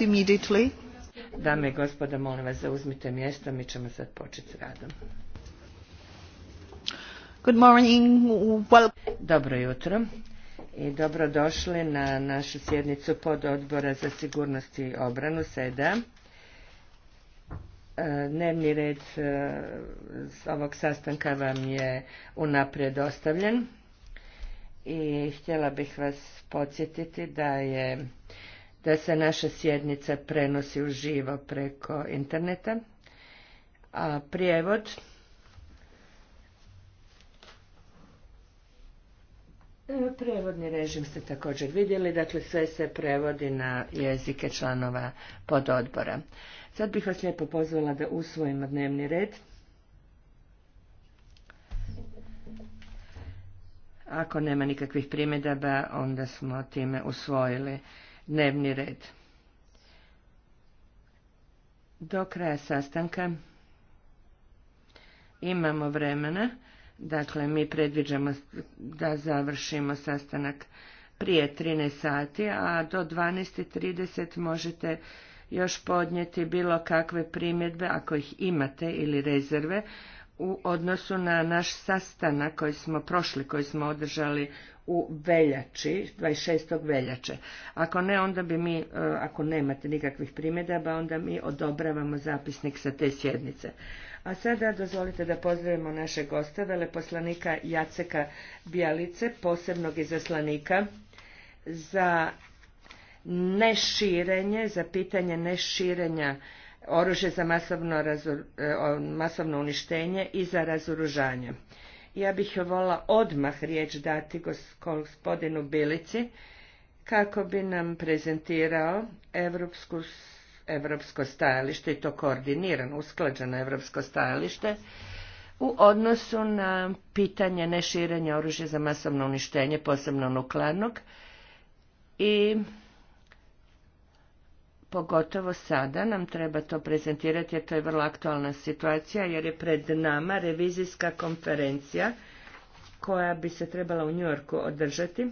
immediately. Dame i gospoda, molim vas, zauzmite mjesto, mi ćemo sad početi s radom. Dobro jutro i dobrodošli na našu sjednicu pod odbora za sigurnost i obranu SEDA. E, dnevni red e, ovog sastanka vam je unaprijed dostavljen i htjela bih vas podsjetiti da je da se naša sjednica prenosi živo preko interneta, a prijevod e, Prijevodni režim ste također vidjeli, dakle sve se prevodi na jezike članova pododbora. Sad bih vas lijepo pozvala da usvojimo dnevni red. Ako nema nikakvih primjedaba, onda smo time usvojili dnevni red. Do kraja sastanka imamo vremena, dakle mi predviđamo da završimo sastanak prije 13 sati, a do 12.30 možete još podnijeti bilo kakve primjedbe ako ih imate ili rezerve u odnosu na naš sastanak koji smo prošli, koji smo održali u veljači, 26. veljače. Ako ne, onda bi mi, e, ako nemate nikakvih primjedaba, onda mi odobravamo zapisnik sa te sjednice. A sada dozvolite da pozdravimo naše goste, veleposlanika Jaceka Bijalice, posebnog izaslanika za neširenje, za pitanje neširenja oružje za masovno, e, masovno uništenje i za razoružanje. Ja bih voljela odmah riječ dati gospodinu Bilici kako bi nam prezentirao evropsku, evropsko stajalište i to koordinirano, usklađeno evropsko stajalište u odnosu na pitanje neširenja oružja za masovno uništenje, posebno nuklearnog i pogotovo sada nam treba to prezentirati jer to je vrlo aktualna situacija jer je pred nama revizijska konferencija koja bi se trebala u Njorku održati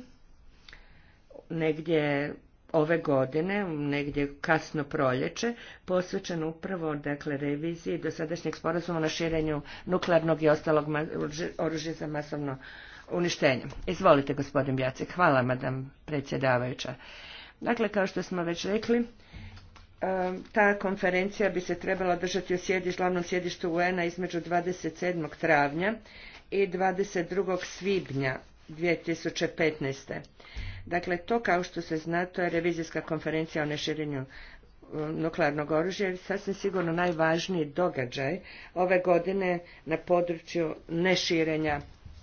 negdje ove godine, negdje kasno proljeće, posvećen upravo dakle, reviziji dosadašnjeg sporazuma na širenju nuklearnog i ostalog oružja za masovno uništenje. Izvolite, gospodin Bjacek. Hvala, madam predsjedavajuća. Dakle, kao što smo već rekli, ta konferencija bi se trebala držati u sjedištu, glavnom sjedištu UN-a između 27. travnja i 22. svibnja 2015. Dakle, to kao što se zna, to je revizijska konferencija o neširenju nuklearnog oružja je sasvim sigurno najvažniji događaj ove godine na području neširenja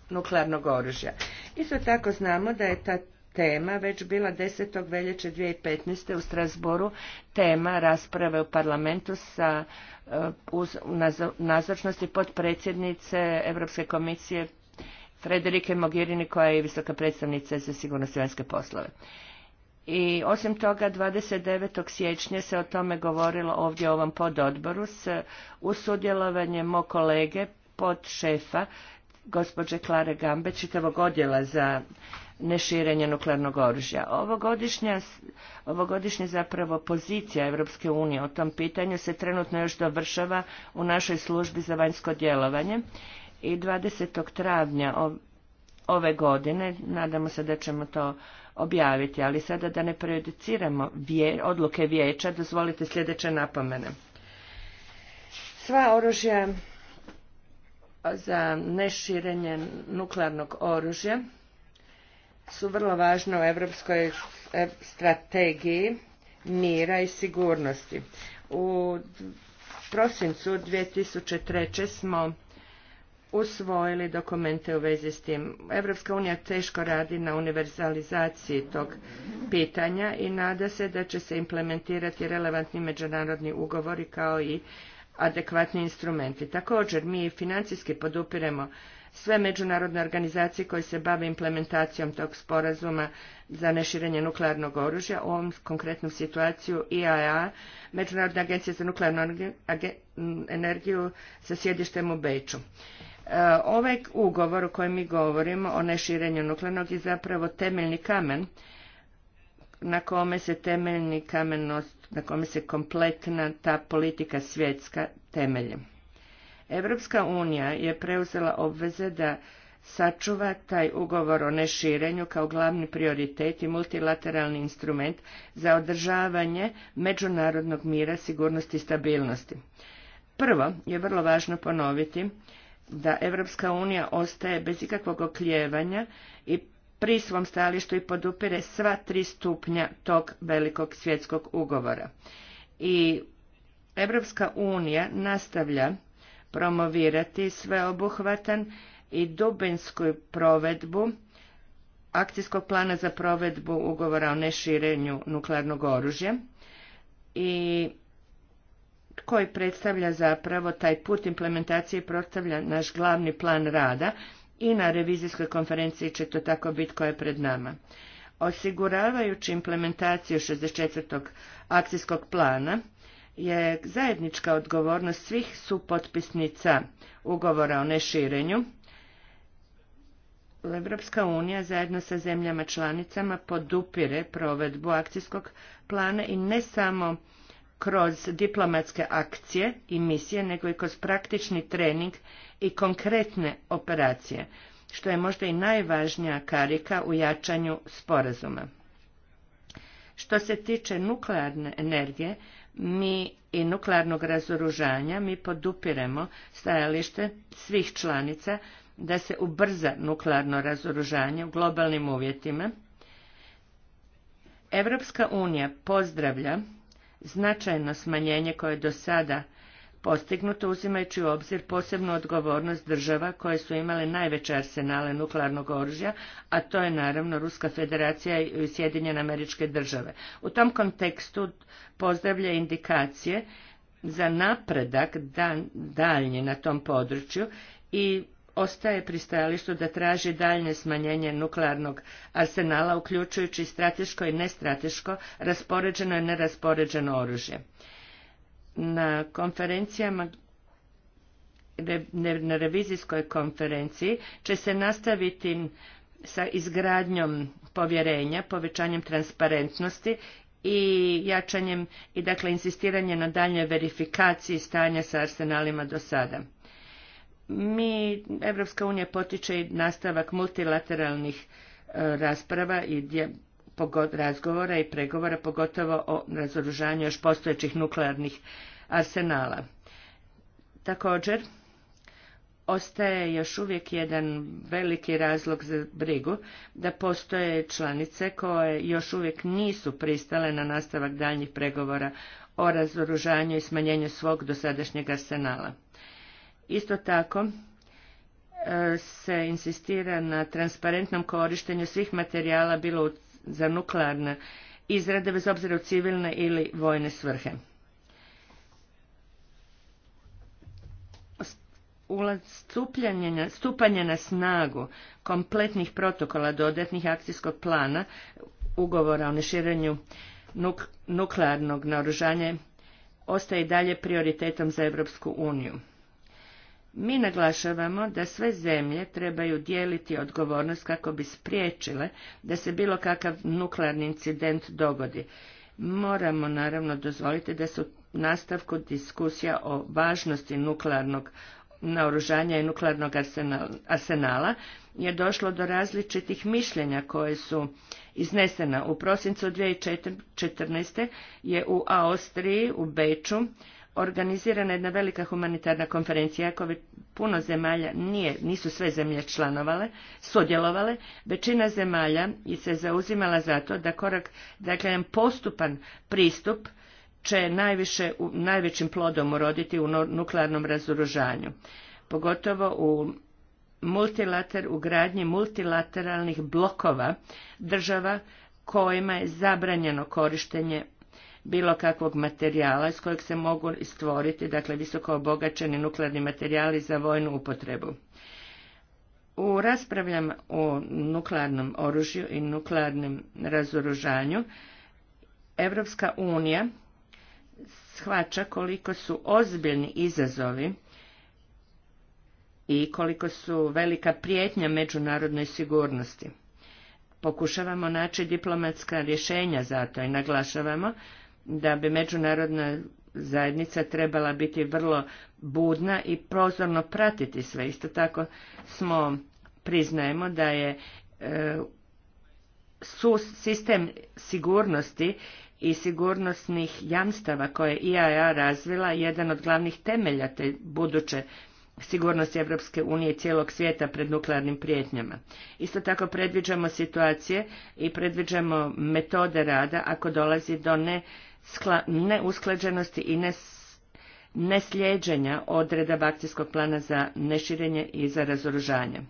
nuklearnog oružja. Isto tako znamo da je ta tema već bila 10. veljače 2015. u Strasboru tema rasprave u parlamentu sa eh, uz nazočnosti potpredsjednice Europske komisije Frederike Mogherini koja je visoka predstavnica za sigurnost i vanjske poslove. I osim toga 29. siječnja se o tome govorilo ovdje u ovom pododboru s, usudjelovanjem sudjelovanje kolege pod šefa gospođe Klare Gambe, čitavog odjela za neširenje nuklearnog oružja. Ovogodišnja, zapravo pozicija Europske unije o tom pitanju se trenutno još dovršava u našoj službi za vanjsko djelovanje i 20. travnja ove godine, nadamo se da ćemo to objaviti, ali sada da ne prejudiciramo odluke vijeća, dozvolite sljedeće napomene. Sva oružja za neširenje nuklearnog oružja su vrlo važne u europskoj e, strategiji mira i sigurnosti. U prosincu 2003. smo usvojili dokumente u vezi s tim. Evropska unija teško radi na univerzalizaciji tog pitanja i nada se da će se implementirati relevantni međunarodni ugovori kao i adekvatni instrumenti. Također, mi financijski podupiremo sve međunarodne organizacije koje se bave implementacijom tog sporazuma za neširenje nuklearnog oružja, u ovom konkretnom situaciju IAA, Međunarodna agencija za nuklearnu energiju sa sjedištem u Beču. E, ovaj ugovor o kojem mi govorimo o neširenju nuklearnog je zapravo temeljni kamen na kome se temeljni kamen, na kome se kompletna ta politika svjetska temelji. Evropska unija je preuzela obveze da sačuva taj ugovor o neširenju kao glavni prioritet i multilateralni instrument za održavanje međunarodnog mira, sigurnosti i stabilnosti. Prvo je vrlo važno ponoviti da Evropska unija ostaje bez ikakvog okljevanja i pri svom stalištu i podupire sva tri stupnja tog velikog svjetskog ugovora. I Evropska unija nastavlja promovirati sveobuhvatan i dubinsku provedbu akcijskog plana za provedbu ugovora o neširenju nuklearnog oružja i koji predstavlja zapravo taj put implementacije predstavlja naš glavni plan rada i na revizijskoj konferenciji će to tako biti koja je pred nama. Osiguravajući implementaciju 64. akcijskog plana je zajednička odgovornost svih supotpisnica ugovora o neširenju. Evropska unija zajedno sa zemljama članicama podupire provedbu akcijskog plana i ne samo kroz diplomatske akcije i misije, nego i kroz praktični trening i konkretne operacije, što je možda i najvažnija karika u jačanju sporazuma. Što se tiče nuklearne energije, mi i nuklearnog razoružanja, mi podupiremo stajalište svih članica da se ubrza nuklearno razoružanje u globalnim uvjetima. Evropska unija pozdravlja značajno smanjenje koje je do sada postignuto uzimajući u obzir posebnu odgovornost država koje su imale najveće arsenale nuklearnog oružja, a to je naravno Ruska federacija i Sjedinjene američke države. U tom kontekstu pozdravlja indikacije za napredak daljnje na tom području i ostaje pri da traži daljnje smanjenje nuklearnog arsenala, uključujući strateško i nestrateško, raspoređeno i neraspoređeno oružje na konferencijama na revizijskoj konferenciji će se nastaviti sa izgradnjom povjerenja, povećanjem transparentnosti i jačanjem i dakle insistiranje na daljnjoj verifikaciji stanja sa arsenalima do sada. Mi, Evropska unija potiče i nastavak multilateralnih e, rasprava i razgovora i pregovora, pogotovo o razoružanju još postojećih nuklearnih arsenala. Također, ostaje još uvijek jedan veliki razlog za brigu da postoje članice koje još uvijek nisu pristale na nastavak daljnjih pregovora o razoružanju i smanjenju svog dosadašnjeg arsenala. Isto tako e, se insistira na transparentnom korištenju svih materijala bilo za nuklearne izrade bez obzira u civilne ili vojne svrhe. ulaz, stupanje na snagu kompletnih protokola dodatnih akcijskog plana ugovora o neširenju nuklearnog naoružanja ostaje i dalje prioritetom za Europsku uniju. Mi naglašavamo da sve zemlje trebaju dijeliti odgovornost kako bi spriječile da se bilo kakav nuklearni incident dogodi. Moramo naravno dozvoliti da su nastavku diskusija o važnosti nuklearnog naoružanja i nuklearnog arsenala je došlo do različitih mišljenja koje su iznesena. U prosincu 2014. je u Austriji, u Beču, organizirana jedna velika humanitarna konferencija, ako bi puno zemalja nije, nisu sve zemlje članovale, sudjelovale, većina zemalja se zauzimala za to da korak, dakle, jedan postupan pristup će najviše, najvećim plodom uroditi u nuklearnom razoružanju, pogotovo u multilater, u gradnji multilateralnih blokova država kojima je zabranjeno korištenje bilo kakvog materijala iz kojeg se mogu stvoriti, dakle visoko nuklearni materijali za vojnu upotrebu. U raspravljama o nuklearnom oružju i nuklearnom razoružanju Evropska unija shvaća koliko su ozbiljni izazovi i koliko su velika prijetnja međunarodnoj sigurnosti. Pokušavamo naći diplomatska rješenja za to i naglašavamo da bi međunarodna zajednica trebala biti vrlo budna i prozorno pratiti sve. Isto tako smo priznajemo da je e, sistem sigurnosti i sigurnosnih jamstava koje je IAA razvila, jedan od glavnih temelja te buduće sigurnosti Europske unije i cijelog svijeta pred nuklearnim prijetnjama. Isto tako predviđamo situacije i predviđamo metode rada ako dolazi do neusklađenosti i neslijeđenja odreda akcijskog plana za neširenje i za razoružanje.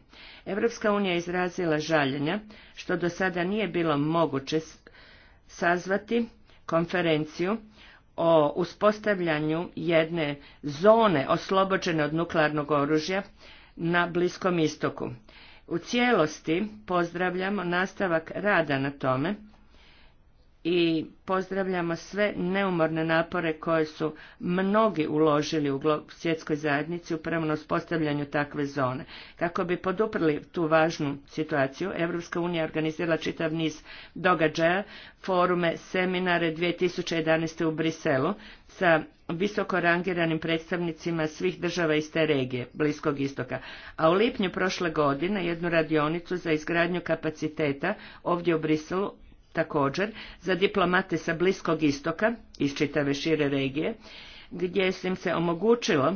Europska unija izrazila žaljenja što do sada nije bilo moguće sazvati konferenciju o uspostavljanju jedne zone oslobođene od nuklearnog oružja na Bliskom istoku. U cijelosti pozdravljamo nastavak rada na tome i pozdravljamo sve neumorne napore koje su mnogi uložili u svjetskoj zajednici upravo na uspostavljanju takve zone. Kako bi poduprli tu važnu situaciju, Evropska unija organizirala čitav niz događaja, forume, seminare 2011. u Briselu sa visoko rangiranim predstavnicima svih država iz te regije, Bliskog istoka. A u lipnju prošle godine jednu radionicu za izgradnju kapaciteta ovdje u Briselu također za diplomate sa Bliskog istoka iz čitave šire regije gdje im se omogućilo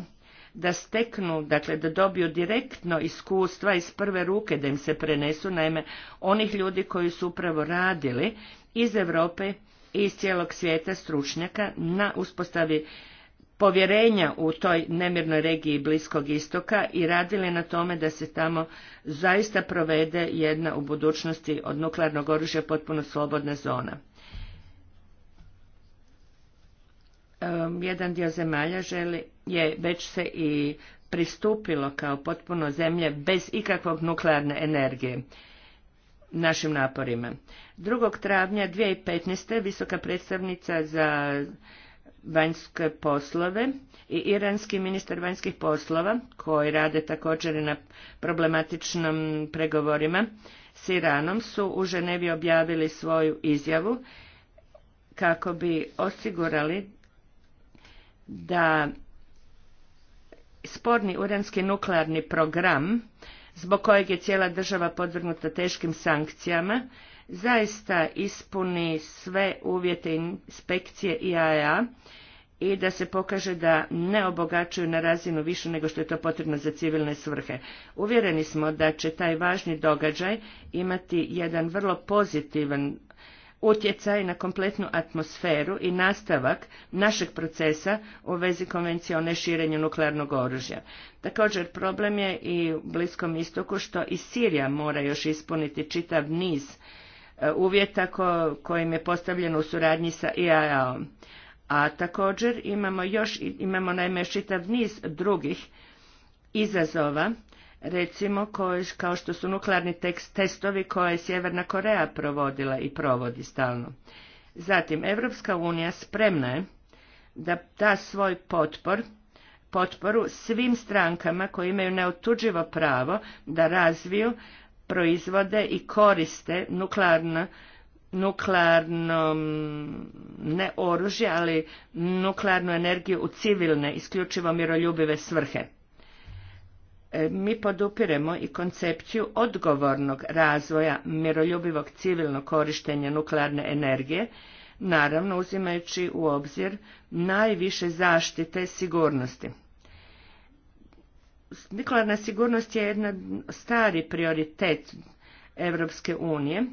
da steknu, dakle da dobiju direktno iskustva iz prve ruke da im se prenesu, naime onih ljudi koji su upravo radili iz Europe i iz cijelog svijeta stručnjaka na uspostavi povjerenja u toj nemirnoj regiji Bliskog istoka i radili na tome da se tamo zaista provede jedna u budućnosti od nuklearnog oružja potpuno slobodna zona. jedan dio zemalja želi, je već se i pristupilo kao potpuno zemlje bez ikakvog nuklearne energije našim naporima. 2. travnja 2015. visoka predstavnica za vanjske poslove i iranski ministar vanjskih poslova koji rade također na problematičnom pregovorima s Iranom su u Ženevi objavili svoju izjavu kako bi osigurali da sporni uranski nuklearni program zbog kojeg je cijela država podvrgnuta teškim sankcijama zaista ispuni sve uvjete inspekcije IAEA i da se pokaže da ne obogaćuju na razinu više nego što je to potrebno za civilne svrhe. Uvjereni smo da će taj važni događaj imati jedan vrlo pozitivan utjecaj na kompletnu atmosferu i nastavak našeg procesa u vezi konvencije o neširenju nuklearnog oružja. Također problem je i u Bliskom istoku što i Sirija mora još ispuniti čitav niz E, uvjeta kojim je postavljeno u suradnji sa IAO. A također imamo još, imamo naime još niz drugih izazova, recimo koji, kao što su nuklearni tekst, testovi koje je Sjeverna Koreja provodila i provodi stalno. Zatim, Evropska unija spremna je da da svoj potpor, potporu svim strankama koji imaju neotuđivo pravo da razviju proizvode i koriste nuklearno nuklearno ne oružje, ali nuklearnu energiju u civilne, isključivo miroljubive svrhe. E, mi podupiremo i koncepciju odgovornog razvoja miroljubivog civilnog korištenja nuklearne energije, naravno uzimajući u obzir najviše zaštite sigurnosti. Nuklearna sigurnost je jedan stari prioritet Evropske unije.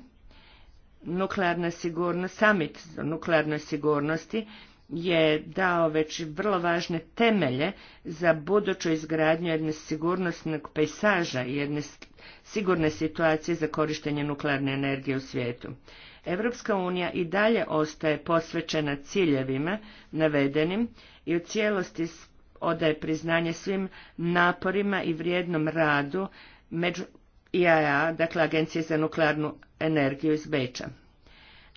Nuklearna sigurnost, summit o nuklearnoj sigurnosti je dao već vrlo važne temelje za buduću izgradnju jedne sigurnosnog pejsaža, jedne sigurne situacije za korištenje nuklearne energije u svijetu. Evropska unija i dalje ostaje posvećena ciljevima navedenim i u cijelosti odaje priznanje svim naporima i vrijednom radu među IAEA, dakle Agencije za nuklearnu energiju iz Beča.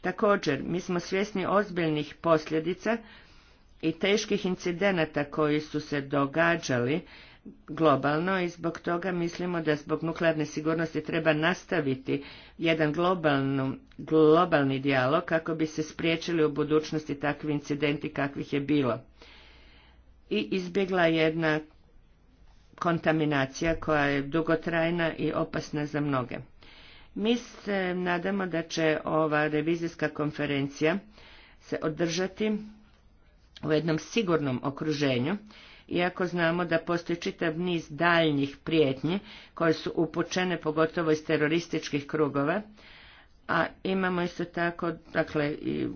Također, mi smo svjesni ozbiljnih posljedica i teških incidenata koji su se događali globalno i zbog toga mislimo da zbog nuklearne sigurnosti treba nastaviti jedan globalni dijalog kako bi se spriječili u budućnosti takvi incidenti kakvih je bilo i izbjegla jedna kontaminacija koja je dugotrajna i opasna za mnoge. Mi se nadamo da će ova revizijska konferencija se održati u jednom sigurnom okruženju, iako znamo da postoji čitav niz daljnjih prijetnji koje su upućene pogotovo iz terorističkih krugova, a imamo isto tako, dakle,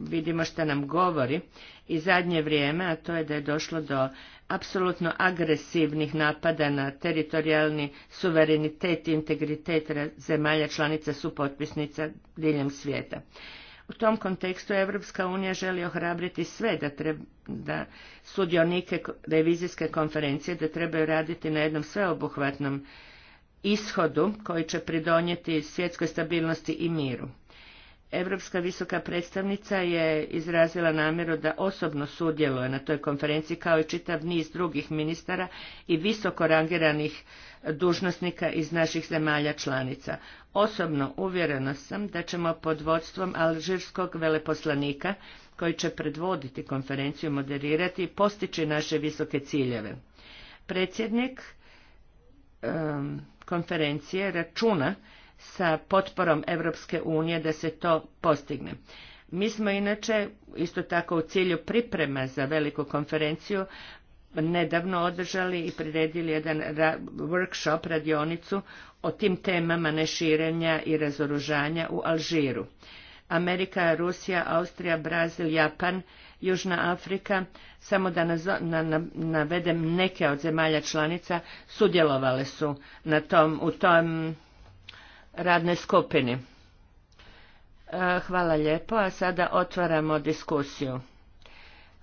vidimo što nam govori i zadnje vrijeme, a to je da je došlo do apsolutno agresivnih napada na teritorijalni suverenitet i integritet zemalja članica supotpisnica diljem svijeta. U tom kontekstu Evropska unija želi ohrabriti sve da, treba, da sudionike revizijske konferencije da trebaju raditi na jednom sveobuhvatnom ishodu koji će pridonijeti svjetskoj stabilnosti i miru. Europska visoka predstavnica je izrazila namjeru da osobno sudjeluje na toj konferenciji kao i čitav niz drugih ministara i visoko rangiranih dužnosnika iz naših zemalja članica. Osobno uvjerena sam da ćemo pod vodstvom alžirskog veleposlanika koji će predvoditi konferenciju, moderirati i postići naše visoke ciljeve. Predsjednik konferencije računa sa potporom Europske unije da se to postigne. Mi smo inače isto tako u cilju priprema za veliku konferenciju nedavno održali i priredili jedan workshop, radionicu o tim temama neširenja i razoružanja u Alžiru. Amerika, Rusija, Austrija, Brazil, Japan, Južna Afrika, samo da navedem neke od zemalja članica, sudjelovale su na tom, u tom radne skupini. E, hvala lijepo, a sada otvaramo diskusiju.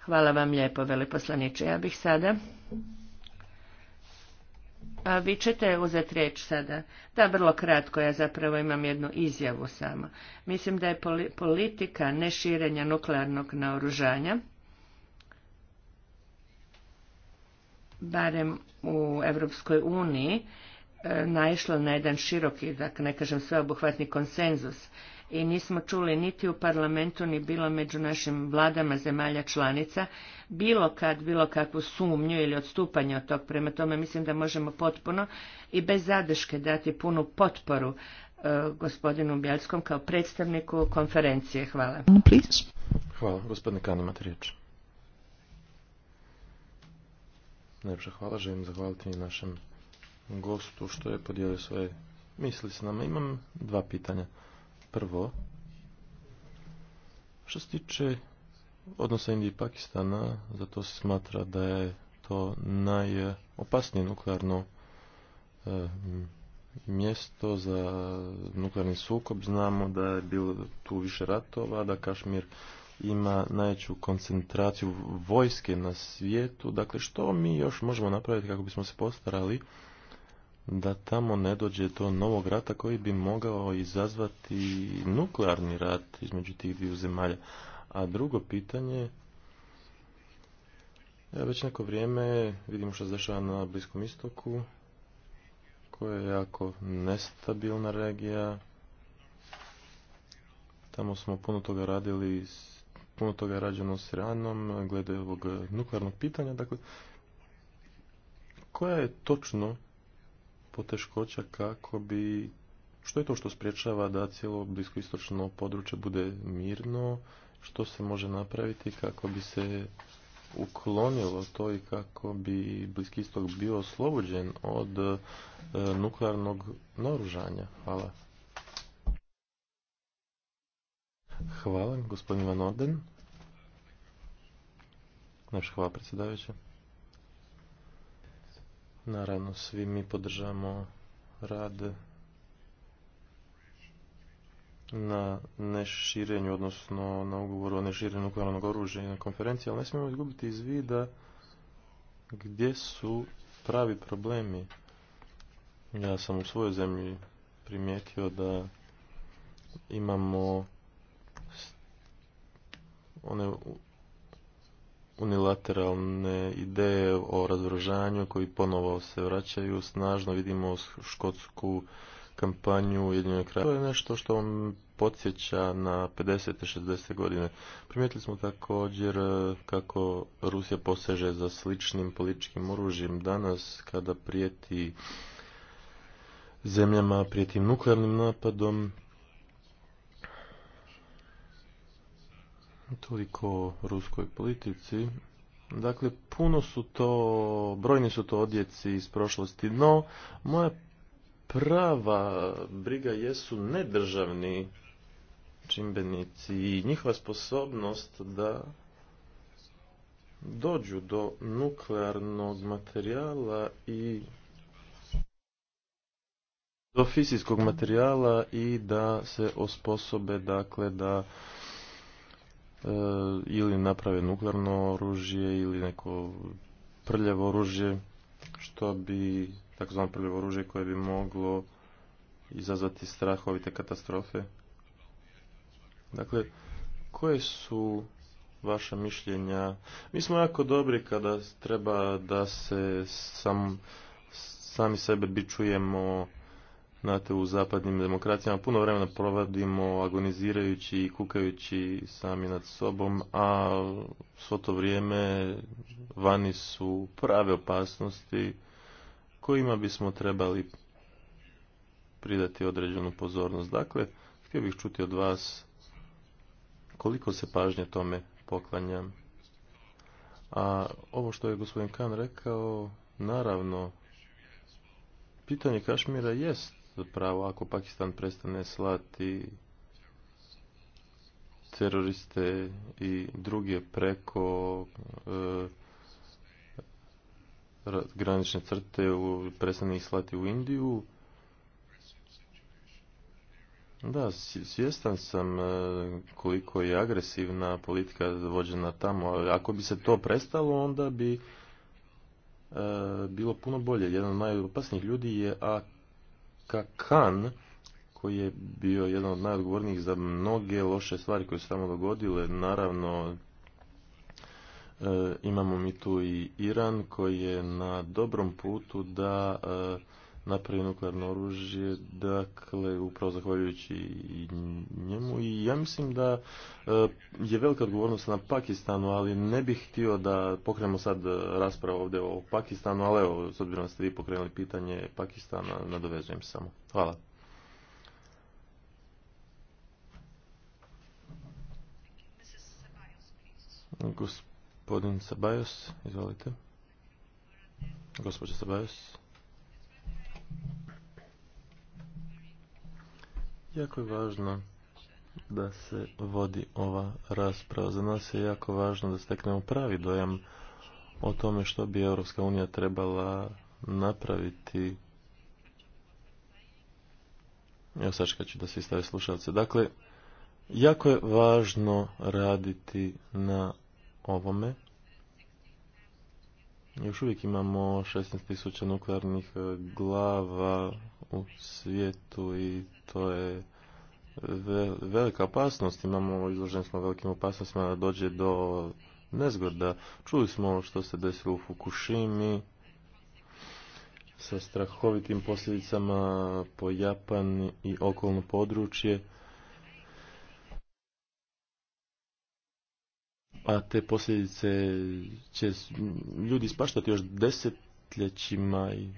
Hvala vam lijepo, veliposlaniče. Ja bih sada... vi ćete uzeti riječ sada. Da, vrlo kratko, ja zapravo imam jednu izjavu samo. Mislim da je politika neširenja nuklearnog naoružanja, barem u Europskoj uniji, E, naišlo na jedan široki, da ne kažem sveobuhvatni konsenzus i nismo čuli niti u parlamentu ni bilo među našim vladama zemalja članica bilo kad bilo kakvu sumnju ili odstupanje od tog. Prema tome mislim da možemo potpuno i bez zadrške dati punu potporu e, gospodinu Bjelskom kao predstavniku konferencije. Hvala. Hvala. Gospodine Kan, riječ. hvala. Želim zahvaliti našem gostu što je podijelio svoje misli s nama. Imam dva pitanja. Prvo, što se tiče odnosa Indije i Pakistana, zato se smatra da je to najopasnije nuklearno eh, mjesto za nuklearni sukob. Znamo da je bilo tu više ratova, da Kašmir ima najveću koncentraciju vojske na svijetu. Dakle, što mi još možemo napraviti kako bismo se postarali da tamo ne dođe do novog rata koji bi mogao izazvati nuklearni rat između tih dviju zemalja. A drugo pitanje, ja već neko vrijeme vidimo što se dešava na Bliskom istoku, koja je jako nestabilna regija. Tamo smo puno toga radili, puno toga je rađeno s Iranom, glede ovog nuklearnog pitanja. Dakle, koja je točno poteškoća kako bi što je to što spriječava da cijelo bliskoistočno područje bude mirno, što se može napraviti kako bi se uklonilo to i kako bi Bliski istok bio oslobođen od e, nuklearnog naoružanja. Hvala. Hvala, gospodin Van Orden. Naš hvala predsjedavajuća. Naravno, svi mi podržamo rad na neširenju, odnosno na ugovoru o neširenju nuklearnog oružja i na konferenciji, ali ne smijemo izgubiti iz vida gdje su pravi problemi. Ja sam u svojoj zemlji primijetio da imamo one unilateralne ideje o razvržanju koji ponovo se vraćaju snažno vidimo škotsku kampanju Ujedinjene kraju. To je nešto što vam podsjeća na 50. 60. godine. Primijetili smo također e, kako Rusija poseže za sličnim političkim oružjem danas kada prijeti zemljama, prijeti nuklearnim napadom, Toliko o ruskoj politici. Dakle, puno su to, brojni su to odjeci iz prošlosti, no moja prava briga jesu nedržavni čimbenici i njihova sposobnost da dođu do nuklearnog materijala i do fizijskog materijala i da se osposobe dakle da E, ili naprave nuklearno oružje ili neko prljavo oružje što bi takozvano prljavo oružje koje bi moglo izazvati strahovite katastrofe. Dakle, koje su vaša mišljenja? Mi smo jako dobri kada treba da se sam, sami sebe bičujemo Znate, u zapadnim demokracijama puno vremena provodimo agonizirajući i kukajući sami nad sobom, a svo to vrijeme vani su prave opasnosti kojima bismo trebali pridati određenu pozornost. Dakle, htio bih čuti od vas koliko se pažnje tome poklanja. A ovo što je gospodin Kan rekao, naravno, pitanje Kašmira jest zapravo ako Pakistan prestane slati teroriste i druge preko e, granične crte u, prestane ih slati u Indiju. Da, svjestan sam e, koliko je agresivna politika vođena tamo. Ako bi se to prestalo, onda bi e, bilo puno bolje. Jedan od najopasnijih ljudi je AK Kan, koji je bio jedan od najodgovornijih za mnoge loše stvari koje su tamo dogodile. Naravno, e, imamo mi tu i Iran koji je na dobrom putu da e, napravi nuklearno oružje, dakle, upravo zahvaljujući i njemu. I ja mislim da e, je velika odgovornost na Pakistanu, ali ne bih htio da pokrenemo sad raspravu ovdje o Pakistanu, ali evo, s obzirom da ste vi pokrenuli pitanje Pakistana, nadovezujem se samo. Hvala. Gospodin Sabajos, izvolite. Gospodin Sabajos. Jako je važno da se vodi ova rasprava. Za nas je jako važno da steknemo pravi dojam o tome što bi Europska unija trebala napraviti. Evo sačkat ću da se stave slušalce. Dakle, jako je važno raditi na ovome. Još uvijek imamo 16.000 nuklearnih e, glava u svijetu i to je velika opasnost. Imamo, izloženi smo velikim opasnostima da dođe do nezgoda. Čuli smo što se desilo u Fukushimi sa strahovitim posljedicama po Japan i okolno područje. a te posljedice će ljudi spaštati još desetljećima i,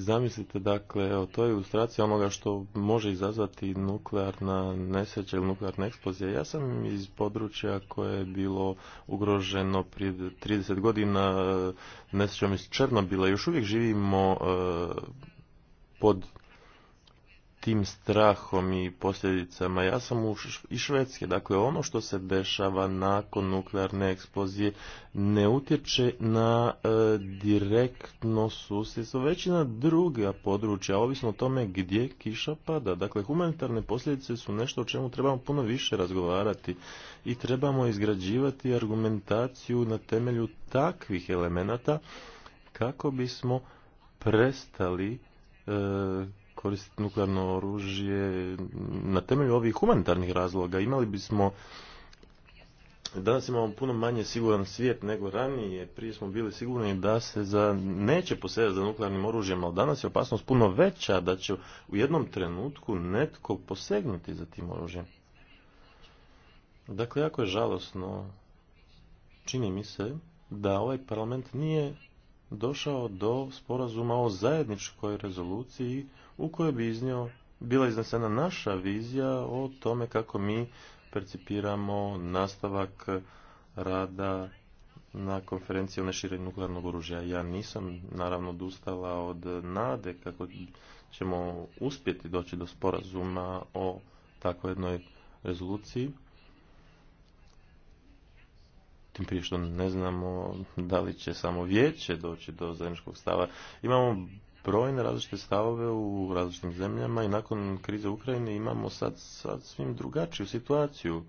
zamislite dakle, evo, to je ilustracija onoga što može izazvati nuklearna nesreća ili nuklearna eksplozija. Ja sam iz područja koje je bilo ugroženo prije 30 godina e, nesrećom iz Černobila. Još uvijek živimo e, pod tim strahom i posljedicama. Ja sam u i Švedske, dakle ono što se dešava nakon nuklearne eksplozije ne utječe na e, direktno susjedstvo, već i na druga područja, ovisno o tome gdje kiša pada. Dakle, humanitarne posljedice su nešto o čemu trebamo puno više razgovarati i trebamo izgrađivati argumentaciju na temelju takvih elemenata kako bismo prestali e, koristiti nuklearno oružje na temelju ovih humanitarnih razloga. Imali bismo Danas imamo puno manje siguran svijet nego ranije. Prije smo bili sigurni da se za, neće posjedati za nuklearnim oružjem, ali danas je opasnost puno veća da će u jednom trenutku netko posegnuti za tim oružjem. Dakle, jako je žalosno. Čini mi se da ovaj parlament nije došao do sporazuma o zajedničkoj rezoluciji u kojoj bi iznio, bila iznesena naša vizija o tome kako mi percipiramo nastavak rada na konferenciji o neširenju nuklearnog oružja. Ja nisam naravno odustala od nade kako ćemo uspjeti doći do sporazuma o takvoj jednoj rezoluciji. Tim prije što ne znamo da li će samo vijeće doći do zajedničkog stava. Imamo brojne različite stavove u različitim zemljama i nakon krize Ukrajine imamo sad svim drugačiju situaciju.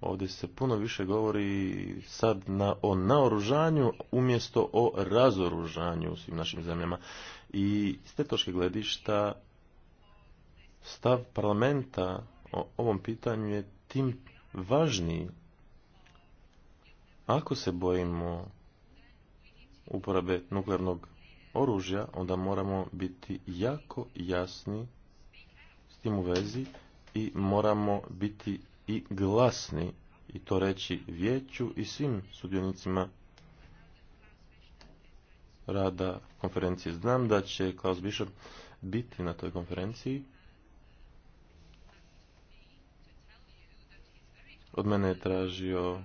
Ovdje se puno više govori sad na, o naoružanju umjesto o razoružanju u svim našim zemljama. I s te točke gledišta stav parlamenta o ovom pitanju je tim važniji. Ako se bojimo uporabe nuklearnog oružja, onda moramo biti jako jasni s tim u vezi i moramo biti i glasni i to reći vijeću i svim sudionicima rada konferencije. Znam da će Klaus Bishop biti na toj konferenciji. Od mene je tražio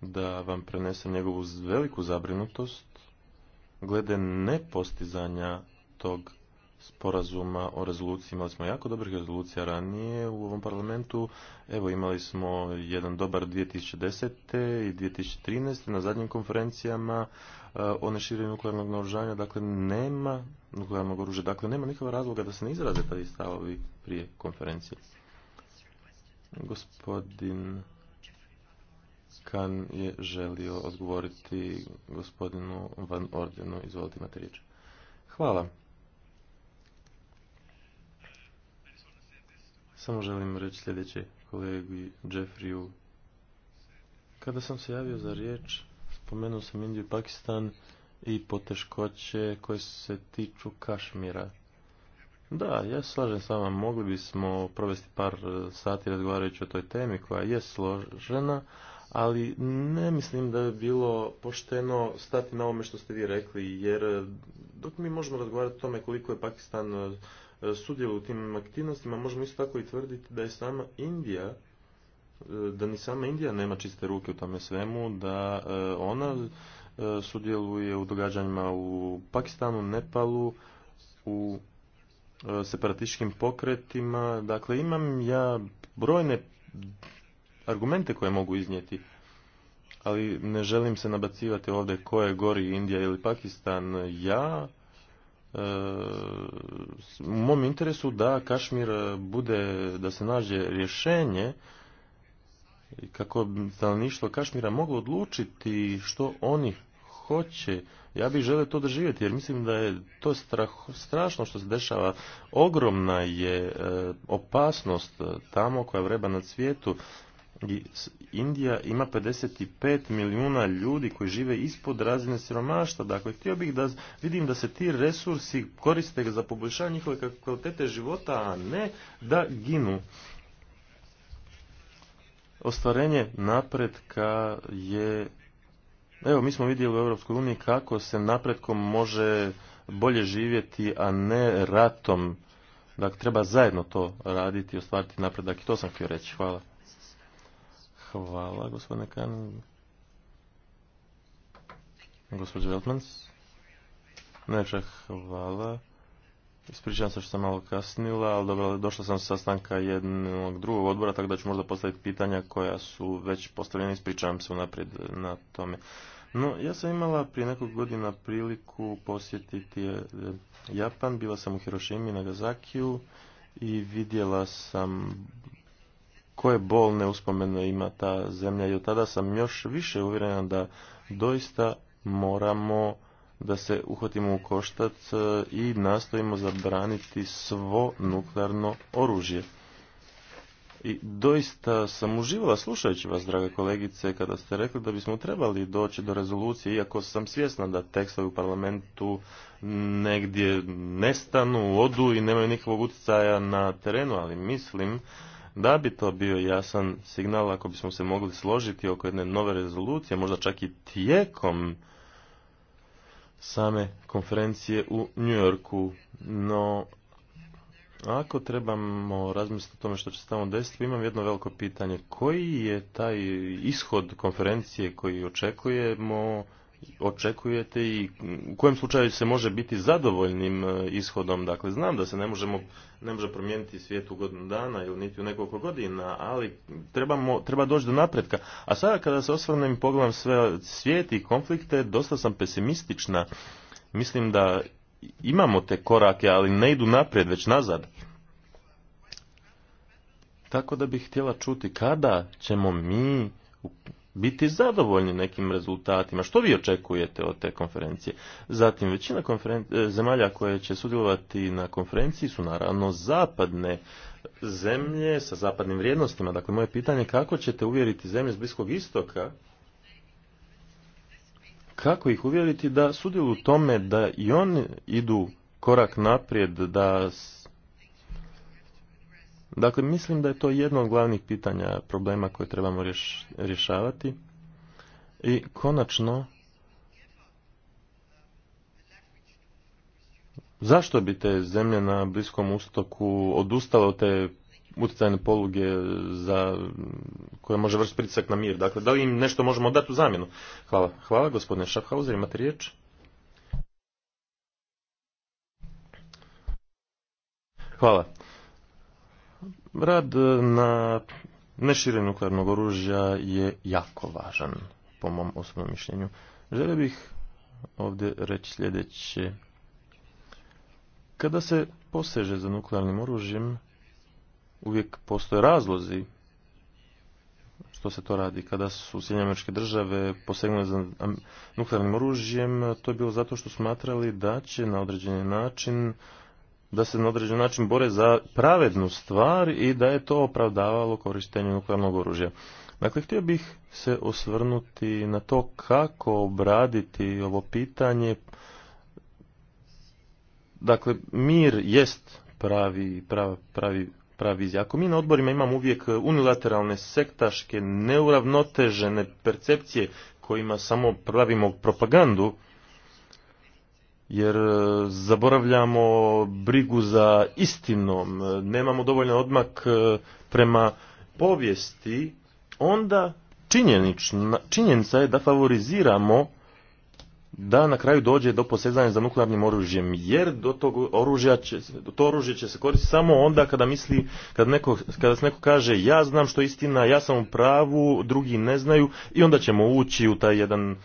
da vam prenesem njegovu veliku zabrinutost glede nepostizanja tog sporazuma o rezoluciji. Imali smo jako dobrih rezolucija ranije u ovom parlamentu. Evo imali smo jedan dobar 2010. i 2013. na zadnjim konferencijama e, o neširenju nuklearnog naoružanja. Dakle, nema nuklearnog oružja. Dakle, nema nikakva razloga da se ne izraze taj stavovi prije konferencije. Gospodin Kan je želio odgovoriti gospodinu Van Ordenu. Izvolite, imate riječ. Hvala. Samo želim reći sljedeće kolegi Jeffreyu. Kada sam se javio za riječ, spomenuo sam Indiju i Pakistan i poteškoće koje se tiču Kašmira. Da, ja slažem s vama, mogli bismo provesti par sati razgovarajući o toj temi koja je složena, ali ne mislim da je bilo pošteno stati na ovome što ste vi rekli, jer eh, dok mi možemo razgovarati o tome koliko je Pakistan eh, sudjelo u tim aktivnostima, možemo isto tako i tvrditi da je sama Indija, eh, da ni sama Indija nema čiste ruke u tome svemu, da ona sudjeluje u događanjima u Pakistanu, Nepalu, u separatističkim pokretima. Dakle, imam ja brojne argumente koje mogu iznijeti. Ali ne želim se nabacivati ovdje ko je gori, Indija ili Pakistan. Ja e, u mom interesu da Kašmir bude, da se nađe rješenje kako stanovništvo Kašmira moglo odlučiti što oni hoće. Ja bih želio to doživjeti jer mislim da je to strašno što se dešava. Ogromna je e, opasnost tamo koja vreba na svijetu. Indija ima 55 milijuna ljudi koji žive ispod razine siromaštva. Dakle, htio bih da vidim da se ti resursi koriste za poboljšanje njihove kvalitete života, a ne da ginu. Ostvarenje napretka je... Evo, mi smo vidjeli u Europskoj uniji kako se napretkom može bolje živjeti, a ne ratom. Dakle, treba zajedno to raditi i ostvariti napredak. I to sam htio reći. Hvala. Hvala, gospodine Kan. Gospodin Veltmans. Najveća hvala. Ispričavam se što sam malo kasnila, ali dobro, došla sam sa sastanka jednog drugog odbora, tako da ću možda postaviti pitanja koja su već postavljena. Ispričavam se unaprijed na tome. No, ja sam imala prije nekog godina priliku posjetiti e, Japan. Bila sam u Hirošimi i Nagasakiju i vidjela sam koje bolne uspomene ima ta zemlja i od tada sam još više uvjerena da doista moramo da se uhvatimo u koštac e, i nastojimo zabraniti svo nuklearno oružje. I doista sam uživala slušajući vas, drage kolegice, kada ste rekli da bismo trebali doći do rezolucije, iako sam svjesna da tekstovi u parlamentu negdje nestanu, odu i nemaju nikakvog utjecaja na terenu, ali mislim da bi to bio jasan signal ako bismo se mogli složiti oko jedne nove rezolucije, možda čak i tijekom same konferencije u New Yorku. No, ako trebamo razmisliti o tome što će se tamo desiti, imam jedno veliko pitanje. Koji je taj ishod konferencije koji očekujemo, očekujete i u kojem slučaju se može biti zadovoljnim e, ishodom? Dakle, znam da se ne možemo ne može promijeniti svijet u godinu dana ili niti u nekoliko godina, ali trebamo, treba doći do napretka. A sada kada se osvrnem i pogledam sve svijet i konflikte, dosta sam pesimistična. Mislim da imamo te korake, ali ne idu naprijed, već nazad. Tako da bih htjela čuti kada ćemo mi biti zadovoljni nekim rezultatima. Što vi očekujete od te konferencije? Zatim, većina e, zemalja koje će sudjelovati na konferenciji su naravno zapadne zemlje sa zapadnim vrijednostima. Dakle, moje pitanje je kako ćete uvjeriti zemlje s Bliskog istoka kako ih uvjeriti da sudjeluju u tome da i oni idu korak naprijed, da Dakle, mislim da je to jedno od glavnih pitanja problema koje trebamo rješavati. I konačno, zašto bi te zemlje na Bliskom ustoku odustale od te utjecajne poluge za, koje može vrst pritisak na mir? Dakle, da li im nešto možemo dati u zamjenu? Hvala. Hvala, gospodine Schaffhauser, imate riječ? Hvala. Rad e, na neširenju nuklearnog oružja je jako važan, po mom osobnom mišljenju. Želio bih ovdje reći sljedeće. Kada se poseže za nuklearnim oružjem, uvijek postoje razlozi što se to radi. Kada su američke države posegnule za nuklearnim oružjem, to je bilo zato što smatrali da će na određeni način da se na određen način bore za pravednu stvar i da je to opravdavalo korištenje nuklearnog oružja. Dakle, htio bih se osvrnuti na to kako obraditi ovo pitanje. Dakle, mir jest pravi, pravi, pravi, pravi Ako mi na odborima imamo uvijek unilateralne, sektaške, neuravnotežene percepcije kojima samo pravimo propagandu, jer e, zaboravljamo brigu za istinom, e, nemamo dovoljno odmak e, prema povijesti, onda činjenica je da favoriziramo da na kraju dođe do posezanja za nuklearnim oružjem, jer do tog oružja će, to oružje će se koristiti samo onda kada misli, kada, neko, kada se neko kaže ja znam što je istina, ja sam u pravu, drugi ne znaju i onda ćemo ući u taj jedan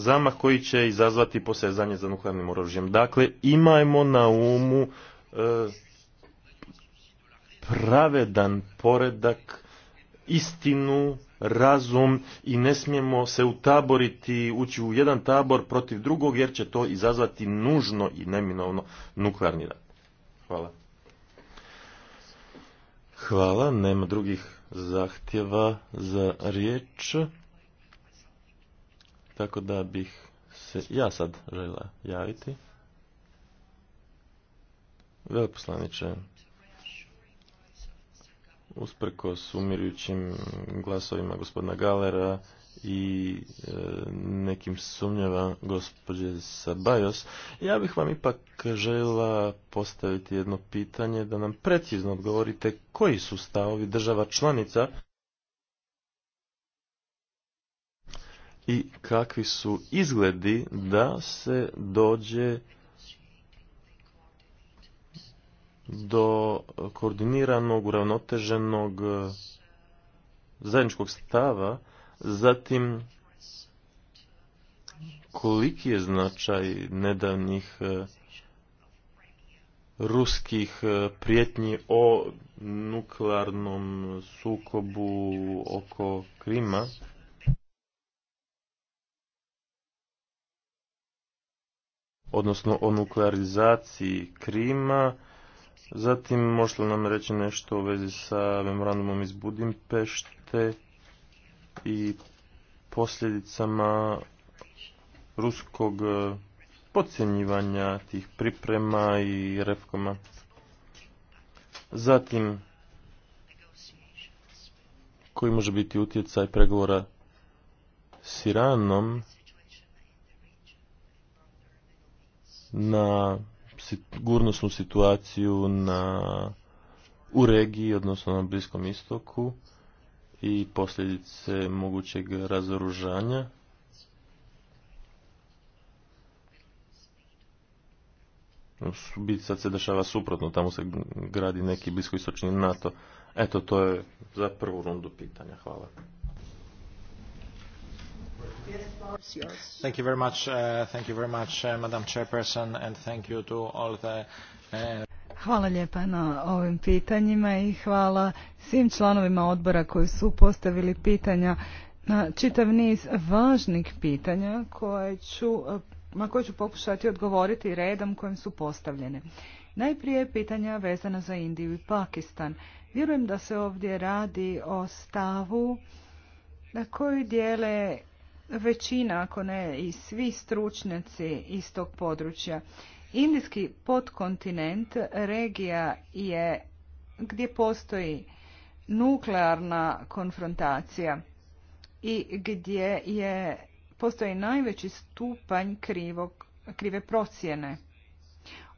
zamah koji će izazvati posezanje za nuklearnim oružjem. Dakle, imajmo na umu e, pravedan poredak, istinu, razum i ne smijemo se utaboriti, ući u jedan tabor protiv drugog jer će to izazvati nužno i neminovno nuklearni rad. Hvala. Hvala, nema drugih zahtjeva za riječ. Tako da bih se ja sad žela javiti. Veleposlaniče, usprko umirujućim glasovima gospodina Galera i e, nekim sumnjava gospođe Sabajos, ja bih vam ipak žela postaviti jedno pitanje da nam precizno odgovorite koji su stavovi država članica i kakvi su izgledi da se dođe do koordiniranog, uravnoteženog e, zajedničkog stava, zatim koliki je značaj nedavnih e, ruskih e, prijetnji o nuklearnom sukobu oko Krima. odnosno o nuklearizaciji Krima. Zatim možete li nam reći nešto u vezi sa memorandumom iz Budimpešte i posljedicama ruskog eh, podcjenjivanja tih priprema i refkoma. Zatim, koji može biti utjecaj pregovora s Iranom na sigurnosnu situaciju na, u regiji, odnosno na Bliskom istoku i posljedice mogućeg razoružanja. sad se dešava suprotno, tamo se gradi neki bliskoistočni NATO. Eto, to je za prvu rundu pitanja. Hvala. Thank you very much, uh, thank you very much, uh, Madam Chairperson, and thank you to all the... Uh, hvala lijepa na ovim pitanjima i hvala svim članovima odbora koji su postavili pitanja na čitav niz važnih pitanja koje ću, na koje ću pokušati odgovoriti redom kojim su postavljene. Najprije pitanja vezana za Indiju i Pakistan. Vjerujem da se ovdje radi o stavu na koju dijele većina, ako ne i svi stručnjaci iz tog područja. Indijski podkontinent regija je gdje postoji nuklearna konfrontacija i gdje je, postoji najveći stupanj krivog, krive procjene.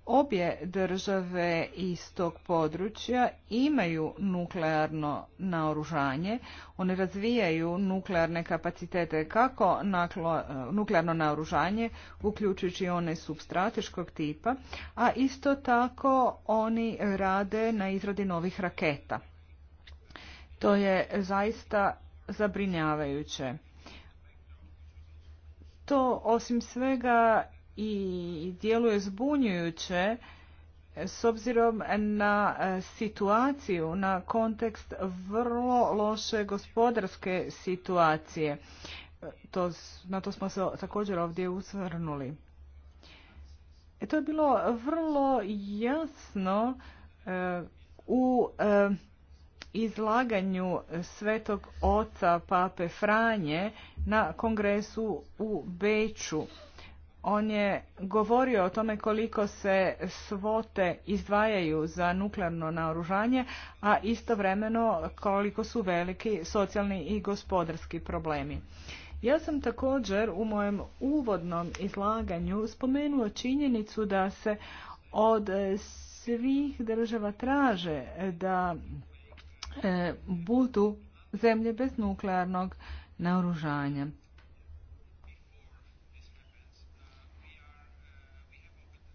Obje države iz tog područja imaju nuklearno naoružanje, one razvijaju nuklearne kapacitete kako nuklearno naoružanje, uključujući one substrateškog tipa, a isto tako oni rade na izradi novih raketa. To je zaista zabrinjavajuće. To osim svega i djeluje zbunjujuće s obzirom na e, situaciju, na kontekst vrlo loše gospodarske situacije. E, to, na to smo se također ovdje usvrnuli. E, to je bilo vrlo jasno u izlaganju svetog oca pape Franje na kongresu u Beču on je govorio o tome koliko se svote izdvajaju za nuklearno naoružanje, a istovremeno koliko su veliki socijalni i gospodarski problemi. Ja sam također u mojem uvodnom izlaganju spomenuo činjenicu da se od svih država traže da e, budu zemlje bez nuklearnog naoružanja.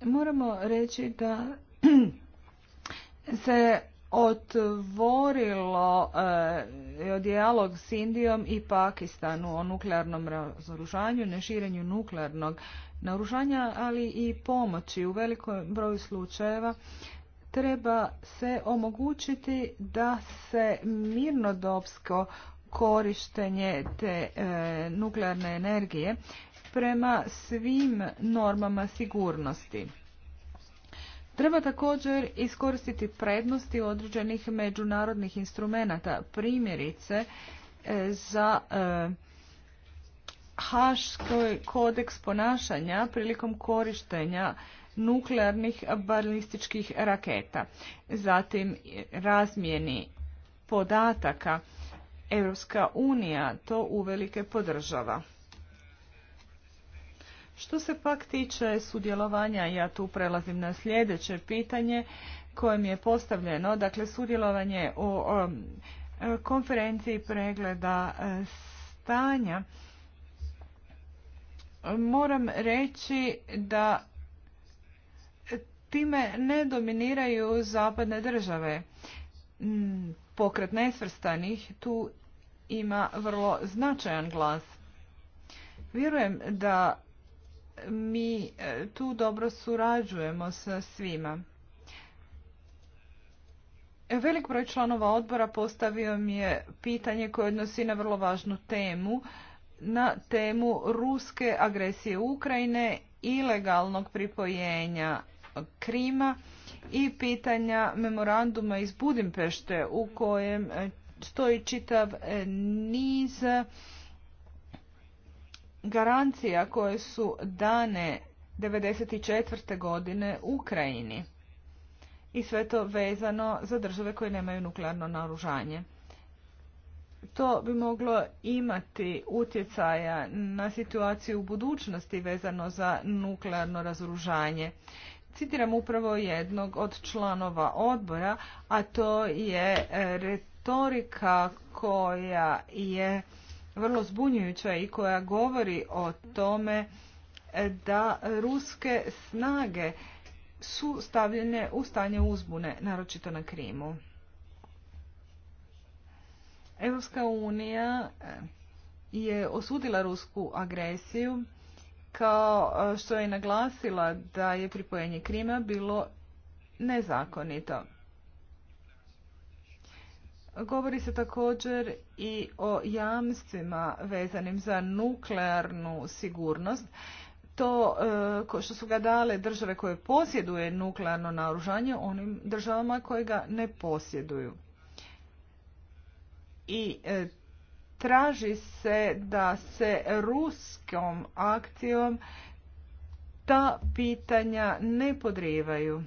Moramo reći da se otvorilo e, dijalog s Indijom i Pakistanu o nuklearnom razoružanju, neširenju nuklearnog naružanja, ali i pomoći u velikom broju slučajeva treba se omogućiti da se mirnodopsko korištenje te e, nuklearne energije prema svim normama sigurnosti. Treba također iskoristiti prednosti određenih međunarodnih instrumenata, primjerice e, za e, Haškoj kodeks ponašanja prilikom korištenja nuklearnih balističkih raketa. Zatim razmjeni podataka Europska unija to uvelike podržava. Što se pak tiče sudjelovanja, ja tu prelazim na sljedeće pitanje koje mi je postavljeno, dakle sudjelovanje u konferenciji pregleda e, stanja. Moram reći da time ne dominiraju zapadne države. Mm, pokret nesvrstanih tu ima vrlo značajan glas. Vjerujem da mi e, tu dobro surađujemo sa svima. Velik broj članova odbora postavio mi je pitanje koje odnosi na vrlo važnu temu, na temu ruske agresije Ukrajine, ilegalnog pripojenja Krima i pitanja memoranduma iz Budimpešte u kojem e, stoji čitav e, niz garancija koje su dane 1994. godine Ukrajini i sve to vezano za države koje nemaju nuklearno naoružanje. To bi moglo imati utjecaja na situaciju u budućnosti vezano za nuklearno razoružanje. Citiram upravo jednog od članova odbora, a to je e, retorika koja je vrlo zbunjujuća i koja govori o tome da ruske snage su stavljene u stanje uzbune, naročito na Krimu. Europska unija eh, je osudila rusku agresiju kao eh, što je naglasila da je pripojenje Krima bilo nezakonito. Govori se također i o jamstvima vezanim za nuklearnu sigurnost. To e, što su ga dale države koje posjeduje nuklearno naoružanje onim državama koje ga ne posjeduju. I e, traži se da se ruskom akcijom ta pitanja ne podrivaju.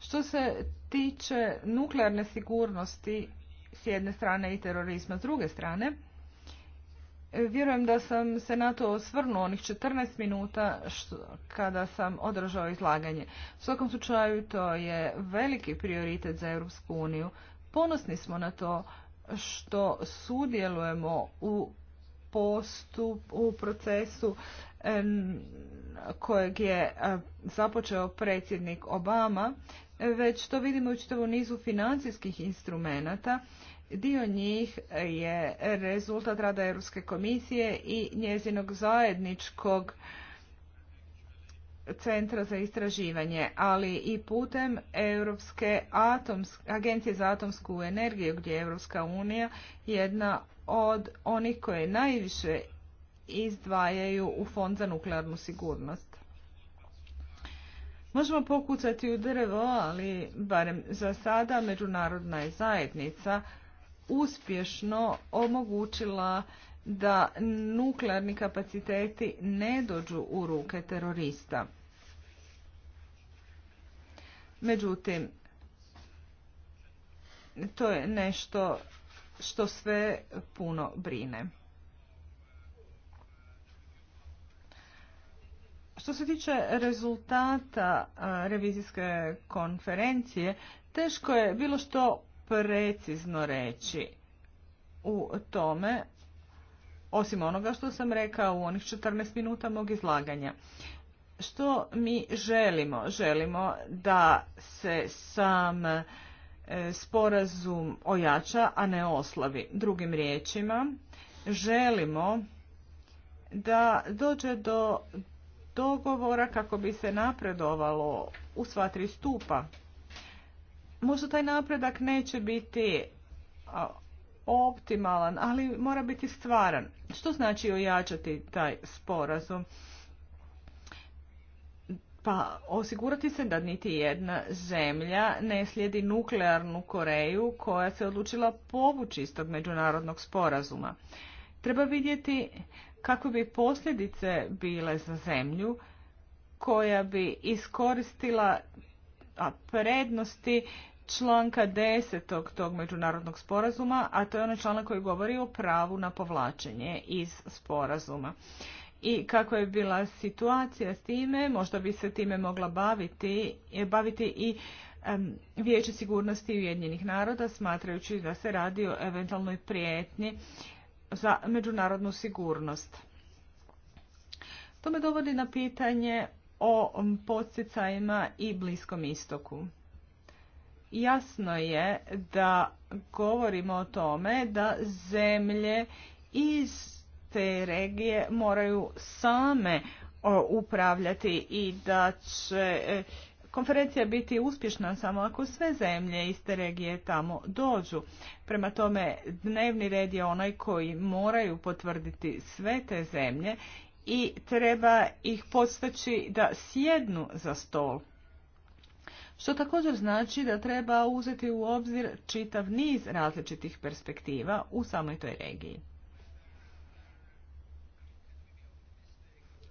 Što se tiče nuklearne sigurnosti s jedne strane i terorizma s druge strane, e, vjerujem da sam se na to osvrnuo onih 14 minuta kada sam održao izlaganje. U svakom slučaju to je veliki prioritet za Europsku uniju. Ponosni smo na to što sudjelujemo u postup u procesu e, kojeg je e, započeo predsjednik Obama već to vidimo u nizu financijskih instrumenata. Dio njih je rezultat rada Europske komisije i njezinog zajedničkog centra za istraživanje, ali i putem Europske atoms, agencije za atomsku energiju gdje je Europska unija jedna od onih koje najviše izdvajaju u fond za nuklearnu sigurnost. Možemo pokucati u drvo, ali barem za sada međunarodna je zajednica uspješno omogućila da nuklearni kapaciteti ne dođu u ruke terorista. Međutim, to je nešto što sve puno brine. Što se tiče rezultata revizijske konferencije, teško je bilo što precizno reći u tome, osim onoga što sam rekao u onih 14 minuta mog izlaganja. Što mi želimo? Želimo da se sam e, sporazum ojača, a ne oslavi. Drugim riječima, želimo da dođe do dogovora kako bi se napredovalo u sva tri stupa. Možda taj napredak neće biti optimalan, ali mora biti stvaran. Što znači ojačati taj sporazum? Pa osigurati se da niti jedna zemlja ne slijedi nuklearnu Koreju koja se odlučila povući iz tog međunarodnog sporazuma. Treba vidjeti kako bi posljedice bile za zemlju koja bi iskoristila prednosti članka 10. tog međunarodnog sporazuma, a to je onaj članak koji govori o pravu na povlačenje iz sporazuma. I kako je bila situacija s time, možda bi se time mogla baviti, e, baviti i Vijeće sigurnosti Ujedinjenih naroda, smatrajući da se radi o eventualnoj prijetnji za međunarodnu sigurnost. To me dovodi na pitanje o posticajima i Bliskom istoku. Jasno je da govorimo o tome da zemlje iz te regije moraju same e, upravljati i da će e, konferencija biti uspješna samo ako sve zemlje iz te regije tamo dođu. Prema tome, dnevni red je onaj koji moraju potvrditi sve te zemlje i treba ih postaći da sjednu za stol. Što također znači da treba uzeti u obzir čitav niz različitih perspektiva u samoj toj regiji.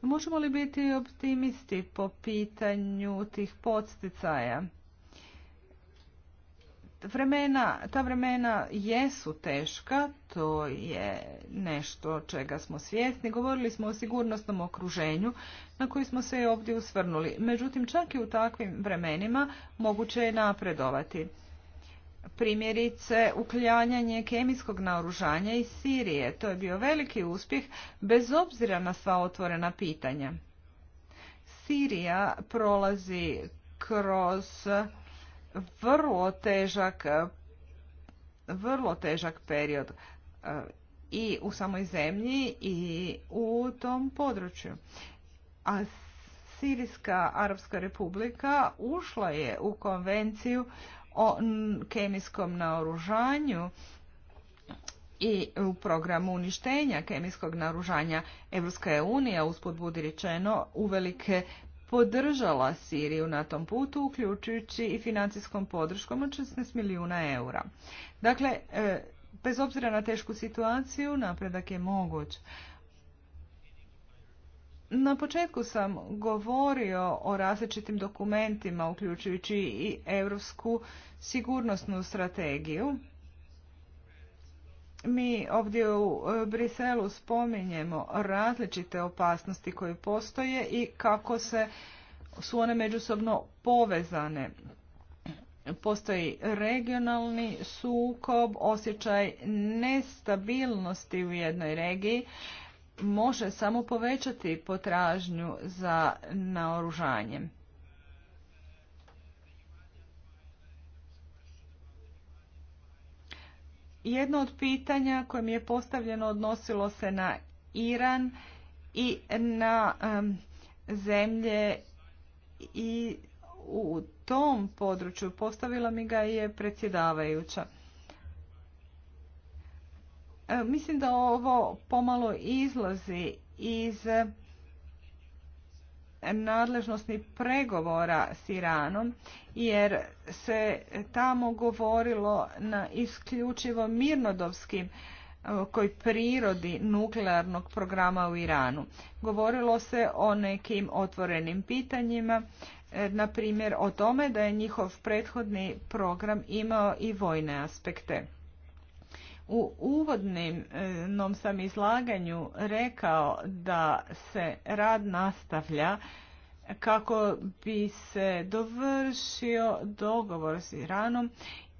Možemo li biti optimisti po pitanju tih podsticaja? Vremena, ta vremena jesu teška, to je nešto čega smo svjesni. Govorili smo o sigurnosnom okruženju na koji smo se i ovdje usvrnuli. Međutim, čak i u takvim vremenima moguće je napredovati primjerice uklanjanje kemijskog naoružanja iz Sirije. To je bio veliki uspjeh bez obzira na sva otvorena pitanja. Sirija prolazi kroz vrlo težak vrlo težak period e, i u samoj zemlji i u tom području. A Sirijska Arabska republika ušla je u konvenciju o kemijskom naoružanju i u programu uništenja kemijskog naoružanja Evropska unija, usput budi rečeno, uvelike podržala Siriju na tom putu, uključujući i financijskom podrškom od 16 milijuna eura. Dakle, e, bez obzira na tešku situaciju, napredak je moguć. Na početku sam govorio o različitim dokumentima, uključujući i Europsku sigurnosnu strategiju. Mi ovdje u e, Briselu spominjemo različite opasnosti koje postoje i kako se su one međusobno povezane. Postoji regionalni sukob, osjećaj nestabilnosti u jednoj regiji, može samo povećati potražnju za naoružanjem. Jedno od pitanja koje mi je postavljeno odnosilo se na Iran i na zemlje i u tom području postavila mi ga je predsjedavajuća. E, mislim da ovo pomalo izlazi iz nadležnosti pregovora s Iranom, jer se tamo govorilo na isključivo mirnodovskim e, koji prirodi nuklearnog programa u Iranu. Govorilo se o nekim otvorenim pitanjima, e, na primjer o tome da je njihov prethodni program imao i vojne aspekte. U uvodnom e, sam izlaganju rekao da se rad nastavlja kako bi se dovršio dogovor s Iranom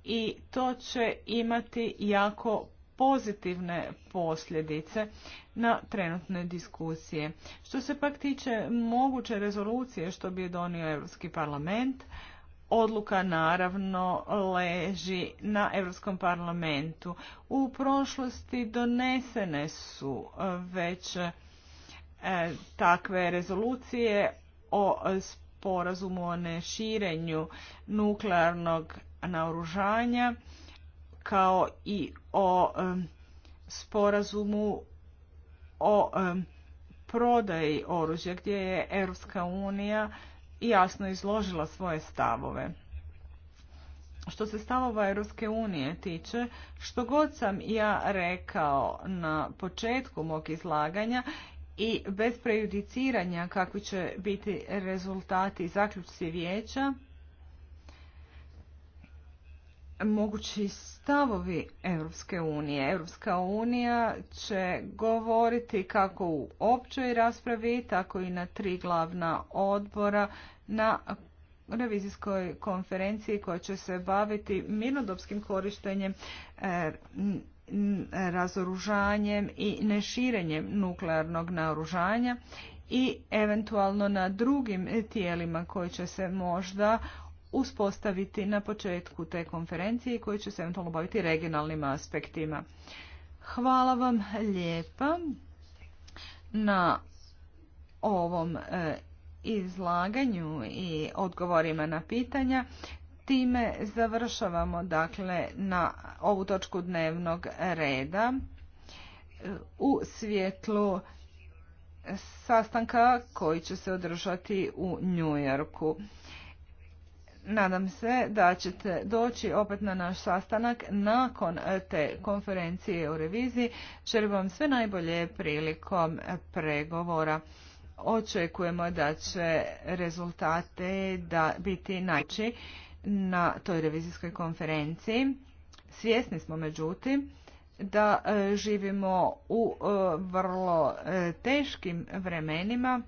i to će imati jako pozitivne posljedice na trenutne diskusije. Što se pak tiče moguće rezolucije što bi je donio Europski parlament, odluka naravno leži na Europskom parlamentu. U prošlosti donesene su e, već e, takve rezolucije o sporazumu o neširenju nuklearnog naoružanja kao i o e, sporazumu o prodaji oružja gdje je Europska unija jasno izložila svoje stavove. Što se stavova Europske unije tiče, što god sam ja rekao na početku mog izlaganja i bez prejudiciranja kakvi će biti rezultati i zaključci vijeća, mogući stavovi Europske unije. Europska unija će govoriti kako u općoj raspravi, tako i na tri glavna odbora na revizijskoj konferenciji koja će se baviti mirnodopskim korištenjem e, razoružanjem i neširenjem nuklearnog naoružanja i eventualno na drugim tijelima koji će se možda uspostaviti na početku te konferencije koji će se eventualno baviti regionalnim aspektima. Hvala vam lijepa na ovom e, izlaganju i odgovorima na pitanja. Time završavamo dakle na ovu točku dnevnog reda u svjetlu sastanka koji će se održati u Njujorku. Nadam se da ćete doći opet na naš sastanak nakon te konferencije u reviziji. Želim vam sve najbolje prilikom pregovora. Očekujemo da će rezultate da biti najveći na toj revizijskoj konferenciji. Svjesni smo međutim da e, živimo u e, vrlo e, teškim vremenima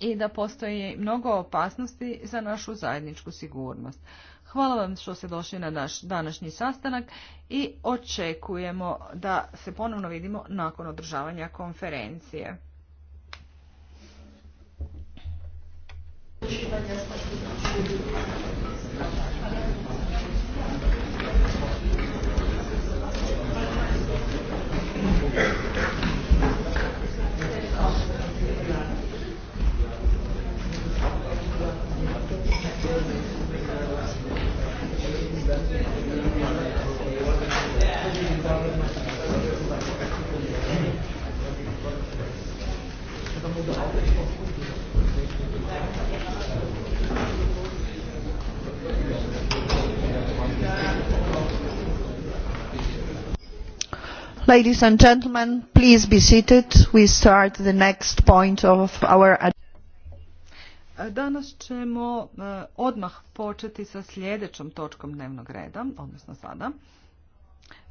i da postoji mnogo opasnosti za našu zajedničku sigurnost. Hvala vam što ste došli na naš današnji sastanak i očekujemo da se ponovno vidimo nakon održavanja konferencije. Ladies and gentlemen, please be seated. We start the next point of our Danas ćemo e, odmah početi sa sljedećom točkom dnevnog reda, odnosno sada.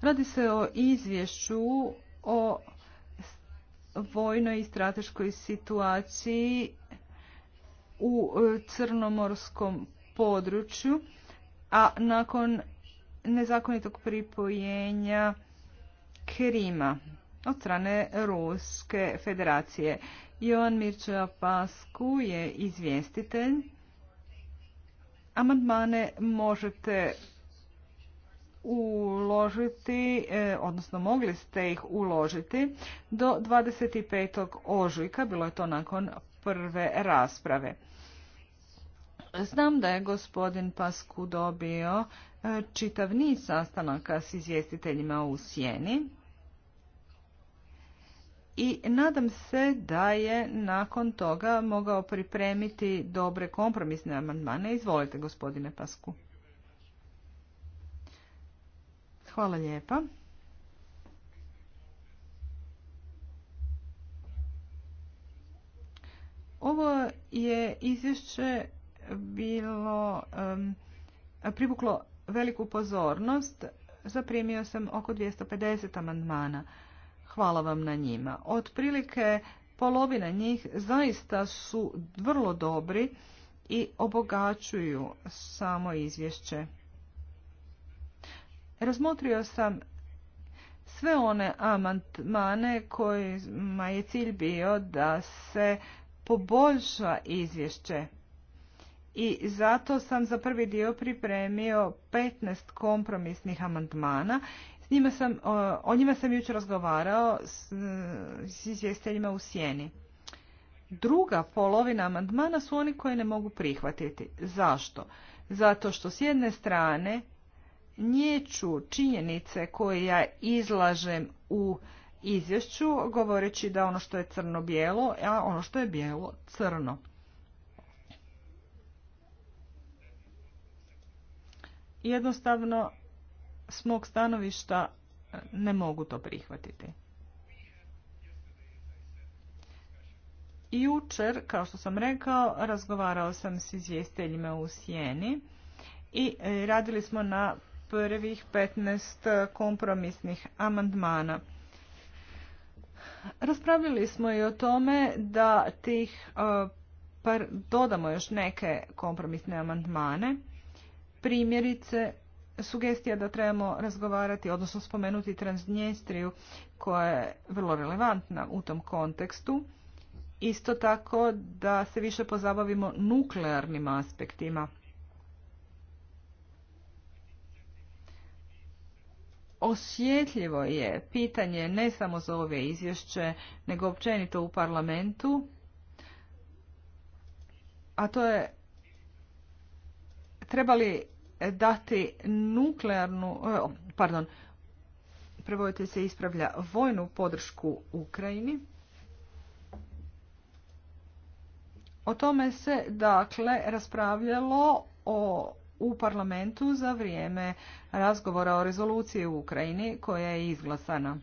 Radi se o izvješću o vojnoj i strateškoj situaciji u e, crnomorskom području, a nakon nezakonitog pripojenja Krima od strane Ruske federacije. Jovan Mirčeva Pasku je izvjestitelj. Amandmane možete uložiti, e, odnosno mogli ste ih uložiti do 25. ožujka, bilo je to nakon prve rasprave. Znam da je gospodin Pasku dobio e, čitav niz sastanaka s izvjestiteljima u Sjeni i nadam se da je nakon toga mogao pripremiti dobre kompromisne amandmane. Izvolite, gospodine Pasku. Hvala lijepa. Ovo je izvješće bilo privuklo veliku pozornost. Zaprimio sam oko 250 amandmana. Hvala vam na njima. Otprilike polovina njih zaista su vrlo dobri i obogaćuju samo izvješće. Razmotrio sam sve one amandmane kojima je cilj bio da se poboljša izvješće i zato sam za prvi dio pripremio 15 kompromisnih amandmana. njima sam, o njima sam jučer razgovarao s, s u sjeni. Druga polovina amandmana su oni koje ne mogu prihvatiti. Zašto? Zato što s jedne strane nječu činjenice koje ja izlažem u izvješću govoreći da ono što je crno bijelo, a ono što je bijelo crno. jednostavno s mog stanovišta e, ne mogu to prihvatiti. Jučer, kao što sam rekao, razgovarao sam s izvjestiteljima u Sjeni i e, radili smo na prvih 15 e, kompromisnih amandmana. Raspravljali smo i o tome da tih par, dodamo još neke kompromisne amandmane Primjerice, sugestija da trebamo razgovarati, odnosno spomenuti Transnjestriju koja je vrlo relevantna u tom kontekstu. Isto tako da se više pozabavimo nuklearnim aspektima. Osjetljivo je pitanje ne samo za ove izvješće, nego općenito u parlamentu, a to je treba li dati nuklearnu, e, pardon, prevojite se ispravlja vojnu podršku Ukrajini. O tome se dakle raspravljalo o, u parlamentu za vrijeme razgovora o rezoluciji u Ukrajini koja je izglasana.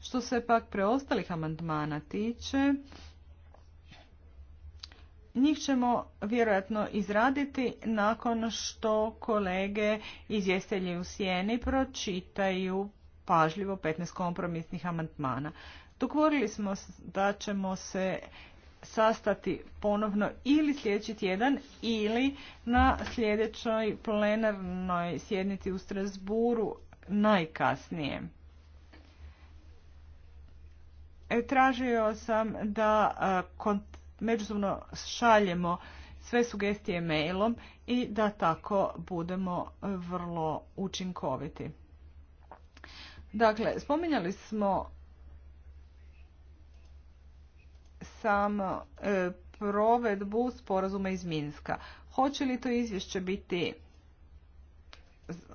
Što se pak preostalih amandmana tiče, njih ćemo vjerojatno izraditi nakon što kolege izvjestelji u sjeni pročitaju pažljivo 15 kompromisnih amantmana. Dogovorili smo da ćemo se sastati ponovno ili sljedeći tjedan ili na sljedećoj plenarnoj sjednici u Strasburu najkasnije. E, tražio sam da međusobno šaljemo sve sugestije mailom i da tako budemo vrlo učinkoviti. Dakle, spominjali smo samo e, provedbu sporazuma iz Minska. Hoće li to izvješće biti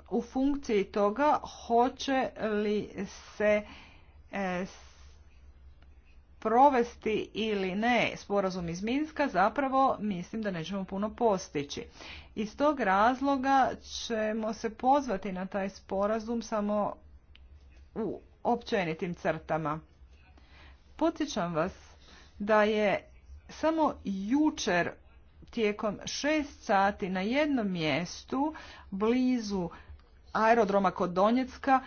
u funkciji toga hoće li se e, provesti ili ne sporazum iz Minska, zapravo mislim da nećemo puno postići. Iz tog razloga ćemo se pozvati na taj sporazum samo u općenitim crtama. Podsjećam vas da je samo jučer tijekom šest sati na jednom mjestu blizu aerodroma kod Donjecka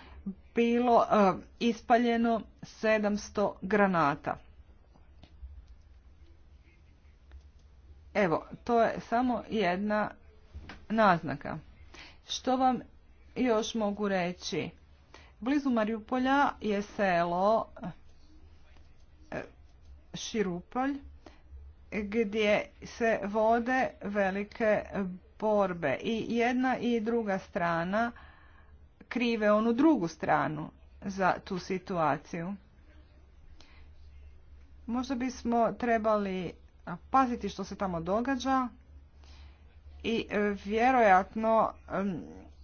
bilo e, ispaljeno 700 granata. Evo, to je samo jedna naznaka. Što vam još mogu reći? Blizu Marijupolja je selo e, Širupolj gdje se vode velike borbe i jedna i druga strana krive onu drugu stranu za tu situaciju. Možda bismo trebali paziti što se tamo događa i e, vjerojatno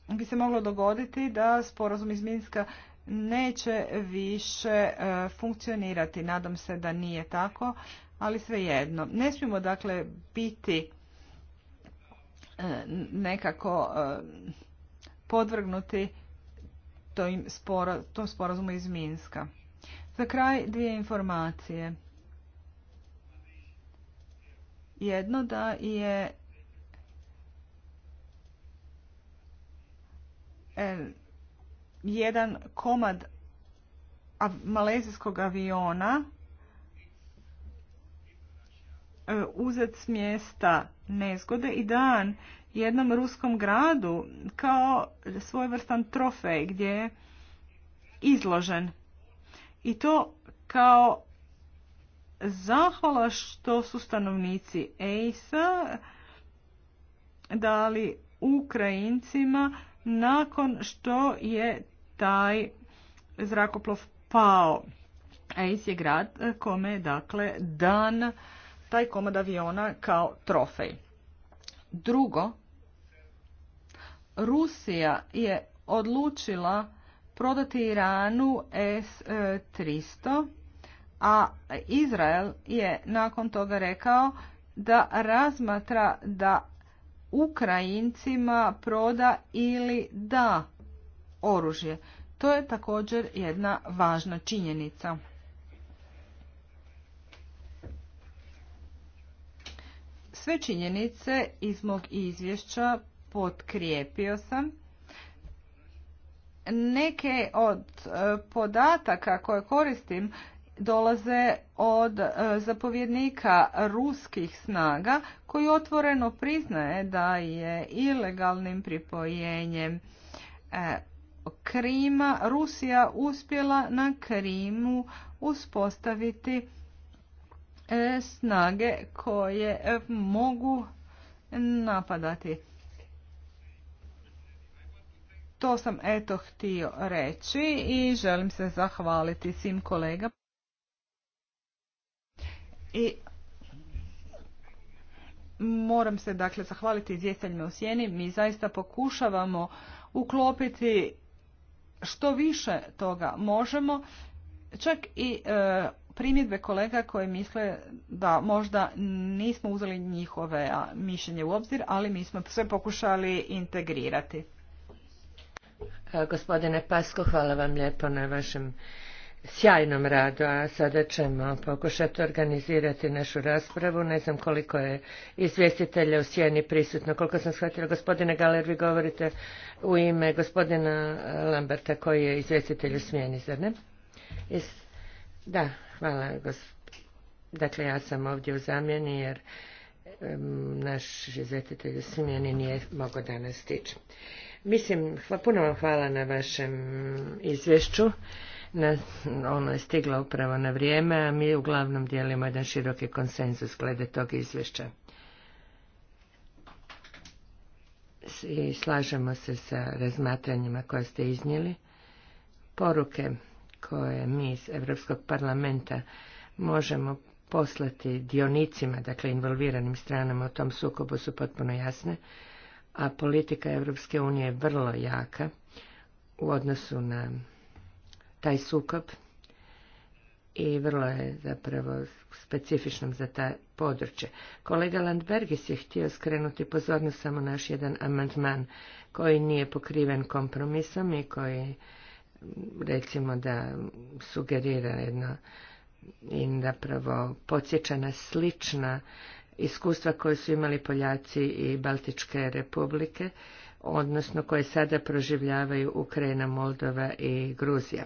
bi se moglo dogoditi da sporazum iz Minska neće više e, funkcionirati. Nadam se da nije tako, ali svejedno. Ne smijemo dakle biti e, nekako podvrgnuti tom sporazumu iz Minska. Za kraj dvije informacije jedno da je e, jedan komad malezijskog aviona e, uzet s mjesta nezgode i dan jednom ruskom gradu kao svojevrstan trofej gdje je izložen. I to kao zahvala što su stanovnici eis dali Ukrajincima nakon što je taj zrakoplov pao. EIS je grad kome je dakle dan taj komad aviona kao trofej. Drugo, Rusija je odlučila prodati Iranu S-300 e, a Izrael je nakon toga rekao da razmatra da Ukrajincima proda ili da oružje. To je također jedna važna činjenica. Sve činjenice iz mog izvješća potkrijepio sam. Neke od e, podataka koje koristim dolaze od e, zapovjednika ruskih snaga koji otvoreno priznaje da je ilegalnim pripojenjem e, Krima Rusija uspjela na Krimu uspostaviti e, snage koje mogu napadati. To sam eto htio reći i želim se zahvaliti svim kolegama. I moram se dakle zahvaliti izvjestiteljima u sjeni. Mi zaista pokušavamo uklopiti što više toga možemo. Čak i e, primjedbe kolega koje misle da možda nismo uzeli njihove mišljenje u obzir, ali mi smo sve pokušali integrirati. E, gospodine Pasko, hvala vam lijepo na vašem sjajnom radu, a sada ćemo pokušati organizirati našu raspravu. Ne znam koliko je izvjestitelja u sjeni prisutno. Koliko sam shvatila, gospodine Galer, vi govorite u ime gospodina Lamberta koji je izvjestitelj u smjeni, zar ne? Da, hvala. Dakle, ja sam ovdje u zamjeni jer naš izvjestitelj u smjeni nije mogao danas stići. Mislim, puno vam hvala na vašem izvješću ono je stigla upravo na vrijeme, a mi uglavnom dijelimo jedan široki konsenzus glede tog izvješća. I slažemo se sa razmatranjima koje ste iznijeli. Poruke koje mi iz Europskog parlamenta možemo poslati dionicima, dakle involviranim stranama u tom sukobu su potpuno jasne, a politika Europske unije je vrlo jaka u odnosu na taj sukob i vrlo je zapravo specifičnom za ta područje. Kolega Landbergis je htio skrenuti pozornost samo naš jedan amandman koji nije pokriven kompromisom i koji recimo da sugerira jedno i zapravo podsjeća na slična iskustva koje su imali Poljaci i Baltičke republike, odnosno koje sada proživljavaju Ukrajina, Moldova i Gruzija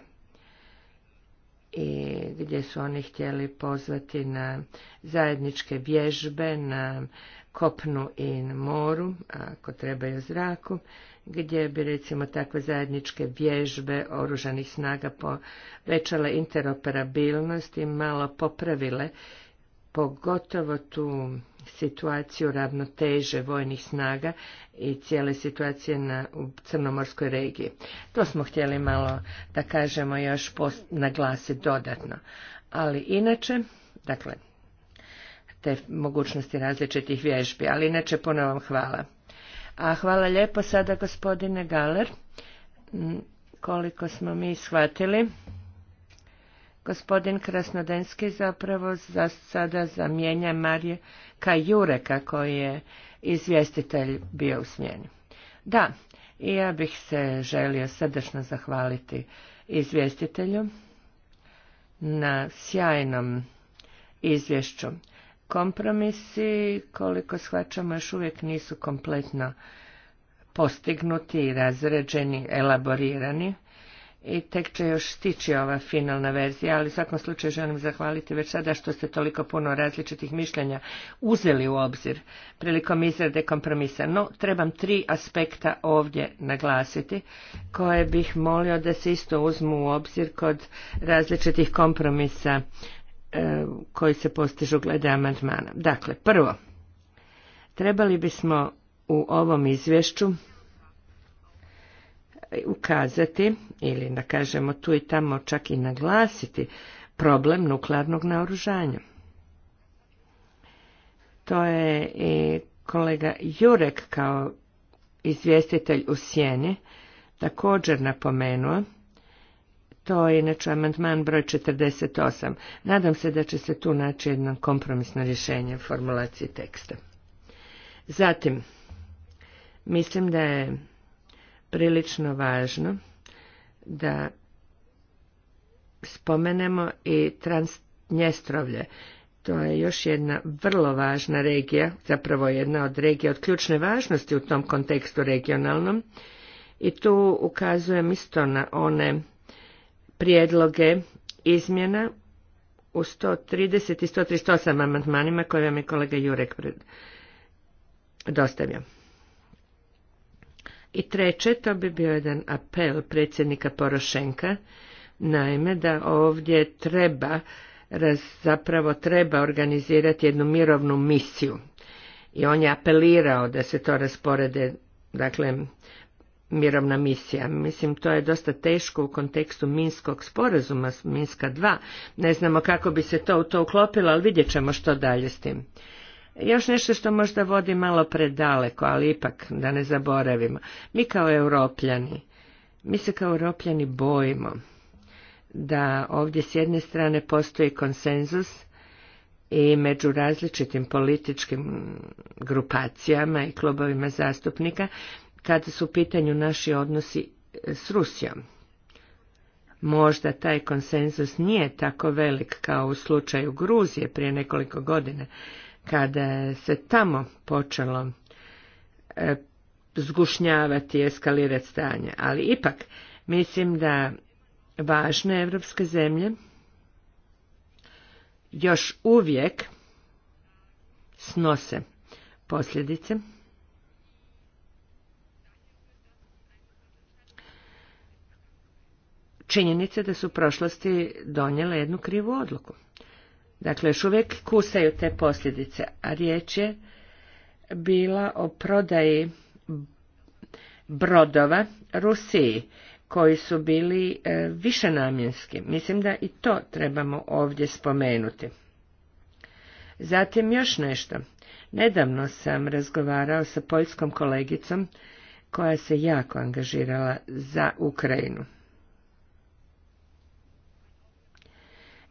i gdje su oni htjeli pozvati na zajedničke vježbe na kopnu i na moru, ako treba i zraku, gdje bi recimo takve zajedničke vježbe oružanih snaga povećale interoperabilnost i malo popravile pogotovo tu situaciju ravnoteže vojnih snaga i cijele situacije na, u Crnomorskoj regiji. To smo htjeli malo, da kažemo, još naglasiti dodatno. Ali inače, dakle, te mogućnosti različitih vježbi, ali inače puno vam hvala. A hvala lijepo sada gospodine Galer, koliko smo mi shvatili. Gospodin Krasnodenski zapravo za sada zamijenja Marije Kajureka koji je izvjestitelj bio u smjeni. Da, i ja bih se želio srdečno zahvaliti izvjestitelju na sjajnom izvješću. Kompromisi, koliko shvaćamo, još uvijek nisu kompletno postignuti i razređeni, elaborirani, i tek će još stići ova finalna verzija, ali u svakom slučaju želim zahvaliti već sada što ste toliko puno različitih mišljenja uzeli u obzir prilikom izrade kompromisa. No, trebam tri aspekta ovdje naglasiti koje bih molio da se isto uzmu u obzir kod različitih kompromisa e, koji se postižu glede amandmana. Dakle, prvo, trebali bismo u ovom izvješću Ovaj, ukazati ili da kažemo tu i tamo čak i naglasiti problem nuklearnog naoružanja. To je i kolega Jurek kao izvjestitelj u Sjeni također napomenuo. To je inače amandman broj 48. Nadam se da će se tu naći jedno kompromisno rješenje formulacije teksta. Zatim, mislim da je prilično važno da spomenemo i Transnjestrovlje. To je još jedna vrlo važna regija, zapravo jedna od regija od ključne važnosti u tom kontekstu regionalnom. I tu ukazujem isto na one prijedloge izmjena u 130 i 138 amandmanima koje vam je kolega Jurek dostavio. I treće, to bi bio jedan apel predsjednika Porošenka, naime da ovdje treba, zapravo treba organizirati jednu mirovnu misiju. I on je apelirao da se to rasporede, dakle, mirovna misija. Mislim, to je dosta teško u kontekstu Minskog sporazuma, Minska 2. Ne znamo kako bi se to u to uklopilo, ali vidjet ćemo što dalje s tim. Još nešto što možda vodi malo predaleko, ali ipak da ne zaboravimo. Mi kao europljani, mi se kao europljani bojimo da ovdje s jedne strane postoji konsenzus i među različitim političkim grupacijama i klubovima zastupnika kada su u pitanju naši odnosi e, s Rusijom. Možda taj konsenzus nije tako velik kao u slučaju Gruzije prije nekoliko godina, kada se tamo počelo e, zgušnjavati i eskalirati stanje. Ali ipak, mislim da važne evropske zemlje još uvijek snose posljedice. Činjenice da su prošlosti donijele jednu krivu odluku. Dakle, još uvijek kusaju te posljedice, a riječ je bila o prodaji brodova Rusiji koji su bili e, višenamjenski. Mislim da i to trebamo ovdje spomenuti. Zatim još nešto. Nedavno sam razgovarao sa poljskom kolegicom koja se jako angažirala za Ukrajinu.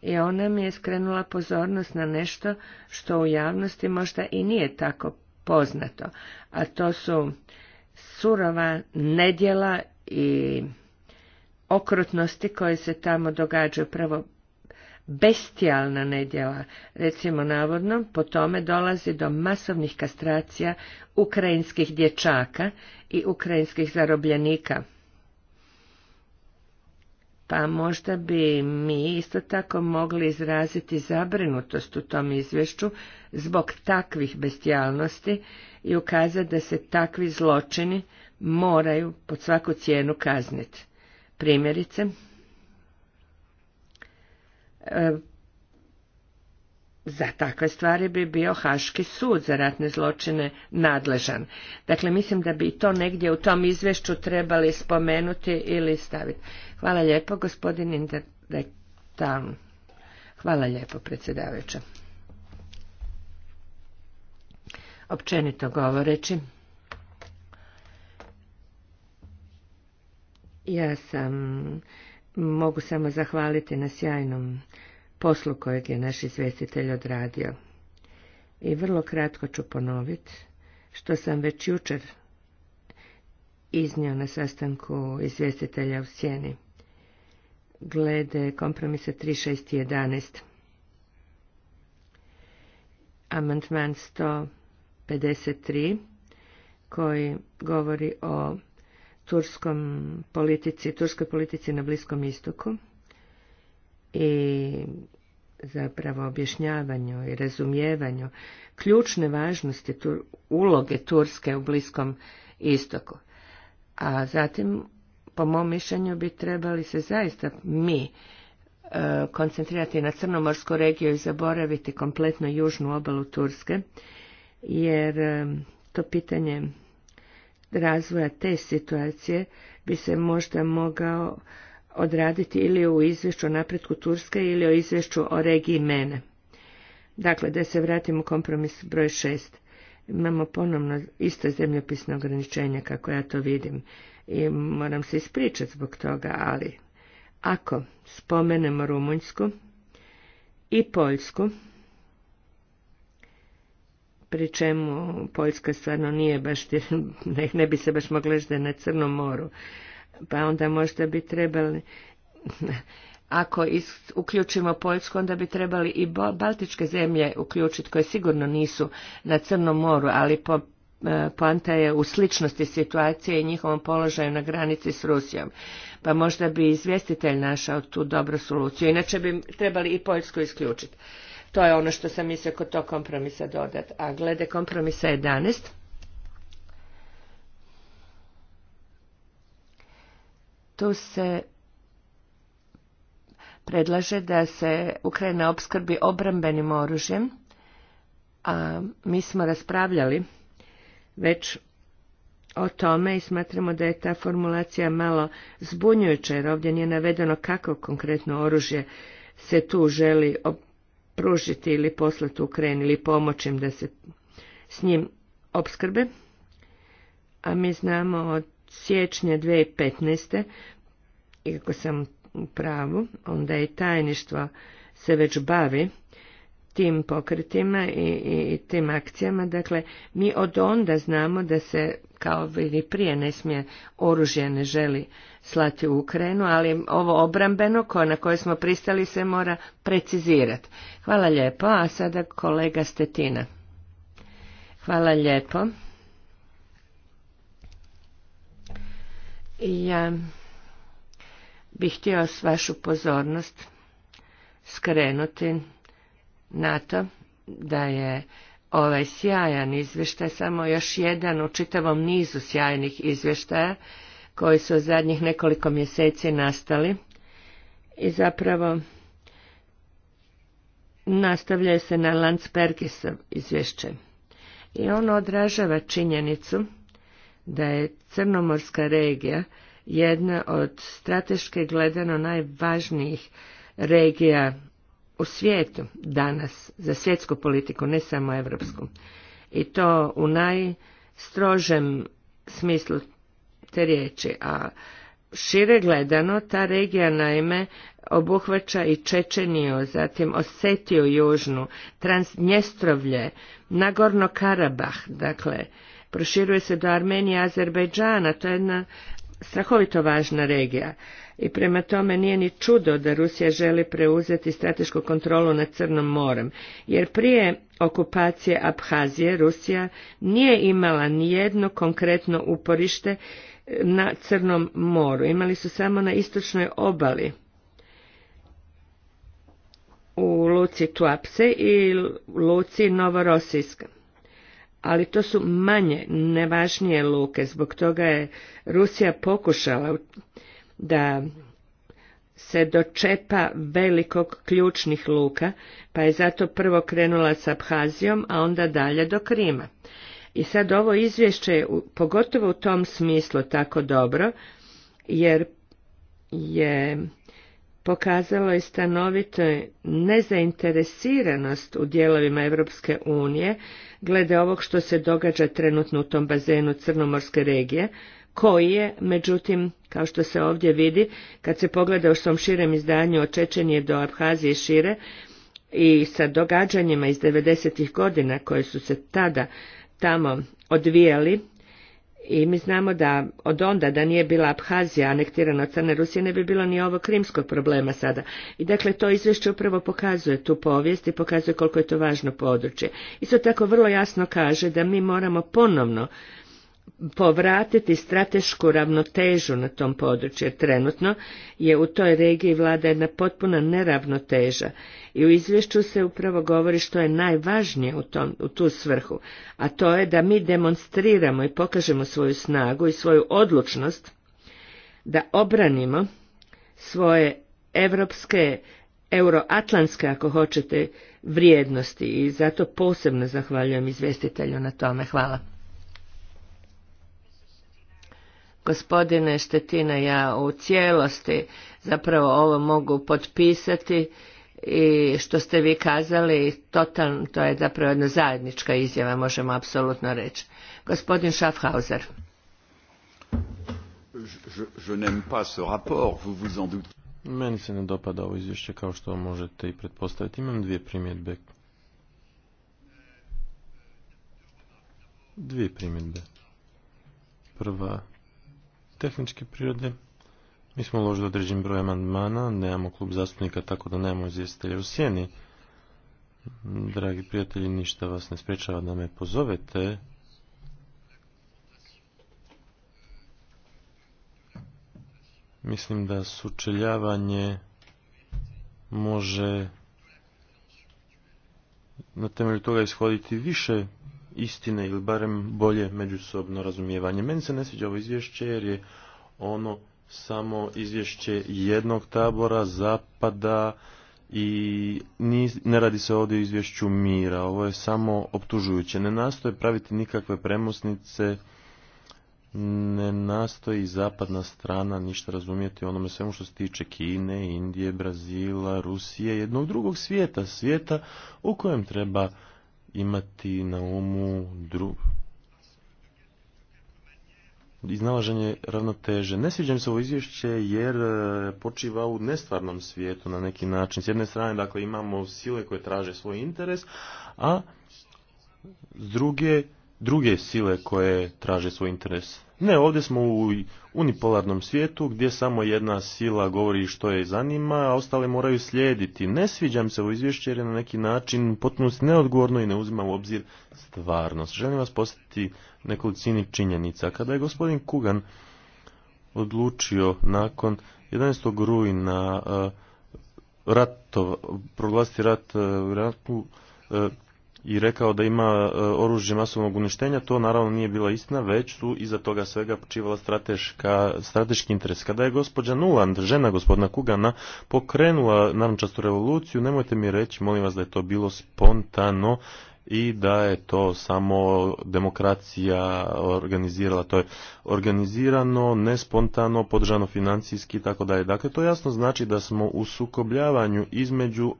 i ona mi je skrenula pozornost na nešto što u javnosti možda i nije tako poznato, a to su surova nedjela i okrutnosti koje se tamo događaju, prvo bestijalna nedjela, recimo navodno, po tome dolazi do masovnih kastracija ukrajinskih dječaka i ukrajinskih zarobljenika pa možda bi mi isto tako mogli izraziti zabrinutost u tom izvješću zbog takvih bestijalnosti i ukazati da se takvi zločini moraju pod svaku cijenu kazniti. Primjerice, e, za takve stvari bi bio Haški sud za ratne zločine nadležan. Dakle, mislim da bi to negdje u tom izvješću trebali spomenuti ili staviti. Hvala lijepo, gospodin Interdetan. Hvala lijepo, predsjedavajuća. Općenito govoreći, ja sam, mogu samo zahvaliti na sjajnom poslu kojeg je naš izvjestitelj odradio. I vrlo kratko ću ponoviti što sam već jučer iznio na sastanku izvjestitelja u sjeni glede kompromisa 3611. Amantman 153 koji govori o turskom politici, turskoj politici na Bliskom istoku i zapravo objašnjavanju i razumijevanju ključne važnosti uloge Turske u Bliskom istoku. A zatim po mom mišljenju bi trebali se zaista mi e, koncentrirati na crnomorsku regiju i zaboraviti kompletno južnu obalu Turske, jer e, to pitanje razvoja te situacije bi se možda mogao odraditi ili u izvješću o napretku Turske ili o izvješću o regiji Mene. Dakle, da se vratimo kompromis broj šest. Imamo ponovno isto zemljopisno ograničenje, kako ja to vidim i moram se ispričati zbog toga, ali ako spomenemo Rumunjsku i Poljsku, pri čemu Poljska stvarno nije baš, ne, ne bi se baš mogla reći na Crnom moru, pa onda možda bi trebali, ako uključimo Poljsku, onda bi trebali i Baltičke zemlje uključiti, koje sigurno nisu na Crnom moru, ali po E, poanta je u sličnosti situacije i njihovom položaju na granici s Rusijom. Pa možda bi izvjestitelj našao tu dobru soluciju. Inače bi trebali i Poljsku isključiti. To je ono što sam mislio kod tog kompromisa dodat. A glede kompromisa 11... Tu se predlaže da se Ukrajina opskrbi obrambenim oružjem, a mi smo raspravljali već o tome i smatramo da je ta formulacija malo zbunjujuća jer ovdje nije navedeno kako konkretno oružje se tu želi pružiti ili poslati Ukrajini ili pomoći im da se s njim opskrbe. A mi znamo od siječnja 2015. iako sam u pravu, onda i tajništvo se već bavi tim pokretima i, i, tim akcijama. Dakle, mi od onda znamo da se kao i prije ne smije oružje ne želi slati u Ukrajinu, ali ovo obrambeno na koje smo pristali se mora precizirati. Hvala lijepo, a sada kolega Stetina. Hvala lijepo. Ja bih htio s vašu pozornost skrenuti na to da je ovaj sjajan izvještaj samo još jedan u čitavom nizu sjajnih izvještaja koji su zadnjih nekoliko mjeseci nastali i zapravo nastavlja se na Landsbergisov izvješće. I ono odražava činjenicu da je Crnomorska regija jedna od strateški gledano najvažnijih regija u svijetu danas za svjetsku politiku, ne samo evropsku. I to u najstrožem smislu te riječi, a šire gledano ta regija naime obuhvaća i Čečeniju, zatim Osetiju južnu, Transnjestrovlje, Nagorno Karabah, dakle proširuje se do Armenije i Azerbejdžana, to je jedna strahovito važna regija i prema tome nije ni čudo da Rusija želi preuzeti stratešku kontrolu nad Crnom morem, jer prije okupacije Abhazije Rusija nije imala jedno konkretno uporište eh, na Crnom moru. Imali su samo na istočnoj obali u luci Tuapse i luci Novorosijska. Ali to su manje, nevažnije luke, zbog toga je Rusija pokušala da se dočepa velikog ključnih luka, pa je zato prvo krenula s Abhazijom, a onda dalje do Krima. I sad ovo izvješće je pogotovo u tom smislu tako dobro, jer je pokazalo i stanovito nezainteresiranost u dijelovima Europske unije glede ovog što se događa trenutno u tom bazenu Crnomorske regije, koji je, međutim, kao što se ovdje vidi, kad se pogleda u svom širem izdanju od Čečenije do Abhazije šire i sa događanjima iz 90. godina koje su se tada tamo odvijali, i mi znamo da od onda da nije bila Abhazija anektirana od Crne Rusije ne bi bilo ni ovo krimskog problema sada. I dakle to izvješće upravo pokazuje tu povijest i pokazuje koliko je to važno područje. Isto tako vrlo jasno kaže da mi moramo ponovno povratiti stratešku ravnotežu na tom području. Trenutno je u toj regiji vlada jedna potpuna neravnoteža i u izvješću se upravo govori što je najvažnije u, tom, u tu svrhu, a to je da mi demonstriramo i pokažemo svoju snagu i svoju odlučnost da obranimo svoje evropske, euroatlantske ako hoćete, vrijednosti i zato posebno zahvaljujem izvjestitelju na tome. Hvala. gospodine Štetina, ja u cijelosti zapravo ovo mogu potpisati i što ste vi kazali, total, to je zapravo jedna zajednička izjava, možemo apsolutno reći. Gospodin Schaffhauser. Meni se ne dopada ovo izvješće kao što možete i pretpostaviti. Imam dvije primjedbe. Dvije primjedbe. Prva tehničke prirode. Mi smo uložili određen broj amandmana, nemamo klub zastupnika, tako da nemamo izvjestitelja u sjeni. Dragi prijatelji, ništa vas ne sprečava da me pozovete. Mislim da sučeljavanje može na temelju toga ishoditi više istine ili barem bolje međusobno razumijevanje. Meni se ne sviđa ovo izvješće jer je ono samo izvješće jednog tabora, zapada i ne radi se ovdje o izvješću mira. Ovo je samo optužujuće. Ne nastoje praviti nikakve premosnice, ne nastoji zapadna strana ništa razumijeti onome svemu što se tiče Kine, Indije, Brazila, Rusije, jednog drugog svijeta, svijeta u kojem treba imati na umu dru... iznalaženje ravnoteže. Ne sviđa se ovo izvješće jer e, počiva u nestvarnom svijetu na neki način. S jedne strane dakle imamo sile koje traže svoj interes, a s druge druge sile koje traže svoj interes. Ne, ovdje smo u unipolarnom svijetu gdje samo jedna sila govori što je zanima, a ostale moraju slijediti. Ne sviđam se u izvješće jer je na neki način potpuno neodgovorno i ne uzima u obzir stvarnost. Želim vas posjetiti nekolicini činjenica. Kada je gospodin Kugan odlučio nakon 11. rujna eh, ratov, proglasiti rat eh, ratu, eh, i rekao da ima e, oružje masovnog uništenja, to naravno nije bila istina, već su iza toga svega počivala strateška, strateški interes. Kada je gospođa Nuland, žena gospodina Kugana, pokrenula narančastu revoluciju, nemojte mi reći, molim vas da je to bilo spontano i da je to samo demokracija organizirala. To je organizirano, nespontano, podržano financijski i tako je. Dakle, to jasno znači da smo u sukobljavanju između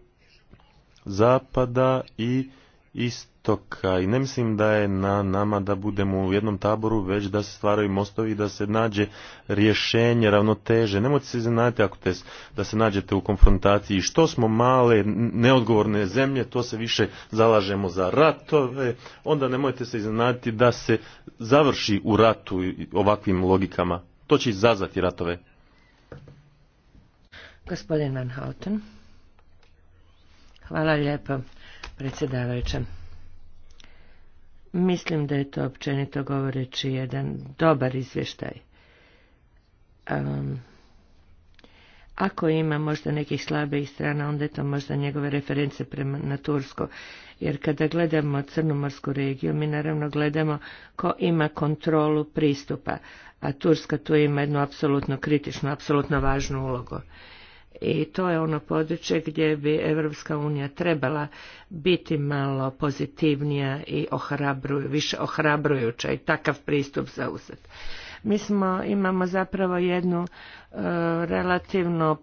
zapada i istoka i ne mislim da je na nama da budemo u jednom taboru, već da se stvaraju mostovi i da se nađe rješenje, ravnoteže. Nemojte se iznenaditi ako da se nađete u konfrontaciji. Što smo male, neodgovorne zemlje, to se više zalažemo za ratove, onda nemojte se iznenaditi da se završi u ratu ovakvim logikama. To će izazvati ratove. Gospodin Van Houten. Hvala lijepo predsjedavajuća. Mislim da je to općenito govoreći jedan dobar izvještaj. ako ima možda nekih slabih strana, onda je to možda njegove reference prema na Tursko. Jer kada gledamo Crnomorsku regiju, mi naravno gledamo ko ima kontrolu pristupa, a Turska tu ima jednu apsolutno kritičnu, apsolutno važnu ulogu i to je ono područje gdje bi Europska unija trebala biti malo pozitivnija i ohrabruju, više ohrabrujuća i takav pristup zauzeti. Mi smo, imamo zapravo jednu e, relativno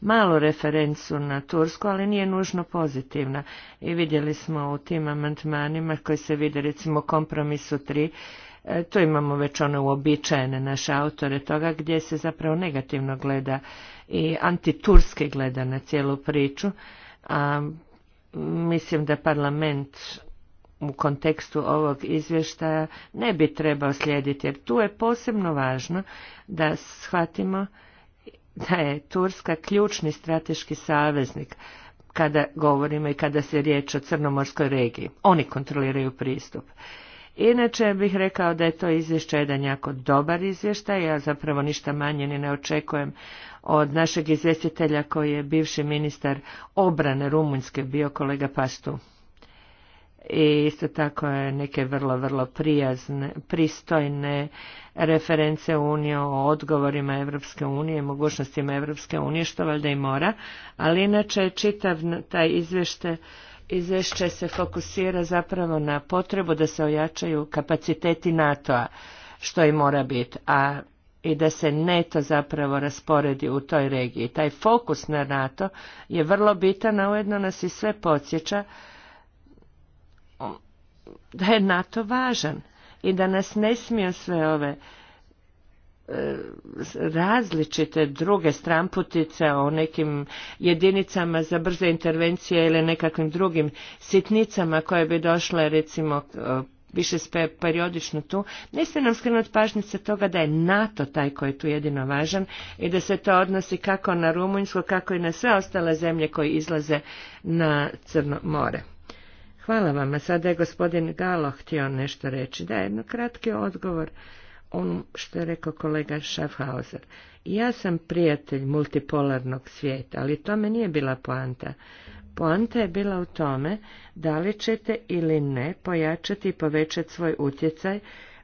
malu referencu na Tursku, ali nije nužno pozitivna. I vidjeli smo u tim amantmanima koji se vide recimo kompromisu 3, e, tu imamo već one uobičajene naše autore toga gdje se zapravo negativno gleda i antiturski gleda na cijelu priču, a mislim da parlament u kontekstu ovog izvještaja ne bi trebao slijediti, jer tu je posebno važno da shvatimo da je Turska ključni strateški saveznik kada govorimo i kada se riječ o crnomorskoj regiji. Oni kontroliraju pristup. Inače bih rekao da je to izvješće jedan jako dobar izvještaj, ja zapravo ništa manje ni ne očekujem od našeg izvjestitelja koji je bivši ministar obrane Rumunjske bio kolega Pastu. I isto tako je neke vrlo, vrlo prijazne, pristojne reference unije o odgovorima Evropske unije mogućnostima Evropske unije, što valjda i mora, ali inače čitav taj izvješte izvješće se fokusira zapravo na potrebu da se ojačaju kapaciteti NATO-a, što i mora biti, a i da se neto zapravo rasporedi u toj regiji. Taj fokus na NATO je vrlo bitan, a ujedno nas i sve podsjeća da je NATO važan i da nas ne smije sve ove e, različite druge stramputice o nekim jedinicama za brze intervencije ili nekakvim drugim sitnicama koje bi došle recimo više periodično tu, niste nam skrenuti pažnice toga da je NATO taj koji je tu jedino važan i da se to odnosi kako na Rumunjsko, kako i na sve ostale zemlje koje izlaze na Crno more. Hvala vam, a sada je gospodin Galo htio nešto reći. Da, jedno kratki odgovor on što je rekao kolega Schaffhauser. Ja sam prijatelj multipolarnog svijeta, ali to me nije bila poanta. Poanta je bila u tome da li ćete ili ne pojačati i povećati svoj utjecaj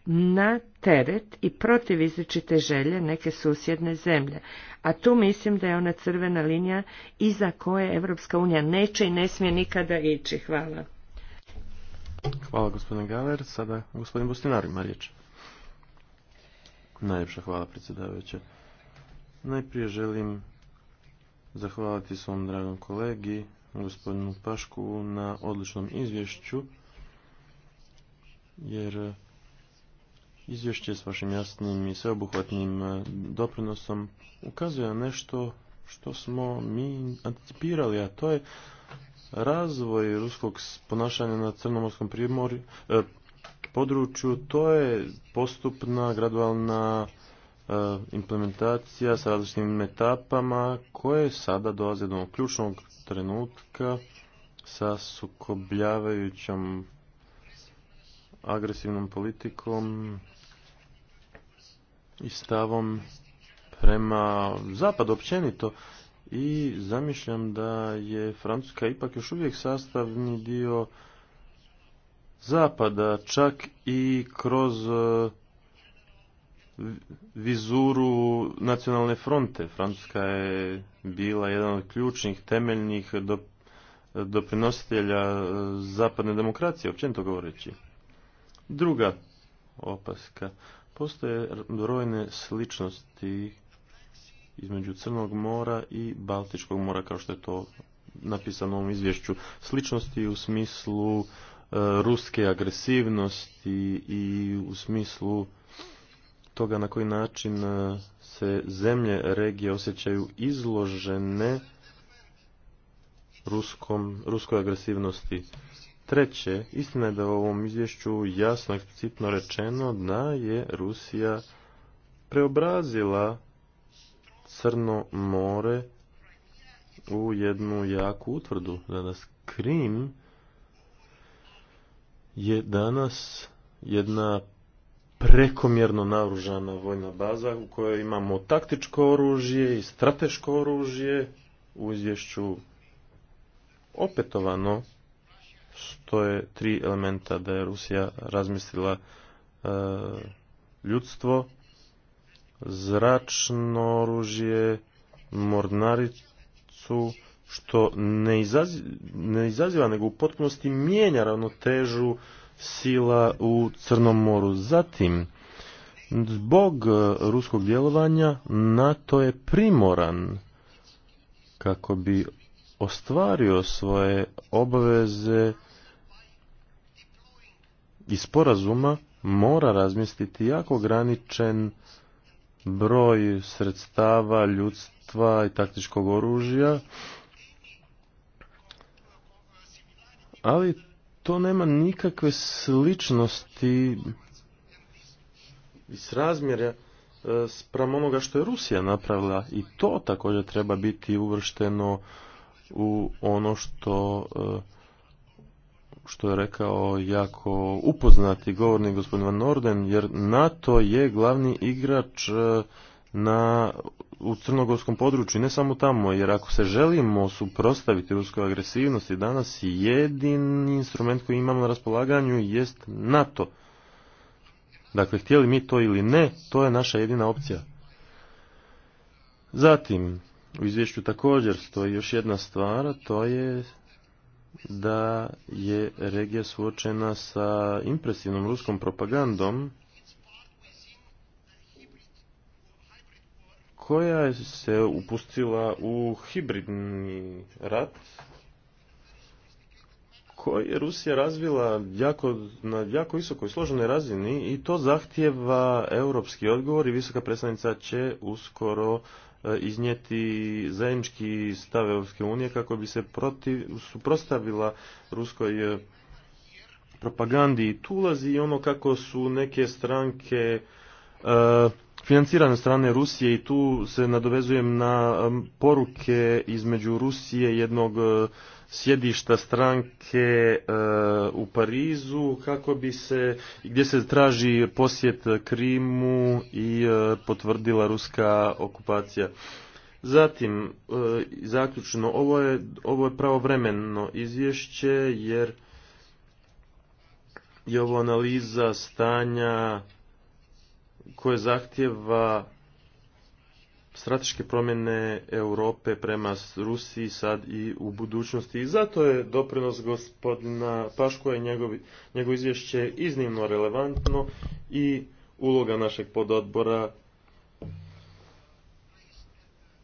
na teret i protiv želje neke susjedne zemlje. A tu mislim da je ona crvena linija iza koje Evropska unija neće i ne smije nikada ići. Hvala. Hvala gospodine Galer. Sada gospodin Bustinar ima Najljepša hvala predsjedavajuća. Najprije želim zahvaliti svom dragom kolegi gospodinu Pašku na odličnom izvješću, jer izvješće s vašim jasnim i sveobuhvatnim e, doprinosom ukazuje na nešto što smo mi anticipirali, a to je razvoj ruskog ponašanja na Crnomorskom primorju, e, području, to je postupna, gradualna e, implementacija sa različitim etapama koje sada dolaze do ključnog trenutka sa sukobljavajućom agresivnom politikom i stavom prema zapad općenito i zamišljam da je Francuska ipak još uvijek sastavni dio zapada, čak i kroz vizuru nacionalne fronte. Francuska je bila jedan od ključnih, temeljnih doprinositelja e, zapadne demokracije, općenito govoreći. Druga opaska. Postoje brojne sličnosti između Crnog mora i Baltičkog mora, kao što je to napisano u ovom izvješću. Sličnosti u smislu e, ruske agresivnosti i u smislu toga na koji način e, se zemlje regije osjećaju izložene ruskom, ruskoj agresivnosti. Treće, istina je da u ovom izvješću jasno eksplicitno rečeno da je Rusija preobrazila Crno more u jednu jaku utvrdu. Danas Krim je danas jedna prekomjerno naružana vojna baza u kojoj imamo taktičko oružje i strateško oružje u izvješću opetovano je tri elementa da je Rusija razmislila e, ljudstvo, zračno oružje, mornaricu, što ne, izaziva, ne izaziva nego u potpunosti mijenja ravnotežu sila u Crnom moru. Zatim, zbog e, ruskog djelovanja NATO je primoran kako bi ostvario svoje obaveze i sporazuma mora razmisliti jako ograničen broj sredstava, ljudstva i taktičkog oružja, ali to nema nikakve sličnosti i razmjera e, spram onoga što je Rusija napravila i to također treba biti uvršteno u ono što e, što je rekao jako upoznati govorni gospodin Van Norden jer NATO je glavni igrač e, na u crnogorskom području, ne samo tamo, jer ako se želimo suprotstaviti ruskoj agresivnosti danas, jedini instrument koji imamo na raspolaganju jest NATO. Dakle, htjeli mi to ili ne, to je naša jedina opcija. Zatim, u izvješću također stoji još jedna stvar, to je da je regija suočena sa impresivnom ruskom propagandom koja se upustila u hibridni rat koji je Rusija razvila jako, na jako visokoj složenoj razini i to zahtjeva europski odgovor i visoka predstavnica će uskoro e, iznijeti zajednički stav Europske unije kako bi se protiv, suprostavila ruskoj e, propagandi i tulazi i ono kako su neke stranke uh, financirane strane Rusije i tu se nadovezujem na poruke između Rusije jednog e, sjedišta stranke e, u Parizu kako bi se gdje se traži posjet Krimu i e, potvrdila ruska okupacija. Zatim e, zaključno ovo je ovo je pravovremeno izvješće jer je ovo analiza stanja koje zahtjeva strateške promjene Europe prema Rusiji sad i u budućnosti. I zato je doprinos gospodina Paškova i njegovo izvješće iznimno relevantno i uloga našeg pododbora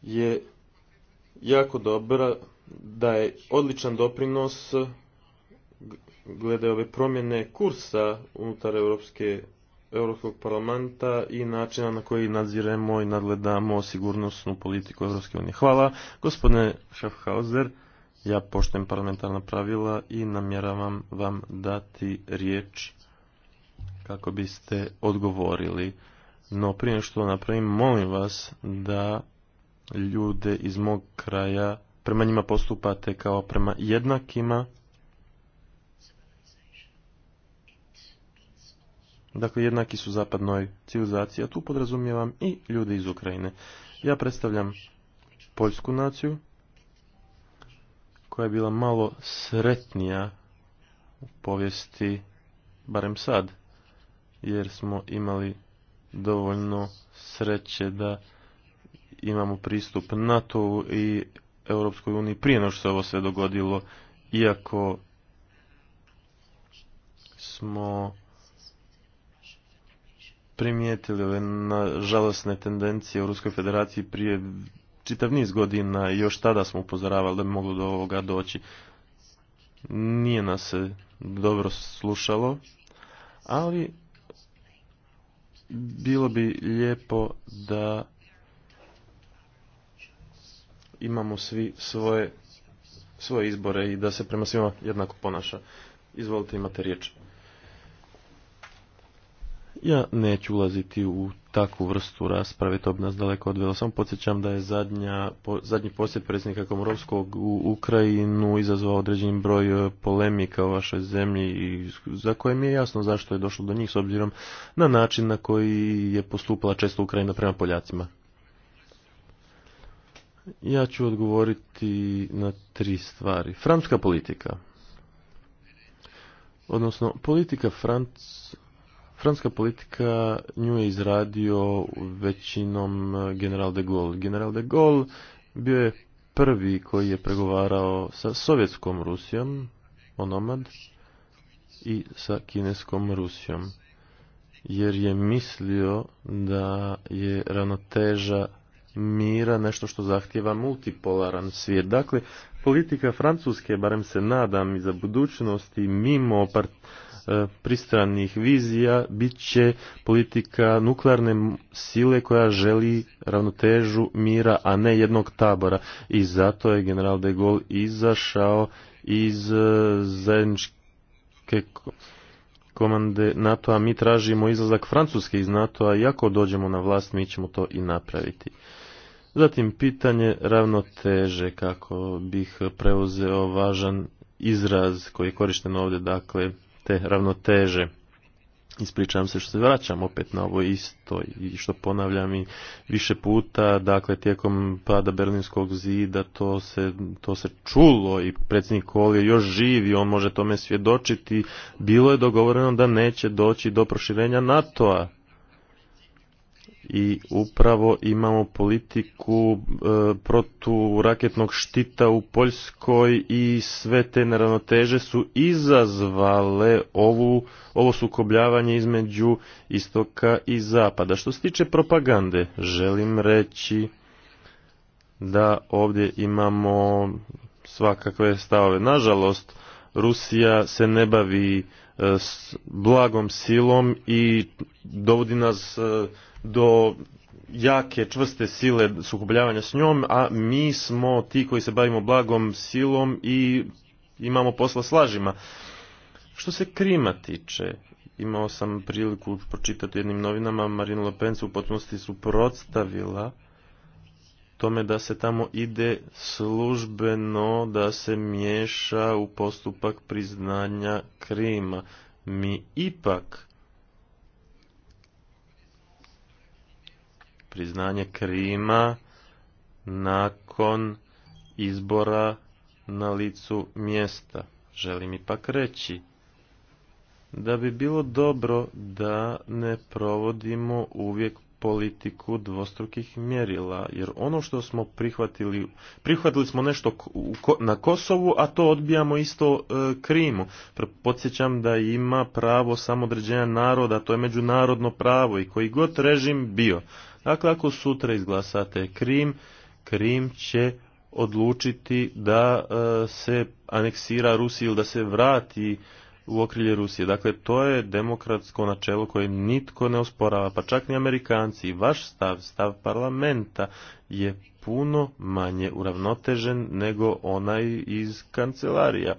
je jako dobra, da je odličan doprinos glede ove promjene kursa unutar Europske Europskog parlamenta i načina na koji nadziremo i nadgledamo sigurnosnu politiku Europske unije. Hvala, gospodine Schaffhauser. Ja poštujem parlamentarna pravila i namjeravam vam dati riječ kako biste odgovorili. No prije što napravim, molim vas da ljude iz mog kraja prema njima postupate kao prema jednakima Dakle, jednaki su zapadnoj civilizaciji, a tu podrazumijevam i ljude iz Ukrajine. Ja predstavljam poljsku naciju, koja je bila malo sretnija u povijesti, barem sad, jer smo imali dovoljno sreće da imamo pristup NATO i Europskoj uniji prije nego što se ovo sve dogodilo, iako smo primijetili na žalosne tendencije u Ruskoj federaciji prije čitav niz godina i još tada smo upozoravali da bi moglo do ovoga doći. Nije nas se dobro slušalo, ali bilo bi lijepo da imamo svi svoje, svoje izbore i da se prema svima jednako ponaša. Izvolite, imate riječ. Ja neću ulaziti u takvu vrstu rasprave, to bi nas daleko odvelo. Samo podsjećam da je zadnja, zadnji posjet predsjednika Komorovskog u Ukrajinu izazvao određeni broj e, polemika u vašoj zemlji i za koje mi je jasno zašto je došlo do njih s obzirom na način na koji je postupala često Ukrajina prema Poljacima. Ja ću odgovoriti na tri stvari. Francuska politika, odnosno politika Franc Francuska politika nju je izradio većinom eh, general de Gaulle. General de Gaulle bio je prvi koji je pregovarao sa sovjetskom Rusijom, onomad, i sa kineskom Rusijom. Jer je mislio da je ravnoteža mira nešto što zahtjeva multipolaran svijet. Dakle, politika Francuske, barem se nadam i za budućnosti, mimo E, pristranih vizija bit će politika nuklearne sile koja želi ravnotežu mira, a ne jednog tabora. I zato je general de Gaulle izašao iz e, zajedničke komande NATO, a mi tražimo izlazak Francuske iz NATO, a i ako dođemo na vlast mi ćemo to i napraviti. Zatim pitanje ravnoteže, kako bih preuzeo važan izraz koji je korišten ovdje, dakle te ravnoteže. Ispričavam se što se vraćam opet na ovo isto i što ponavljam i više puta, dakle tijekom pada Berlinskog zida to se, to se čulo i predsjednik Kohl je još živ i on može tome svjedočiti. Bilo je dogovoreno da neće doći do proširenja NATO-a i upravo imamo politiku protu e, proturaketnog štita u Poljskoj i sve te neravnoteže su izazvale ovu, ovo sukobljavanje između istoka i zapada. Što se tiče propagande, želim reći da ovdje imamo svakakve stavove. Nažalost, Rusija se ne bavi e, s blagom silom i dovodi nas e, do jake, čvrste sile sukobljavanja s njom, a mi smo ti koji se bavimo blagom silom i imamo posla s lažima. Što se krima tiče, imao sam priliku pročitati u jednim novinama, Marine Le Pen se u potpunosti suprotstavila tome da se tamo ide službeno da se miješa u postupak priznanja krima. Mi ipak priznanje Krima nakon izbora na licu mjesta. Želim ipak reći da bi bilo dobro da ne provodimo uvijek politiku dvostrukih mjerila, jer ono što smo prihvatili, prihvatili smo nešto na Kosovu, a to odbijamo isto e, Krimu. Podsjećam da ima pravo samodređenja naroda, to je međunarodno pravo i koji god režim bio, Dakle, ako sutra izglasate Krim, Krim će odlučiti da e, se aneksira Rusiju ili da se vrati u okrilje Rusije. Dakle, to je demokratsko načelo koje nitko ne osporava, pa čak ni Amerikanci. Vaš stav, stav parlamenta je puno manje uravnotežen nego onaj iz kancelarija.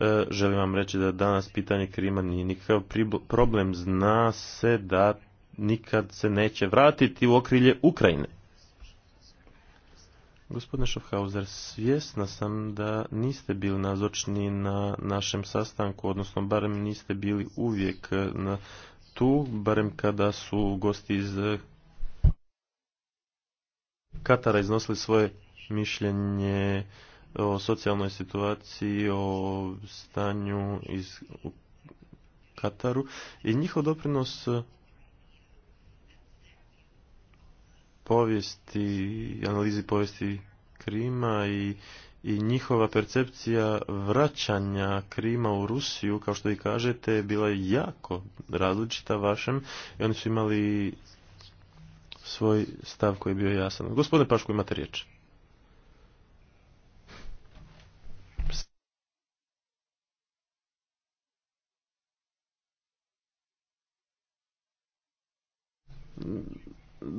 E, želim vam reći da danas pitanje Krima nije nikakav problem. Zna se da nikad se neće vratiti u okrilje Ukrajine. Gospodine Schaffhauser, svjesna sam da niste bili nazočni na našem sastanku, odnosno barem niste bili uvijek na tu, barem kada su gosti iz Katara iznosili svoje mišljenje o socijalnoj situaciji, o stanju iz Kataru i njihov doprinos povijesti, analizi povijesti Krima i, i njihova percepcija vraćanja Krima u Rusiju, kao što vi kažete, je bila jako različita vašem i oni su imali svoj stav koji je bio jasan. Gospodine Pašku, imate riječ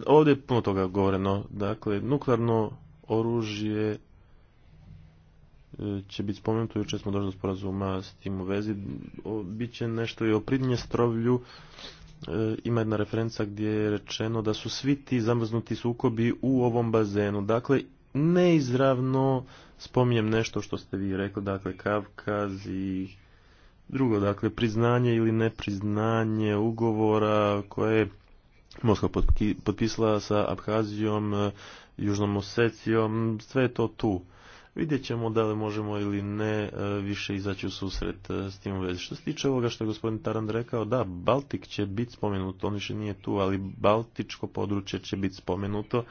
ovdje je puno toga govoreno. Dakle, nuklearno oružje e, će biti spomenuto, jučer smo došli do sporazuma s tim u vezi. Biće nešto i o Pridnjestrovlju. E, ima jedna referenca gdje je rečeno da su svi ti zamrznuti sukobi u ovom bazenu. Dakle, neizravno spominjem nešto što ste vi rekli, dakle Kavkaz i drugo, dakle priznanje ili nepriznanje ugovora koje Moskva potpisala sa Abhazijom, e, Južnom Osecijom, sve je to tu. Vidjet ćemo da li možemo ili ne e, više izaći u susret e, s tim u Što se tiče ovoga što je gospodin Tarand rekao, da, Baltik će biti spomenuto, on više nije tu, ali Baltičko područje će biti spomenuto,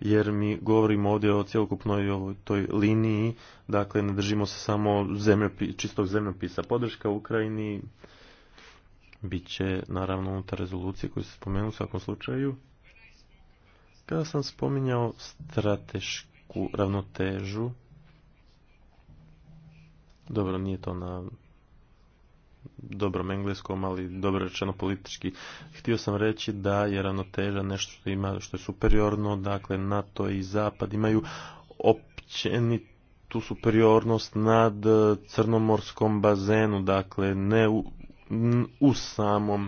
jer mi govorimo ovdje o cjelokupnoj toj liniji, dakle ne držimo se samo zemljopi, čistog zemljopisa. Podrška Ukrajini bit će naravno unutar rezolucije koju se spomenu u svakom slučaju. Kada sam spominjao stratešku ravnotežu, dobro, nije to na dobrom engleskom, ali dobro rečeno politički. Htio sam reći da je ravnoteža nešto što ima, što je superiorno, dakle NATO i Zapad imaju tu superiornost nad crnomorskom bazenu, dakle ne u samom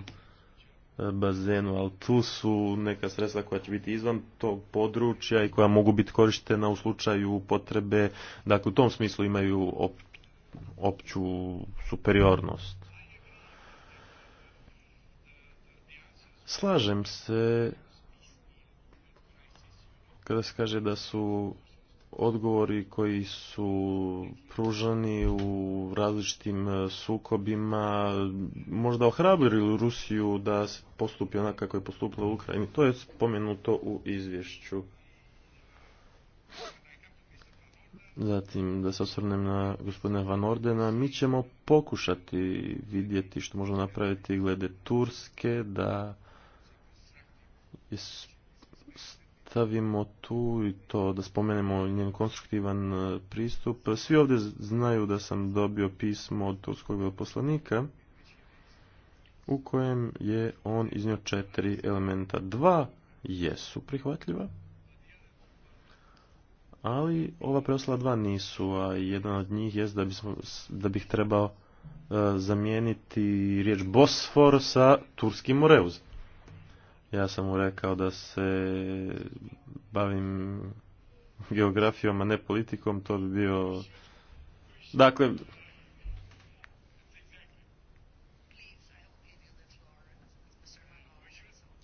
e, bazenu, ali tu su neka sredstva koja će biti izvan tog područja i koja mogu biti korištena u slučaju potrebe, dakle u tom smislu imaju op, opću superiornost. Slažem se kada se kaže da su odgovori koji su pružani u različitim e, sukobima možda ohrabrili Rusiju da postupi onako kako je postupila u Ukrajini. To je spomenuto u izvješću. Zatim, da se osvrnem na gospodina Van Ordena, mi ćemo pokušati vidjeti što možemo napraviti glede Turske, da stavimo tu i to da spomenemo njen konstruktivan e, pristup. Svi ovdje znaju da sam dobio pismo od turskog veleposlanika u kojem je on iznio četiri elementa. Dva jesu prihvatljiva, ali ova preostala dva nisu, a jedan od njih jest da, da bih trebao e, zamijeniti riječ Bosfor sa turskim Moreuz. Ja sam mu rekao da se bavim geografijom, a ne politikom, to bi bio... Dakle,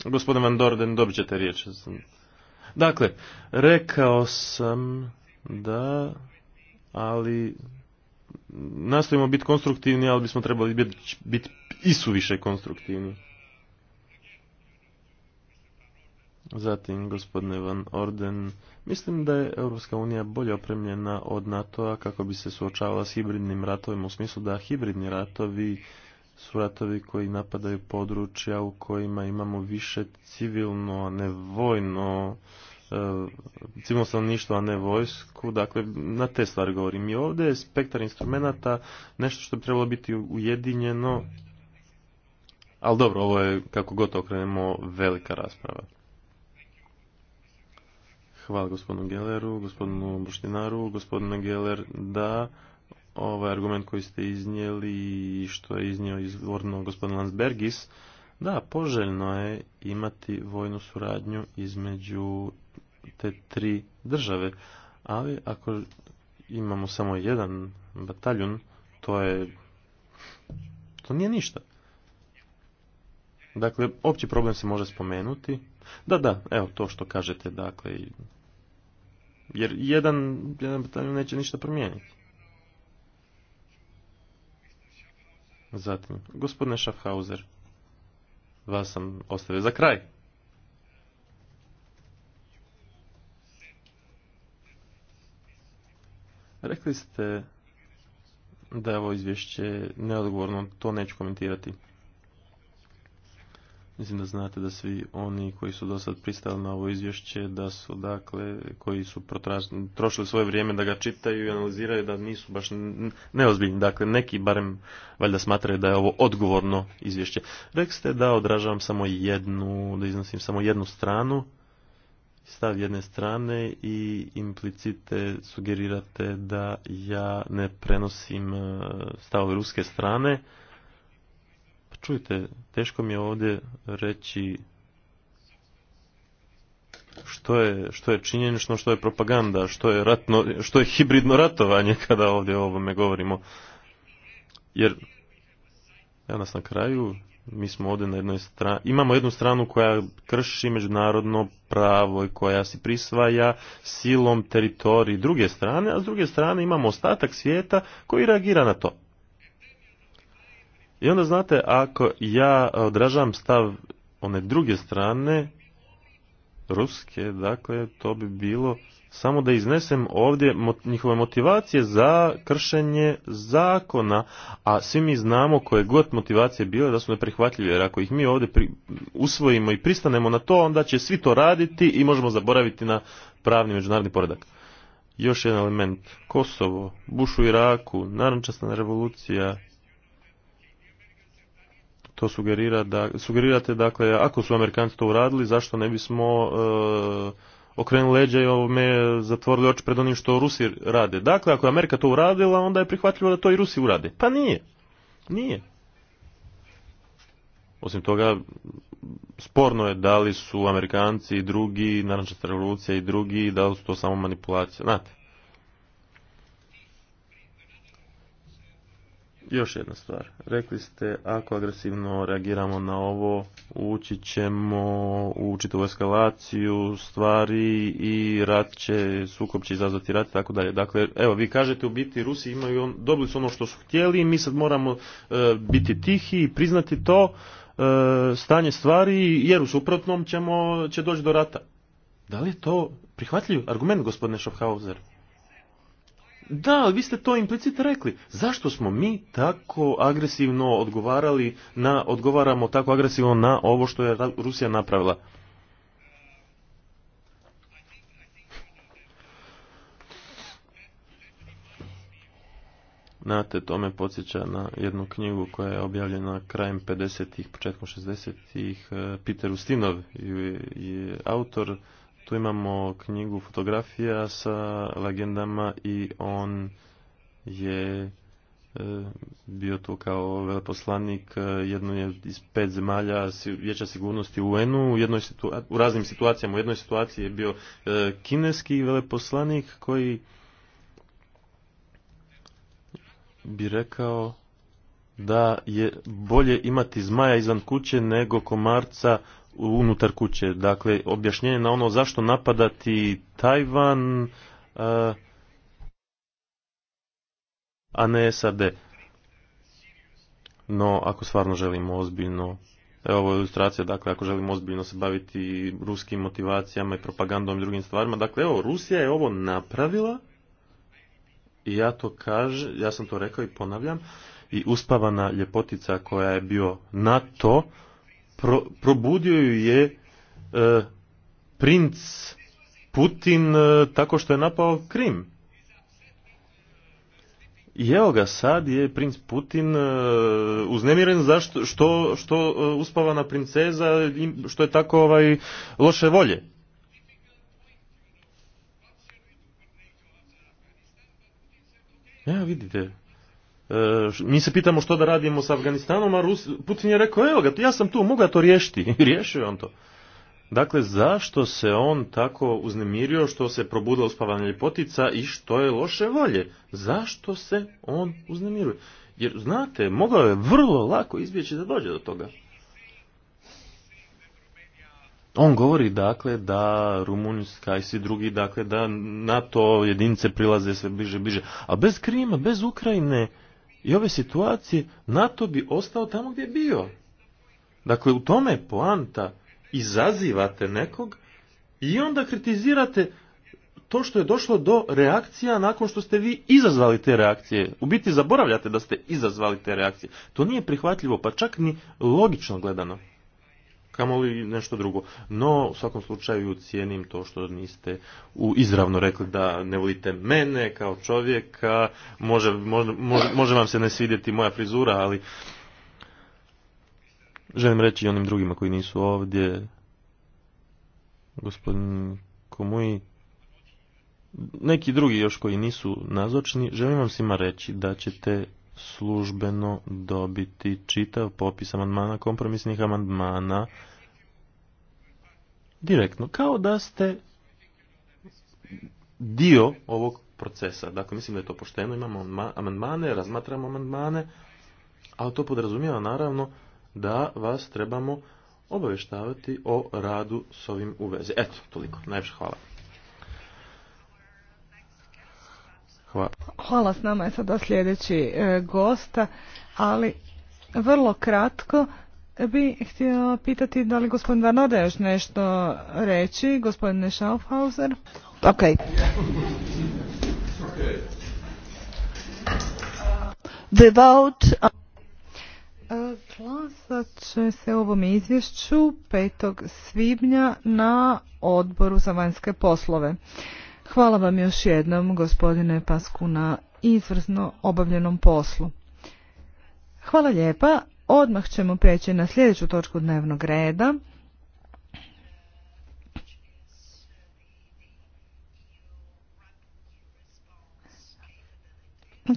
Gospodin Van Dorden, dobit ćete riječ. Dakle, rekao sam da, ali nastojimo biti konstruktivni, ali bismo trebali biti, biti isuviše konstruktivni. Zatim, gospodine Van Orden, mislim da je Europska unija bolje opremljena od NATO-a kako bi se suočavala s hibridnim ratovima, u smislu da hibridni ratovi su ratovi koji napadaju područja u kojima imamo više civilno, a ne vojno, e, civilno stanovništvo, a ne vojsku. Dakle, na te stvari govorim. I ovdje je spektar instrumenta, nešto što bi trebalo biti ujedinjeno, ali dobro, ovo je, kako god okrenemo, velika rasprava. Hvala gospodinu Gelleru, gospodinu Buštinaru, gospodinu geler da ovaj argument koji ste iznijeli i što je iznio izvorno gospodin Landsbergis, da, poželjno je imati vojnu suradnju između te tri države, ali ako imamo samo jedan bataljun, to je to nije ništa. Dakle, opći problem se može spomenuti, da, da, evo to što kažete, dakle, jer jedan, jedan bataljon neće ništa promijeniti. Zatim, gospodine Schaffhauser, vas sam ostavio za kraj. Rekli ste da je ovo izvješće neodgovorno, to neću komentirati. Mislim da znate da svi oni koji su do sad pristali na ovo izvješće, da su dakle, koji su trošili svoje vrijeme da ga čitaju i analiziraju, da nisu baš neozbiljni. Dakle, neki barem valjda smatraju da je ovo odgovorno izvješće. Rekli ste da odražavam samo jednu, da iznosim samo jednu stranu, stav jedne strane i implicite sugerirate da ja ne prenosim e, stavove ruske strane čujte, teško mi je ovdje reći što je, što je činjenično, što je propaganda, što je, ratno, što je hibridno ratovanje kada ovdje o ovome govorimo. Jer, ja nas na kraju, mi smo ovdje na jednoj strani, imamo jednu stranu koja krši međunarodno pravo i koja si prisvaja silom teritoriji druge strane, a s druge strane imamo ostatak svijeta koji reagira na to. I onda znate, ako ja odražavam stav one druge strane, ruske, dakle, to bi bilo samo da iznesem ovdje njihove motivacije za kršenje zakona, a svi mi znamo koje god motivacije bile da su neprihvatljive, jer ako ih mi ovdje usvojimo i pristanemo na to, onda će svi to raditi i možemo zaboraviti na pravni međunarodni poredak. Još jedan element, Kosovo, Buš u Iraku, narančasna revolucija, to sugerira da, sugerirate dakle ako su Amerikanci to uradili zašto ne bismo e, okrenuli leđa i ovome zatvorili oči pred onim što Rusi rade. Dakle, ako je Amerika to uradila, onda je prihvatljivo da to i Rusi urade. Pa nije. Nije. Osim toga, sporno je da li su Amerikanci i drugi, se revolucija i drugi, da li su to samo manipulacija. Znate, Još jedna stvar. Rekli ste, ako agresivno reagiramo na ovo, ući ćemo u čitavu eskalaciju stvari i rat će, sukob će izazvati rat i tako dalje. Dakle, evo, vi kažete u biti Rusi imaju, on, dobili su ono što su htjeli i mi sad moramo e, biti tihi i priznati to e, stanje stvari jer u suprotnom ćemo, će doći do rata. Da li je to prihvatljiv argument, gospodine Schaffhauser? Da, ali vi ste to implicit rekli. Zašto smo mi tako agresivno odgovarali na, odgovaramo tako agresivno na ovo što je Rusija napravila? Znate, to me podsjeća na jednu knjigu koja je objavljena krajem 50-ih, početkom 60-ih. Eh, Peter Ustinov je, je autor tu imamo knjigu fotografija sa legendama i on je e, bio tu kao veleposlanik e, jedno je iz pet zemalja vijeća sigurnosti u UN-u u raznim situacijama u jednoj situaciji je bio e, kineski veleposlanik koji bi rekao da je bolje imati zmaja izvan kuće nego komarca unutar kuće. Dakle, objašnjenje na ono zašto napadati Tajvan, a ne SAD. No, ako stvarno želimo ozbiljno, evo ovo je ilustracija, dakle, ako želimo ozbiljno se baviti ruskim motivacijama i propagandom i drugim stvarima, dakle, evo, Rusija je ovo napravila, i ja to kažem, ja sam to rekao i ponavljam, i uspavana ljepotica koja je bio NATO, probudio ju je e, princ Putin e, tako što je napao Krim. I evo ga sad je princ Putin e, uznemiren zašto što, što e, uspava na princeza što je tako ovaj loše volje. Ja vidite, E, mi se pitamo što da radimo s Afganistanom, a Rus, Putin je rekao, evo ga, ja sam tu, mogu ja to riješiti. I riješio je on to. Dakle, zašto se on tako uznemirio što se probudila spavanje ljepotica i što je loše volje? Zašto se on uznemiruje? Jer, znate, mogao je vrlo lako izbjeći da dođe do toga. On govori dakle da Rumunjska i svi drugi dakle da NATO jedinice prilaze sve bliže bliže, a bez Krima, bez Ukrajine i ove situacije, NATO bi ostao tamo gdje je bio. Dakle, u tome je poanta. Izazivate nekog i onda kritizirate to što je došlo do reakcija nakon što ste vi izazvali te reakcije. U biti zaboravljate da ste izazvali te reakcije. To nije prihvatljivo, pa čak ni logično gledano li nešto drugo. No, u svakom slučaju cijenim to što niste u izravno rekli da ne volite mene kao čovjeka, može, može vam se ne svidjeti moja frizura, ali želim reći i onim drugima koji nisu ovdje, gospodin Komuji, neki drugi još koji nisu nazočni, želim vam svima reći da ćete službeno dobiti čitav popis amandmana, kompromisnih amandmana, direktno, kao da ste dio ovog procesa. Dakle, mislim da je to pošteno, imamo amandmane, razmatramo amandmane, ali to podrazumijeva naravno da vas trebamo obavještavati o radu s ovim u Eto, toliko. Najviše hvala. Hvala. s nama je sada sljedeći e, gosta, ali vrlo kratko bi htio pitati da li gospodin Varnoda još nešto reći, gospodine Schaufhauser. Ok. The e, Glasat će se ovom izvješću 5. svibnja na odboru za vanjske poslove. Hvala vam još jednom, gospodine Pasku, na izvrsno obavljenom poslu. Hvala lijepa. Odmah ćemo prijeći na sljedeću točku dnevnog reda.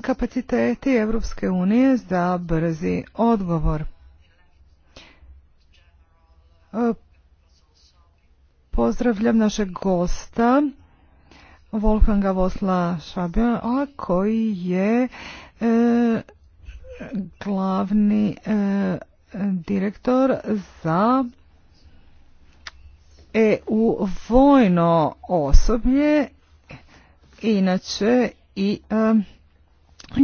Kapaciteti Evropske unije za brzi odgovor. Pozdravljam našeg gosta Wolfganga Vosla a koji je e, glavni e, direktor za EU vojno osoblje, inače i e,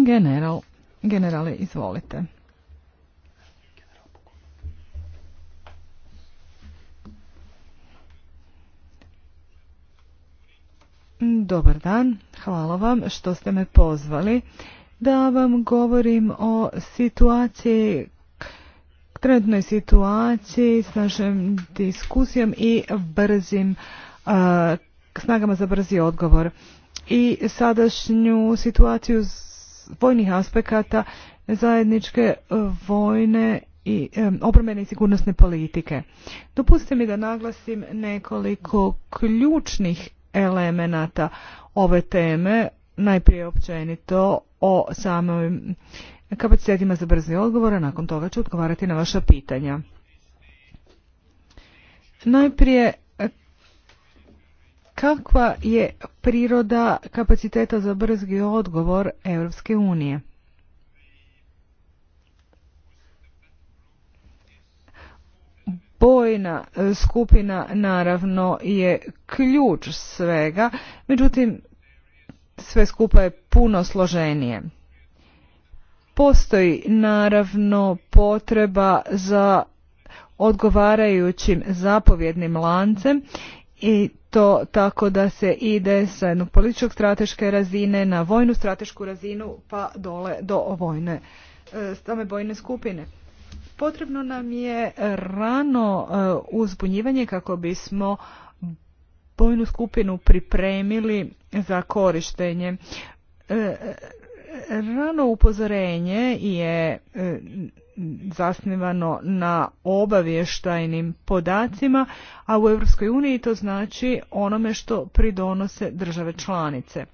general, generale, izvolite. Dobar dan, hvala vam što ste me pozvali da vam govorim o situaciji, trenutnoj situaciji s našom diskusijom i brzim snagama za brzi odgovor i sadašnju situaciju vojnih aspekata zajedničke vojne i obrambene i sigurnosne politike. Dopustite mi da naglasim nekoliko ključnih elemenata ove teme, najprije općenito o samim kapacitetima za brzi odgovor, a nakon toga ću odgovarati na vaša pitanja. Najprije, kakva je priroda kapaciteta za brzi odgovor Europske unije? bojna e, skupina naravno je ključ svega, međutim sve skupa je puno složenije. Postoji naravno potreba za odgovarajućim zapovjednim lancem i to tako da se ide sa jednog političkog strateške razine na vojnu stratešku razinu pa dole do vojne, e, same bojne skupine. Potrebno nam je rano e, uzbunjivanje kako bismo bojnu skupinu pripremili za korištenje. E, rano upozorenje je e, zasnivano na obavještajnim podacima, a u EU to znači onome što pridonose države članice.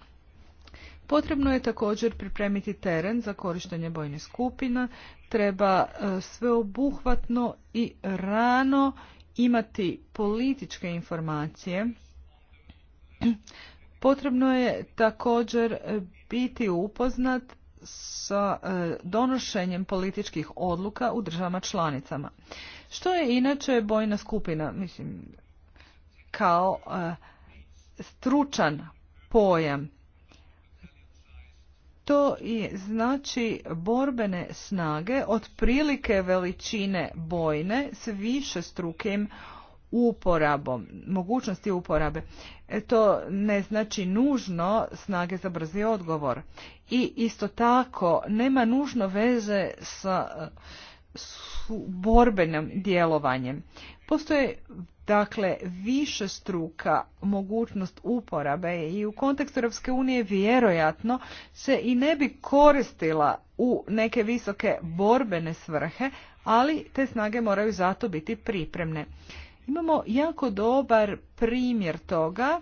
Potrebno je također pripremiti teren za korištenje bojnih skupina treba e, sveobuhvatno i rano imati političke informacije. Potrebno je također biti upoznat sa e, donošenjem političkih odluka u državama članicama. Što je inače bojna skupina, mislim, kao e, stručan pojam to i znači borbene snage otprilike veličine bojne s više strukim uporabom, mogućnosti uporabe. E, to ne znači nužno snage za brzi odgovor. I isto tako nema nužno veze sa e, borbenim djelovanjem. Postoje Dakle, više struka mogućnost uporabe i u kontekstu Europske unije vjerojatno se i ne bi koristila u neke visoke borbene svrhe, ali te snage moraju zato biti pripremne. Imamo jako dobar primjer toga.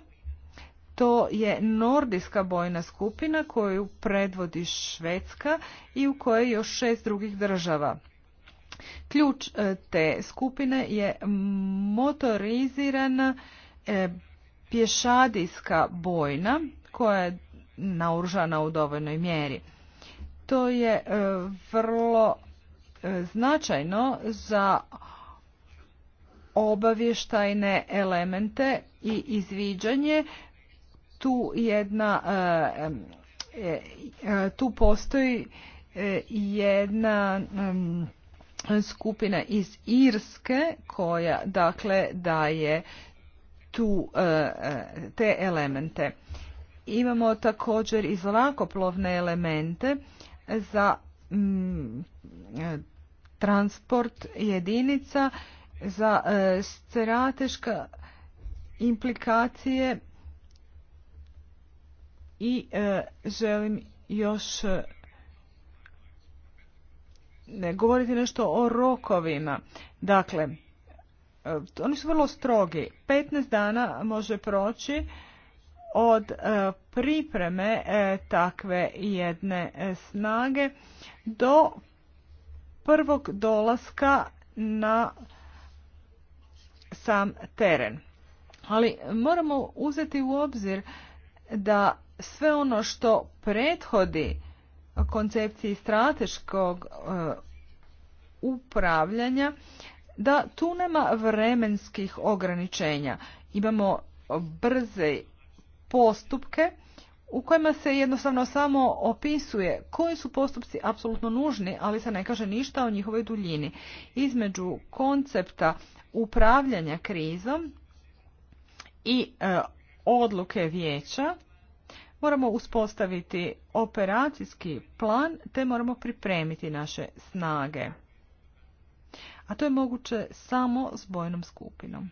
To je nordijska bojna skupina koju predvodi Švedska i u kojoj još šest drugih država. Ključ e, te skupine je motorizirana e, pješadijska bojna koja je naoružana u dovoljnoj mjeri. To je e, vrlo značajno za obavještajne elemente i izviđanje. Tu jedna tu postoji jedna skupina iz Irske koja dakle daje tu e, e, te elemente. Imamo također i zrakoplovne elemente za mm, e, transport jedinica za strateška implikacije i želim još ne govoriti nešto o rokovima. Dakle, e, oni su vrlo strogi. 15 dana može proći od e, pripreme e, takve jedne snage do prvog dolaska na sam teren. Ali moramo uzeti u obzir da sve ono što prethodi koncepciji strateškog e, upravljanja da tu nema vremenskih ograničenja. Imamo brze postupke u kojima se jednostavno samo opisuje koji su postupci apsolutno nužni, ali se ne kaže ništa o njihovoj duljini. Između koncepta upravljanja krizom i e, odluke vijeća Moramo uspostaviti operacijski plan te moramo pripremiti naše snage. A to je moguće samo s bojnom skupinom.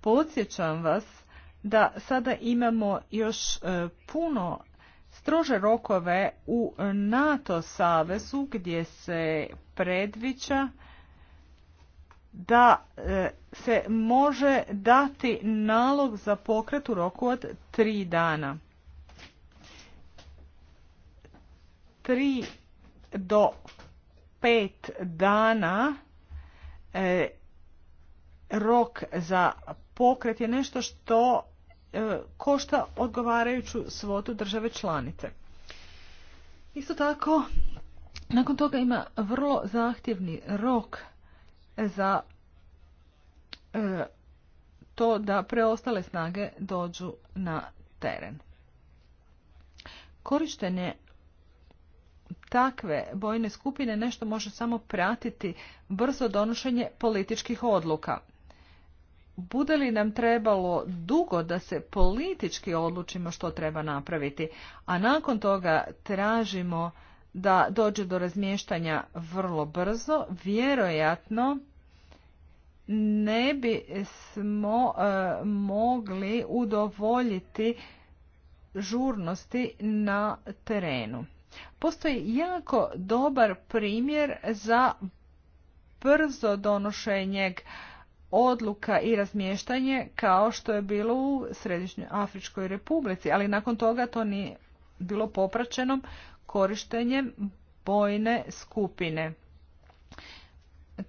Podsjećam vas da sada imamo još e, puno strože rokove u NATO savezu gdje se predviđa da e, se može dati nalog za pokret u roku od tri dana. Tri do pet dana e, rok za pokret je nešto što e, košta odgovarajuću svotu države članice. Isto tako, nakon toga ima vrlo zahtjevni rok za e, to da preostale snage dođu na teren. Korištenje takve bojne skupine nešto može samo pratiti brzo donošenje političkih odluka. Bude li nam trebalo dugo da se politički odlučimo što treba napraviti, a nakon toga tražimo da dođe do razmještanja vrlo brzo, vjerojatno ne bi smo e, mogli udovoljiti žurnosti na terenu. Postoji jako dobar primjer za brzo donošenje odluka i razmještanje kao što je bilo u Središnjoj Afričkoj republici, ali nakon toga to nije bilo popraćeno korištenjem bojne skupine.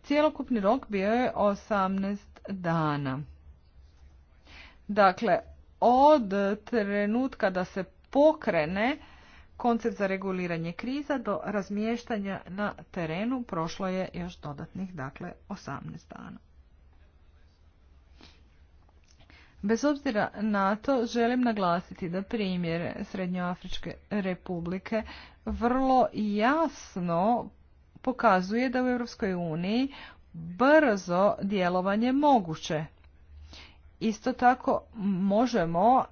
Cijelokupni rok bio je 18 dana. Dakle, od trenutka da se pokrene koncept za reguliranje kriza do razmještanja na terenu prošlo je još dodatnih dakle 18 dana. Bez obzira na to želim naglasiti da primjer Srednjoafričke republike vrlo jasno pokazuje da u Europskoj uniji brzo djelovanje moguće. Isto tako možemo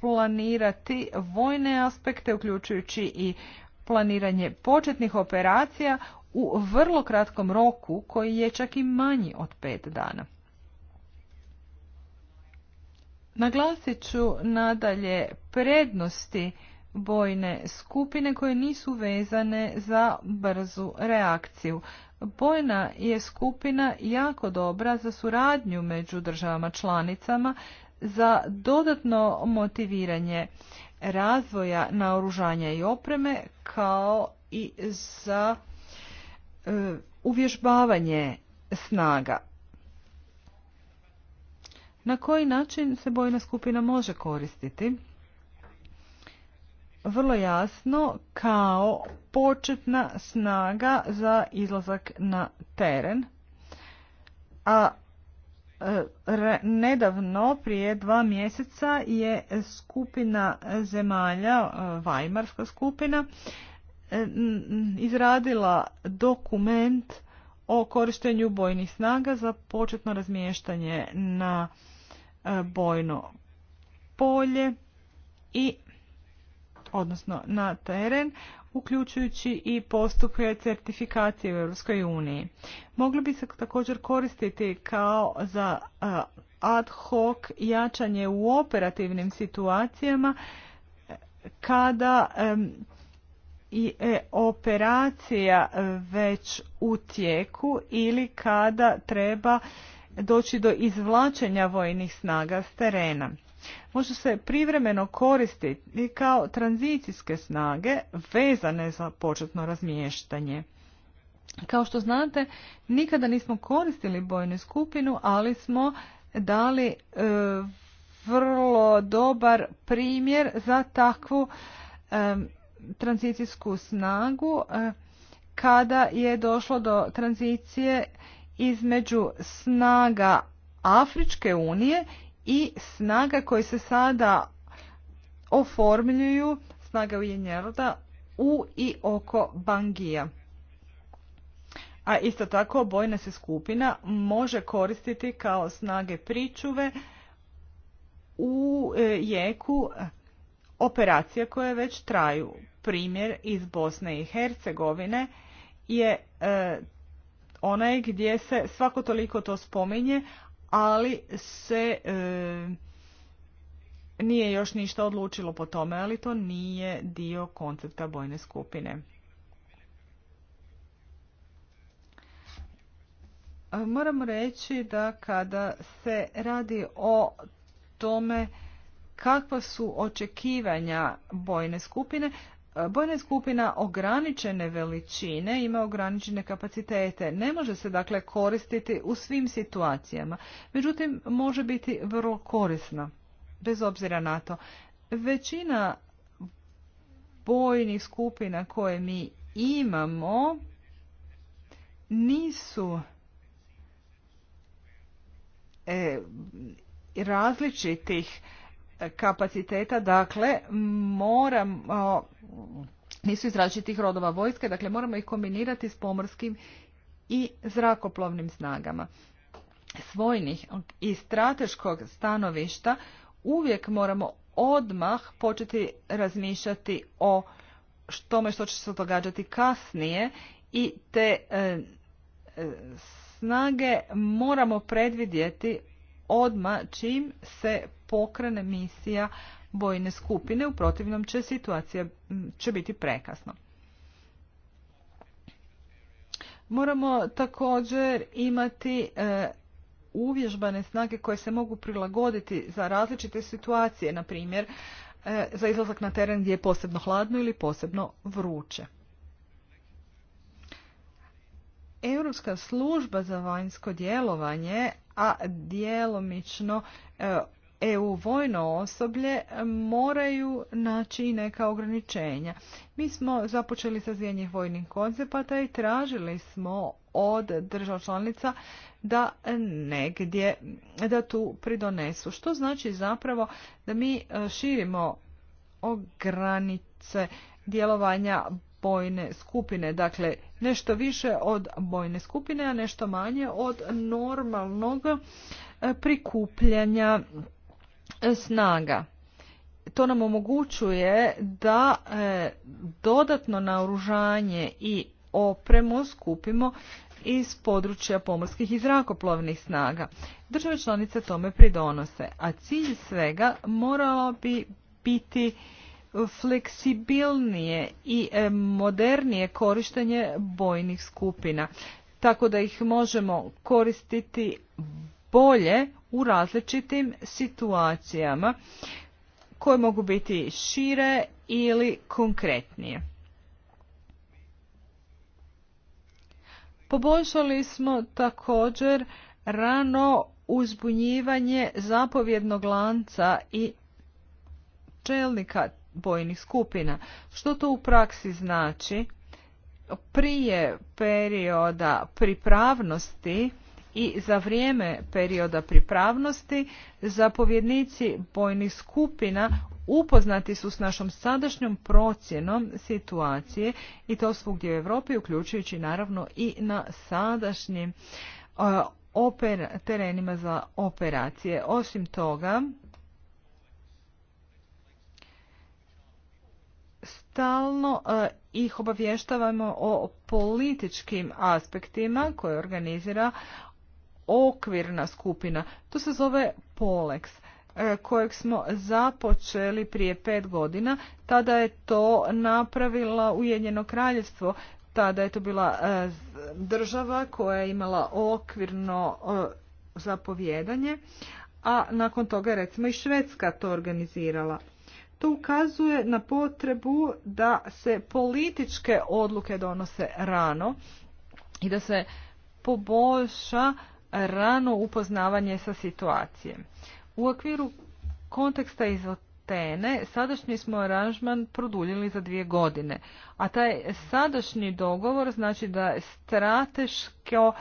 planirati vojne aspekte uključujući i planiranje početnih operacija u vrlo kratkom roku koji je čak i manji od pet dana. Naglasit ću nadalje prednosti bojne skupine koje nisu vezane za brzu reakciju. Bojna je skupina jako dobra za suradnju među državama članicama za dodatno motiviranje razvoja naoružanja i opreme kao i za e, uvježbavanje snaga. Na koji način se bojna skupina može koristiti? Vrlo jasno kao početna snaga za izlazak na teren. A e, nedavno, prije dva mjeseca, je skupina zemalja, Vajmarska e, skupina, e, izradila dokument o korištenju bojnih snaga za početno razmještanje na E, bojno polje i odnosno na teren, uključujući i postupke certifikacije u Europskoj uniji. Mogli bi se također koristiti kao za e, ad hoc jačanje u operativnim situacijama e, kada i operacija već u tijeku ili kada treba doći do izvlačenja vojnih snaga s terena. Može se privremeno koristiti kao tranzicijske snage vezane za početno razmještanje. Kao što znate, nikada nismo koristili bojnu skupinu, ali smo dali e, vrlo dobar primjer za takvu e, tranzicijsku snagu e, kada je došlo do tranzicije između snaga Afričke unije i snaga koje se sada oformljuju, snaga Ujenjeroda, u i oko Bangija. A isto tako bojna se skupina može koristiti kao snage pričuve u e, jeku operacija koje već traju. Primjer iz Bosne i Hercegovine je e, onaj gdje se svako toliko to spominje, ali se e, nije još ništa odlučilo po tome, ali to nije dio koncepta bojne skupine. E, moram reći da kada se radi o tome kakva su očekivanja bojne skupine, E, bojna skupina ograničene veličine ima ograničene kapacitete. Ne može se dakle koristiti u svim situacijama. Međutim, može biti vrlo korisna, bez obzira na to. Većina bojnih skupina koje mi imamo nisu e, različitih kapaciteta, dakle moramo, nisu iz različitih rodova vojske, dakle moramo ih kombinirati s pomorskim i zrakoplovnim snagama. S vojnih i strateškog stanovišta uvijek moramo odmah početi razmišljati o tome što će se događati kasnije i te e, e, snage moramo predvidjeti odmah čim se pokrene misija bojne skupine, u protivnom će situacija će biti prekasno. Moramo također imati e, uvježbane snage koje se mogu prilagoditi za različite situacije, na primjer e, za izlazak na teren gdje je posebno hladno ili posebno vruće. Europska služba za vanjsko djelovanje, a djelomično e, EU vojno osoblje moraju naći neka ograničenja. Mi smo započeli sa zvijenjih vojnih koncepata i tražili smo od država članica da negdje da tu pridonesu. Što znači zapravo da mi e, širimo granice djelovanja bojne skupine. Dakle, nešto više od bojne skupine, a nešto manje od normalnog e, prikupljanja snaga. To nam omogućuje da e, dodatno naoružanje i opremu skupimo iz područja pomorskih i zrakoplovnih snaga. Države članice tome pridonose, a cilj svega morao bi biti fleksibilnije i e, modernije korištenje bojnih skupina, tako da ih možemo koristiti bolje u različitim situacijama koje mogu biti šire ili konkretnije. Poboljšali smo također rano uzbunjivanje zapovjednog lanca i čelnika bojnih skupina. Što to u praksi znači? Prije perioda pripravnosti i za vrijeme perioda pripravnosti zapovjednici bojnih skupina upoznati su s našom sadašnjom procjenom situacije i to svugdje u Europi uključujući naravno i na sadašnjim e, oper, terenima za operacije. Osim toga, stalno e, ih obavještavamo o političkim aspektima koje organizira okvirna skupina. To se zove POLEX e, kojeg smo započeli prije pet godina. Tada je to napravila Ujedinjeno kraljevstvo. Tada je to bila e, država koja je imala okvirno e, zapovjedanje, a nakon toga je recimo i Švedska to organizirala. To ukazuje na potrebu da se političke odluke donose rano i da se poboljša rano upoznavanje sa situacije. U okviru konteksta iz Atene sadašnji smo aranžman produljili za dvije godine, a taj sadašnji dogovor znači da strateško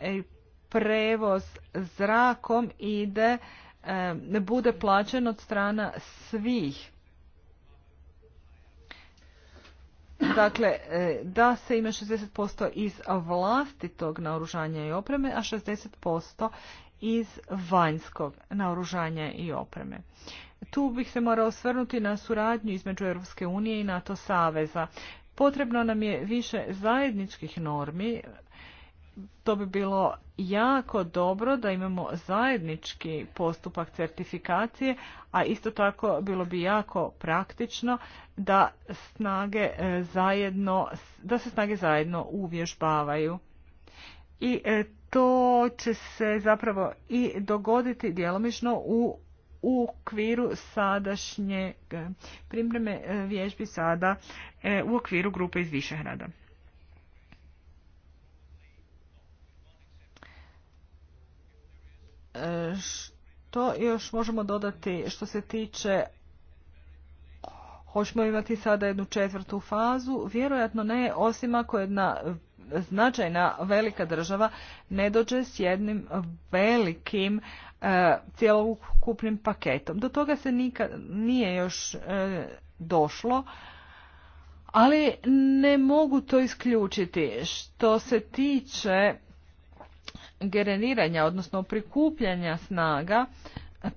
e, prevoz zrakom ide ne bude plaćen od strana svih Dakle, e, da se ima 60% iz vlastitog naoružanja i opreme, a 60% iz vanjskog naoružanja i opreme. Tu bih se morao osvrnuti na suradnju između Europske unije i NATO saveza. Potrebno nam je više zajedničkih normi to bi bilo jako dobro da imamo zajednički postupak certifikacije, a isto tako bilo bi jako praktično da snage e, zajedno, da se snage zajedno uvježbavaju. I e, to će se zapravo i dogoditi djelomično u u okviru sadašnjeg e, pripreme vježbi sada u okviru grupe iz Višehrada. Što još možemo dodati što se tiče Hoćemo imati sada jednu četvrtu fazu? Vjerojatno ne, osim ako jedna značajna velika država ne dođe s jednim velikim e, cjelokupnim paketom. Do toga se nikad nije još e, došlo, ali ne mogu to isključiti. Što se tiče generiranja, odnosno prikupljanja snaga,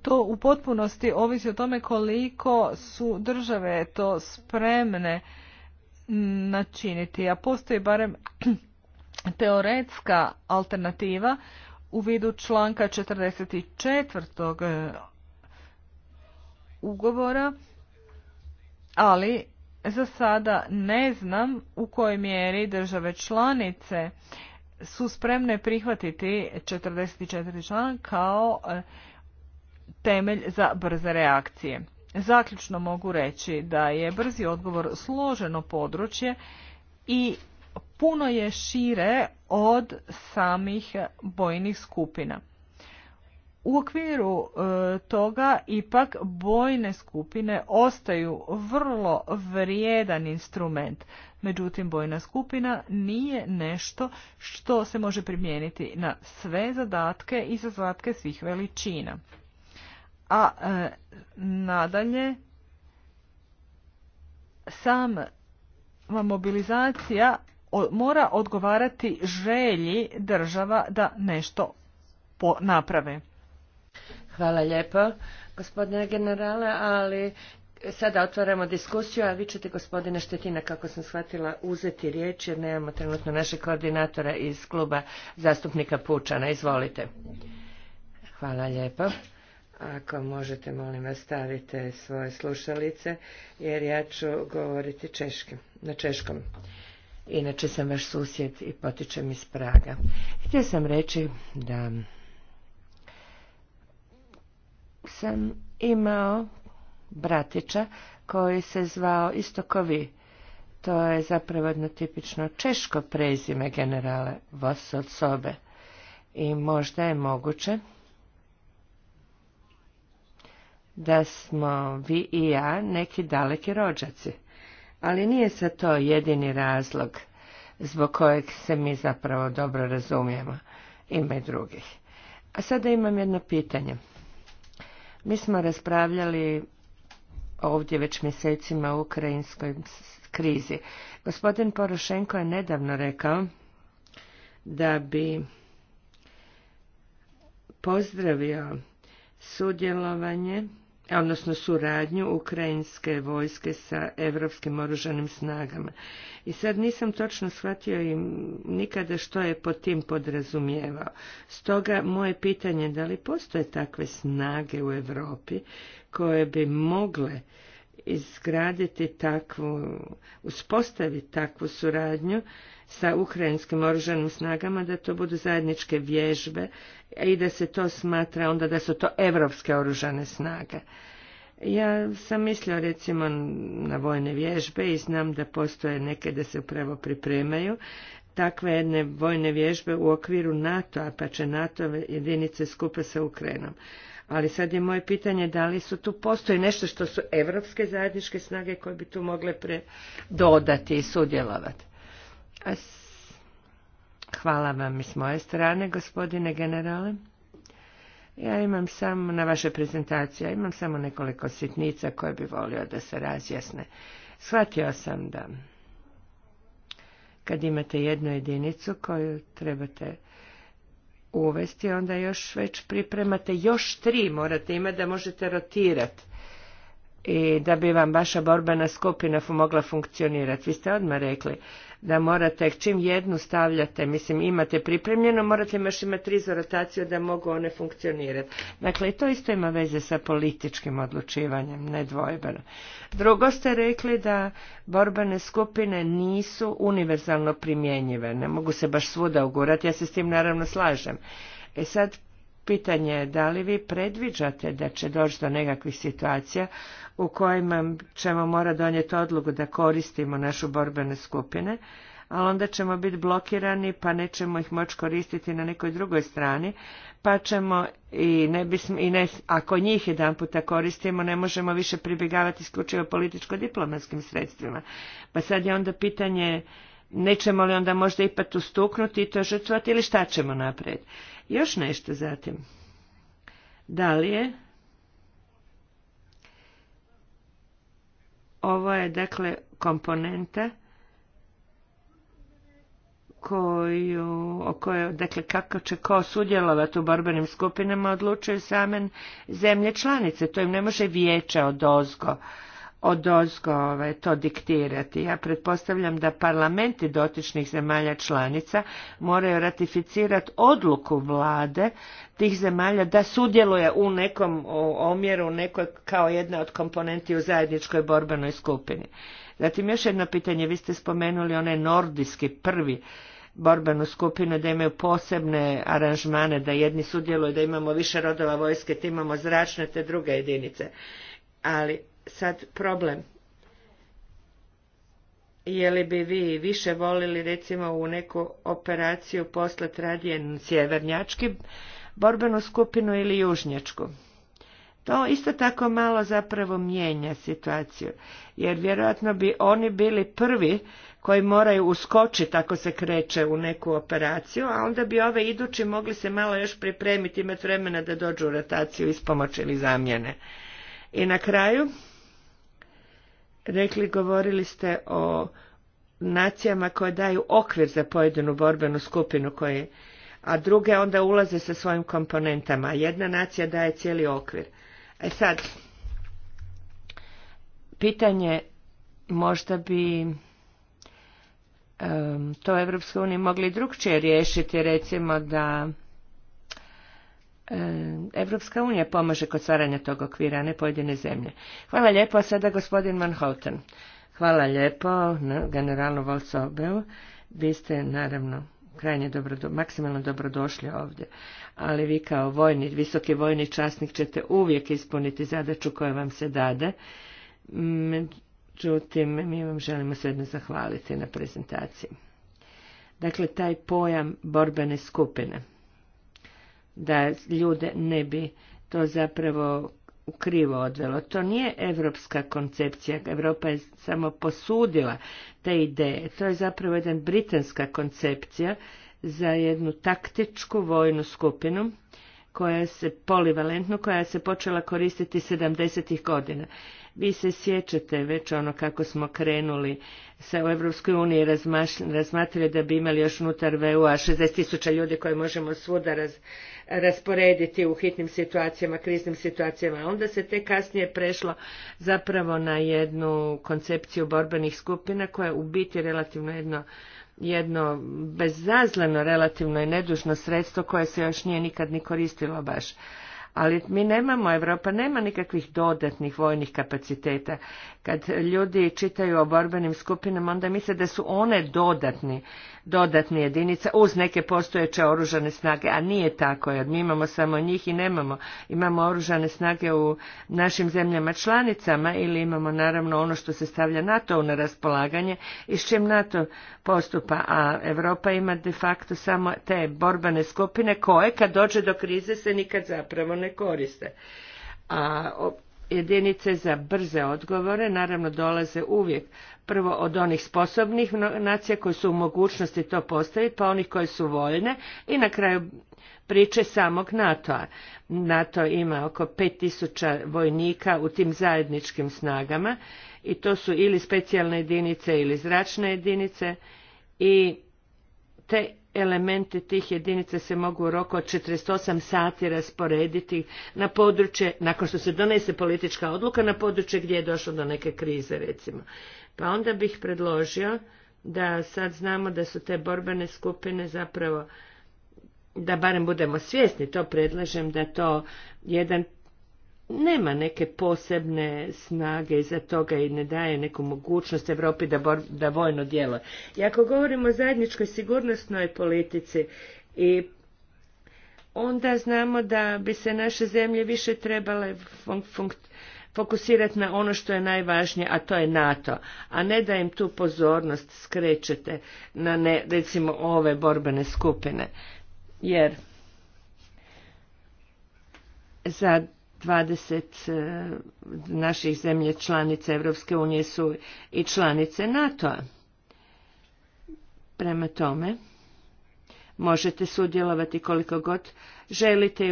to u potpunosti ovisi o tome koliko su države to spremne načiniti. A postoji barem teoretska alternativa u vidu članka 44. E, ugovora, ali za sada ne znam u kojoj mjeri države članice su spremne prihvatiti 44 član kao e, temelj za brze reakcije. Zaključno mogu reći da je brzi odgovor složeno područje i puno je šire od samih bojnih skupina. U okviru e, toga ipak bojne skupine ostaju vrlo vrijedan instrument Međutim, bojna skupina nije nešto što se može primijeniti na sve zadatke i zadatke svih veličina. A e, nadalje, sama mobilizacija mora odgovarati želji država da nešto naprave. Hvala lijepo, gospodine generale, ali Sada otvaramo diskusiju, a vi ćete gospodine Štetina, kako sam shvatila, uzeti riječ jer nemamo trenutno našeg koordinatora iz kluba zastupnika Pučana. Izvolite. Hvala lijepo. Ako možete, molim vas, stavite svoje slušalice jer ja ću govoriti češki, na češkom. Inače sam vaš susjed i potičem iz Praga. Htio sam reći da sam imao bratića koji se zvao isto vi. To je zapravo jedno tipično češko prezime generale Vos od Sobe. I možda je moguće da smo vi i ja neki daleki rođaci. Ali nije se to jedini razlog zbog kojeg se mi zapravo dobro razumijemo. Ima i drugih. A sada imam jedno pitanje. Mi smo raspravljali ovdje već mjesecima u ukrajinskoj krizi. Gospodin Porošenko je nedavno rekao da bi pozdravio sudjelovanje, odnosno suradnju ukrajinske vojske sa evropskim oružanim snagama. I sad nisam točno shvatio i nikada što je pod tim podrazumijevao. Stoga moje pitanje da li postoje takve snage u Europi koje bi mogle izgraditi takvu, uspostaviti takvu suradnju sa ukrajinskim oružanim snagama, da to budu zajedničke vježbe i da se to smatra onda da su to evropske oružane snage. Ja sam mislio recimo na vojne vježbe i znam da postoje neke da se upravo pripremaju takve jedne vojne vježbe u okviru NATO, a pa će NATO jedinice skupa sa Ukrajinom ali sad je moje pitanje da li su tu postoji nešto što su evropske zajedničke snage koje bi tu mogle predodati dodati i sudjelovati. Hvala vam i s moje strane, gospodine generale. Ja imam samo, na vaše prezentacije, ja imam samo nekoliko sitnica koje bi volio da se razjasne. Shvatio sam da kad imate jednu jedinicu koju trebate uvesti, onda još već pripremate još tri morate imati da možete rotirati i da bi vam vaša borbena skupina mogla funkcionirati. Vi ste odmah rekli da morate, čim jednu stavljate, mislim imate pripremljeno, morate još imati tri za rotaciju da mogu one funkcionirati. Dakle, to isto ima veze sa političkim odlučivanjem, nedvojbeno. Drugo ste rekli da borbene skupine nisu univerzalno primjenjive, ne mogu se baš svuda ugurati, ja se s tim naravno slažem. E sad, Pitanje je da li vi predviđate da će doći do nekakvih situacija u kojima ćemo mora donijeti odluku da koristimo našu borbene skupine, ali onda ćemo biti blokirani pa nećemo ih moći koristiti na nekoj drugoj strani, pa ćemo i ne bismo, i ne, ako njih jedan puta koristimo ne možemo više pribjegavati isključivo političko-diplomatskim sredstvima. Pa sad je onda pitanje nećemo li onda možda ipak ustuknuti i to žrtvati ili šta ćemo naprijed. Još nešto zatim. Da li je ovo je dakle komponenta koju, o kojoj, dakle kako će ko sudjelovati u borbenim skupinama odlučuju same zemlje članice. To im ne može vijeće od odozgo ovaj, to diktirati. Ja pretpostavljam da parlamenti dotičnih zemalja članica moraju ratificirati odluku vlade tih zemalja da sudjeluje u nekom omjeru, nekoj kao jedna od komponenti u zajedničkoj borbenoj skupini. Zatim još jedno pitanje, vi ste spomenuli onaj nordijski prvi borbenu skupinu, da imaju posebne aranžmane, da jedni sudjeluju, da imamo više rodova vojske, da imamo zračne te druge jedinice. Ali sad problem? Je li bi vi više volili recimo u neku operaciju poslat radije sjevernjački borbenu skupinu ili južnjačku? To isto tako malo zapravo mijenja situaciju, jer vjerojatno bi oni bili prvi koji moraju uskočiti ako se kreće u neku operaciju, a onda bi ove idući mogli se malo još pripremiti, imati vremena da dođu u rotaciju ispomoć ili zamjene. I na kraju, rekli, govorili ste o nacijama koje daju okvir za pojedinu borbenu skupinu koje, a druge onda ulaze sa svojim komponentama. Jedna nacija daje cijeli okvir. E sad, pitanje možda bi to Evropske unije mogli drugčije riješiti, recimo da E, Evropska unija pomaže kod stvaranja tog okvira, ne pojedine zemlje. Hvala lijepo, a sada gospodin Van Houten. Hvala lijepo generalu Volsobeu. Vi ste naravno krajnje dobro maksimalno dobrodošli ovdje, ali vi kao vojni, visoki vojni časnik ćete uvijek ispuniti zadaću koja vam se dade. Međutim, mi vam želimo jedno zahvaliti na prezentaciji. Dakle, taj pojam borbene skupine da ljude ne bi to zapravo krivo odvelo. To nije evropska koncepcija, Europa je samo posudila te ideje. To je zapravo jedan britanska koncepcija za jednu taktičku vojnu skupinu koja se polivalentno, koja se počela koristiti 70. godina. Vi se sjećate već ono kako smo krenuli sa u EU uniji razmatrali da bi imali još unutar VU-a tisuća ljudi koje možemo svuda raz, rasporediti u hitnim situacijama, kriznim situacijama. Onda se te kasnije prešlo zapravo na jednu koncepciju borbenih skupina koja je u biti relativno jedno jedno bezazleno relativno i nedužno sredstvo koje se još nije nikad ni koristilo baš ali mi nemamo, Europa nema nikakvih dodatnih vojnih kapaciteta. Kad ljudi čitaju o borbenim skupinama, onda misle da su one dodatni dodatne jedinice uz neke postojeće oružane snage, a nije tako jer mi imamo samo njih i nemamo. Imamo oružane snage u našim zemljama članicama ili imamo naravno ono što se stavlja NATO na raspolaganje i s čim NATO postupa, a Europa ima de facto samo te borbane skupine koje kad dođe do krize se nikad zapravo ne koriste. A jedinice za brze odgovore naravno dolaze uvijek prvo od onih sposobnih nacija koji su u mogućnosti to postaviti, pa onih koji su voljne i na kraju priče samog NATO-a. NATO ima oko 5000 vojnika u tim zajedničkim snagama i to su ili specijalne jedinice ili zračne jedinice i te elementi tih jedinica se mogu u roku od 48 sati rasporediti na područje, nakon što se donese politička odluka, na područje gdje je došlo do neke krize recimo. Pa onda bih predložio da sad znamo da su te borbene skupine zapravo da barem budemo svjesni, to predlažem da to jedan nema neke posebne snage iza toga i ne daje neku mogućnost Europi da, da vojno djeluje. I ako govorimo o zajedničkoj sigurnosnoj politici i onda znamo da bi se naše zemlje više trebale fokusirati na ono što je najvažnije, a to je NATO, a ne da im tu pozornost skrećete na ne, recimo ove borbene skupine. Jer za 20 e, naših zemlje članice Europske unije su i članice NATO-a. Prema tome, možete sudjelovati koliko god želite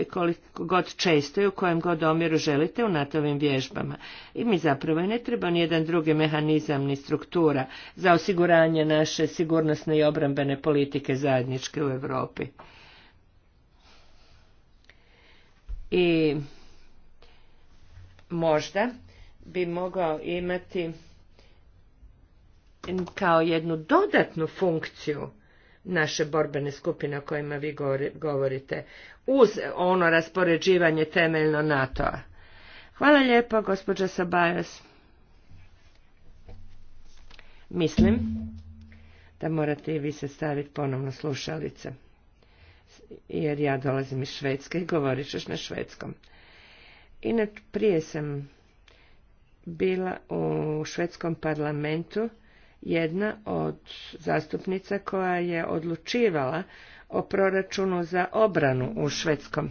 i koliko god često i u kojem god omjeru želite u nato ovim vježbama. I mi zapravo ne treba ni jedan drugi mehanizam ni struktura za osiguranje naše sigurnosne i obrambene politike zajedničke u Europi. i možda bi mogao imati kao jednu dodatnu funkciju naše borbene skupine o kojima vi govorite, uz ono raspoređivanje temeljno NATO-a. Hvala lijepo, gospođa Sabajas. Mislim da morate i vi se staviti ponovno slušalice jer ja dolazim iz Švedske i govorit ćeš na švedskom. Inače, prije sam bila u švedskom parlamentu jedna od zastupnica koja je odlučivala o proračunu za obranu u švedskom.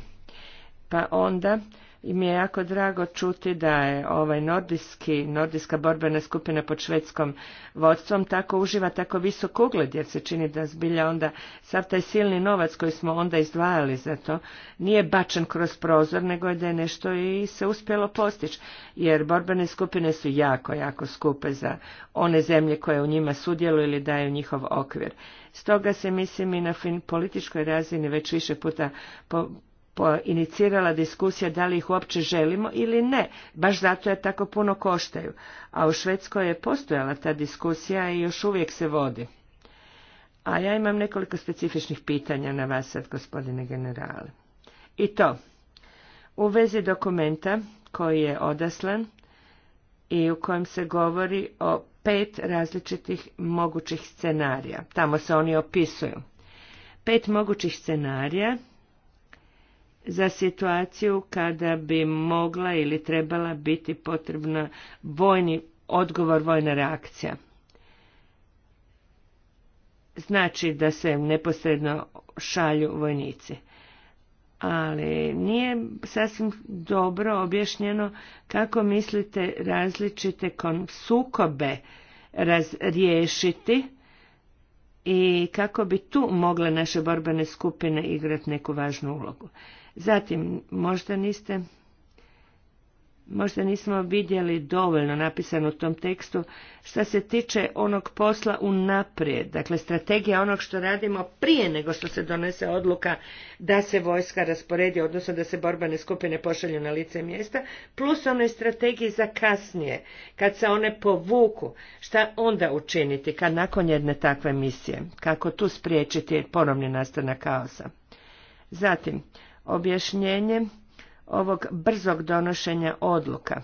Pa onda i mi je jako drago čuti da je ovaj nordijski, nordijska borbena skupina pod švedskom vodstvom tako uživa tako visok ugled, jer se čini da zbilja onda sav taj silni novac koji smo onda izdvajali za to nije bačen kroz prozor, nego je da je nešto i se uspjelo postići, jer borbene skupine su jako, jako skupe za one zemlje koje u njima sudjeluju ili daju njihov okvir. Stoga se mislim i na političkoj razini već više puta po inicirala diskusija da li ih uopće želimo ili ne, baš zato je tako puno koštaju. A u Švedskoj je postojala ta diskusija i još uvijek se vodi. A ja imam nekoliko specifičnih pitanja na vas sad, gospodine generale. I to, u vezi dokumenta koji je odaslan i u kojem se govori o pet različitih mogućih scenarija. Tamo se oni opisuju. Pet mogućih scenarija za situaciju kada bi mogla ili trebala biti potrebna vojni odgovor, vojna reakcija. Znači da se neposredno šalju vojnici. Ali nije sasvim dobro objašnjeno kako mislite različite sukobe razriješiti i kako bi tu mogle naše borbene skupine igrati neku važnu ulogu. Zatim, možda niste... Možda nismo vidjeli dovoljno napisano u tom tekstu što se tiče onog posla naprijed. dakle strategija onog što radimo prije nego što se donese odluka da se vojska rasporedi, odnosno da se borbane skupine pošalju na lice mjesta, plus onoj strategiji za kasnije, kad se one povuku, šta onda učiniti kad nakon jedne takve misije, kako tu spriječiti ponovni nastanak kaosa. Zatim, objašnjenje ovog brzog donošenja odluka.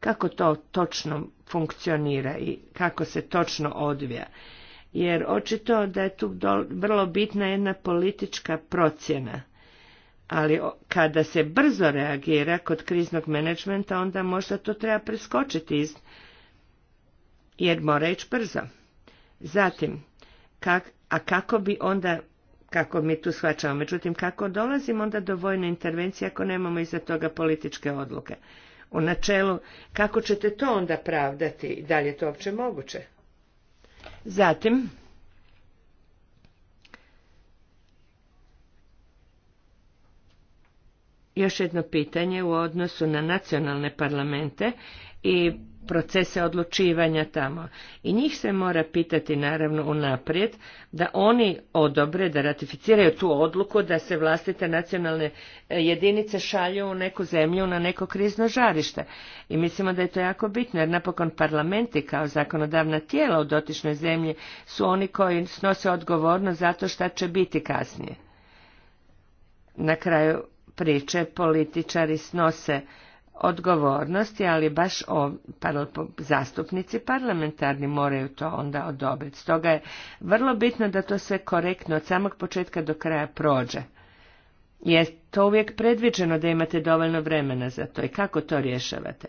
Kako to točno funkcionira i kako se točno odvija? Jer očito da je tu vrlo bitna jedna politička procjena. Ali kada se brzo reagira kod kriznog menadžmenta, onda možda to treba preskočiti iz, jer mora ići brzo. Zatim, kak, a kako bi onda kako mi tu shvaćamo. Međutim, kako dolazimo onda do vojne intervencije ako nemamo iza toga političke odluke? U načelu, kako ćete to onda pravdati? Da li je to uopće moguće? Zatim, još jedno pitanje u odnosu na nacionalne parlamente i procese odlučivanja tamo. I njih se mora pitati naravno unaprijed da oni odobre, da ratificiraju tu odluku da se vlastite nacionalne e, jedinice šalju u neku zemlju na neko krizno žarište. I mislimo da je to jako bitno jer napokon parlamenti kao zakonodavna tijela u dotičnoj zemlji su oni koji snose odgovornost zato šta će biti kasnije. Na kraju priče, političari snose odgovornosti, ali baš o, zastupnici parlamentarni moraju to onda odobriti. Stoga je vrlo bitno da to sve korektno od samog početka do kraja prođe. Je to uvijek predviđeno da imate dovoljno vremena za to i kako to rješavate?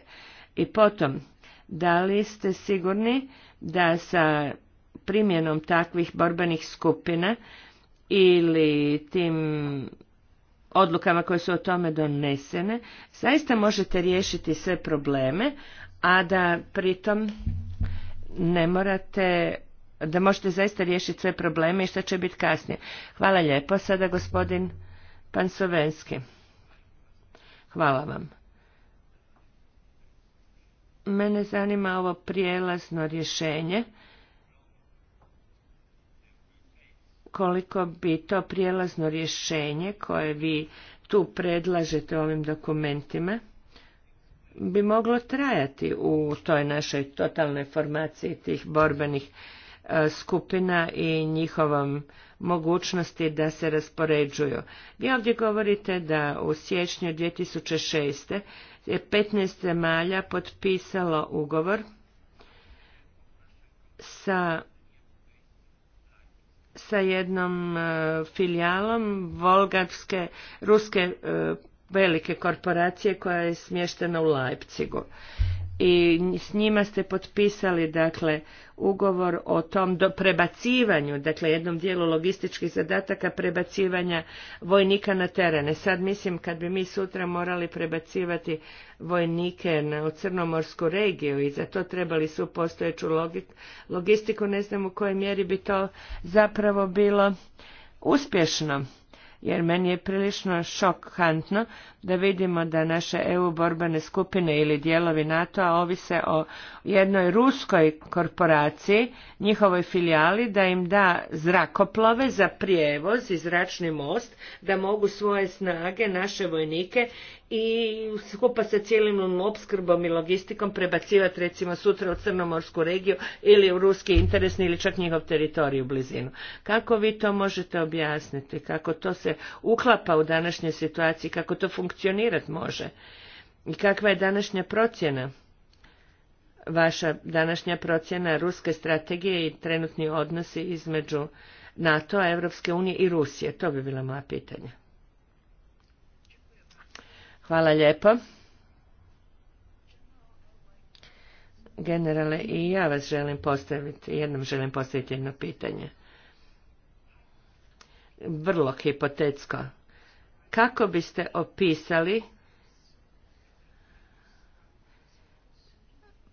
I potom, da li ste sigurni da sa primjenom takvih borbenih skupina ili tim odlukama koje su o tome donesene, zaista možete riješiti sve probleme, a da pritom ne morate da možete zaista riješiti sve probleme i što će biti kasnije. Hvala lijepo. Sada gospodin Pansovenski. Hvala vam. Mene zanima ovo prijelazno rješenje koliko bi to prijelazno rješenje koje vi tu predlažete ovim dokumentima bi moglo trajati u toj našoj totalnoj formaciji tih borbenih e, skupina i njihovom mogućnosti da se raspoređuju. Vi ovdje govorite da u siječnju 2006. je 15 malja potpisalo ugovor sa sa jednom e, filijalom volgarske, ruske e, velike korporacije koja je smještena u Leipzigu i s njima ste potpisali dakle ugovor o tom do prebacivanju, dakle jednom dijelu logističkih zadataka prebacivanja vojnika na terene. Sad mislim kad bi mi sutra morali prebacivati vojnike na, u Crnomorsku regiju i za to trebali su postojeću logistiku, ne znam u kojoj mjeri bi to zapravo bilo uspješno jer meni je prilično šokantno da vidimo da naše EU borbene skupine ili dijelovi NATO-a ovise o jednoj ruskoj korporaciji, njihovoj filijali, da im da zrakoplove za prijevoz i zračni most, da mogu svoje snage, naše vojnike i skupa sa cijelim opskrbom i logistikom prebacivati recimo sutra u Crnomorsku regiju ili u ruski interesni ili čak njihov teritorij u blizinu. Kako vi to možete objasniti? Kako to se uklapa u današnjoj situaciji? Kako to funkcionirati može? I kakva je današnja procjena? Vaša današnja procjena ruske strategije i trenutni odnosi između NATO, Europske unije i Rusije. To bi bila moja pitanja. Hvala lijepo. Generale, i ja vas želim postaviti, jednom želim postaviti jedno pitanje. Vrlo hipotetsko. Kako biste opisali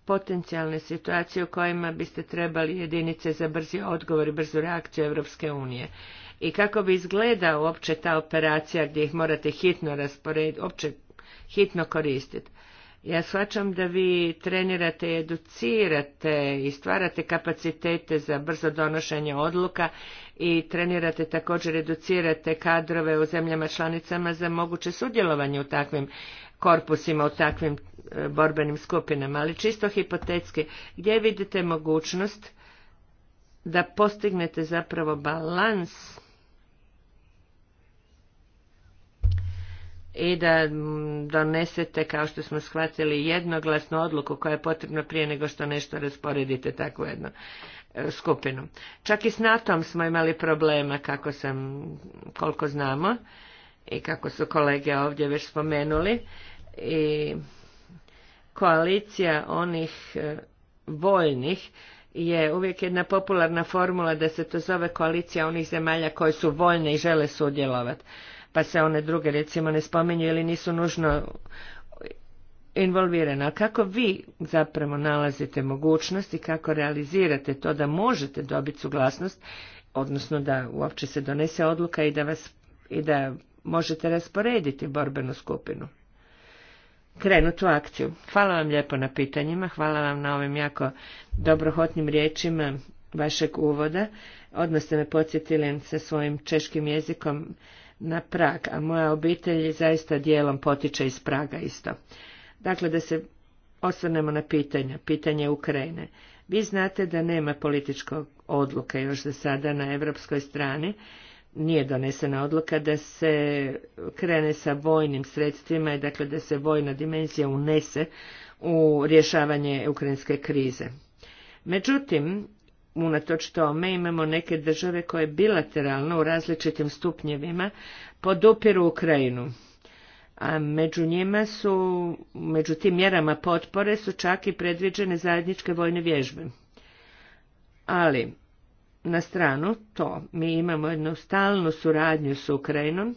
potencijalne situacije u kojima biste trebali jedinice za brzi odgovor i brzu reakciju Europske unije. I kako bi izgledao uopće ta operacija gdje ih morate hitno rasporediti, uopće hitno koristiti. Ja svačam da vi trenirate i educirate i stvarate kapacitete za brzo donošenje odluka i trenirate također educirate kadrove u zemljama članicama za moguće sudjelovanje u takvim korpusima, u takvim e, borbenim skupinama. Ali čisto hipotetski, gdje vidite mogućnost da postignete zapravo balans i da mm, donesete, kao što smo shvatili, jednoglasnu odluku koja je potrebna prije nego što nešto rasporedite takvu jednu e, skupinu. Čak i s NATO-om smo imali problema, kako sam, koliko znamo i kako su kolege ovdje već spomenuli. I koalicija onih e, voljnih je uvijek jedna popularna formula da se to zove koalicija onih zemalja koje su voljne i žele sudjelovati pa se one druge recimo ne spominju ili nisu nužno involvirane. A kako vi zapravo nalazite mogućnost i kako realizirate to da možete dobiti suglasnost, odnosno da uopće se donese odluka i da, vas, i da možete rasporediti borbenu skupinu? krenut u akciju. Hvala vam lijepo na pitanjima, hvala vam na ovim jako dobrohotnim riječima vašeg uvoda. Odmah ste me podsjetili sa svojim češkim jezikom na Prag, a moja obitelj zaista dijelom potiče iz Praga isto. Dakle, da se osvrnemo na pitanja, pitanje Ukrajine. Vi znate da nema političkog odluke još za sada na evropskoj strani, nije donesena odluka da se krene sa vojnim sredstvima i dakle da se vojna dimenzija unese u rješavanje ukrajinske krize. Međutim, unatoč tome imamo neke države koje bilateralno u različitim stupnjevima podupiru Ukrajinu. A među njima su, među tim mjerama potpore su čak i predviđene zajedničke vojne vježbe. Ali, na stranu to, mi imamo jednu stalnu suradnju s Ukrajinom,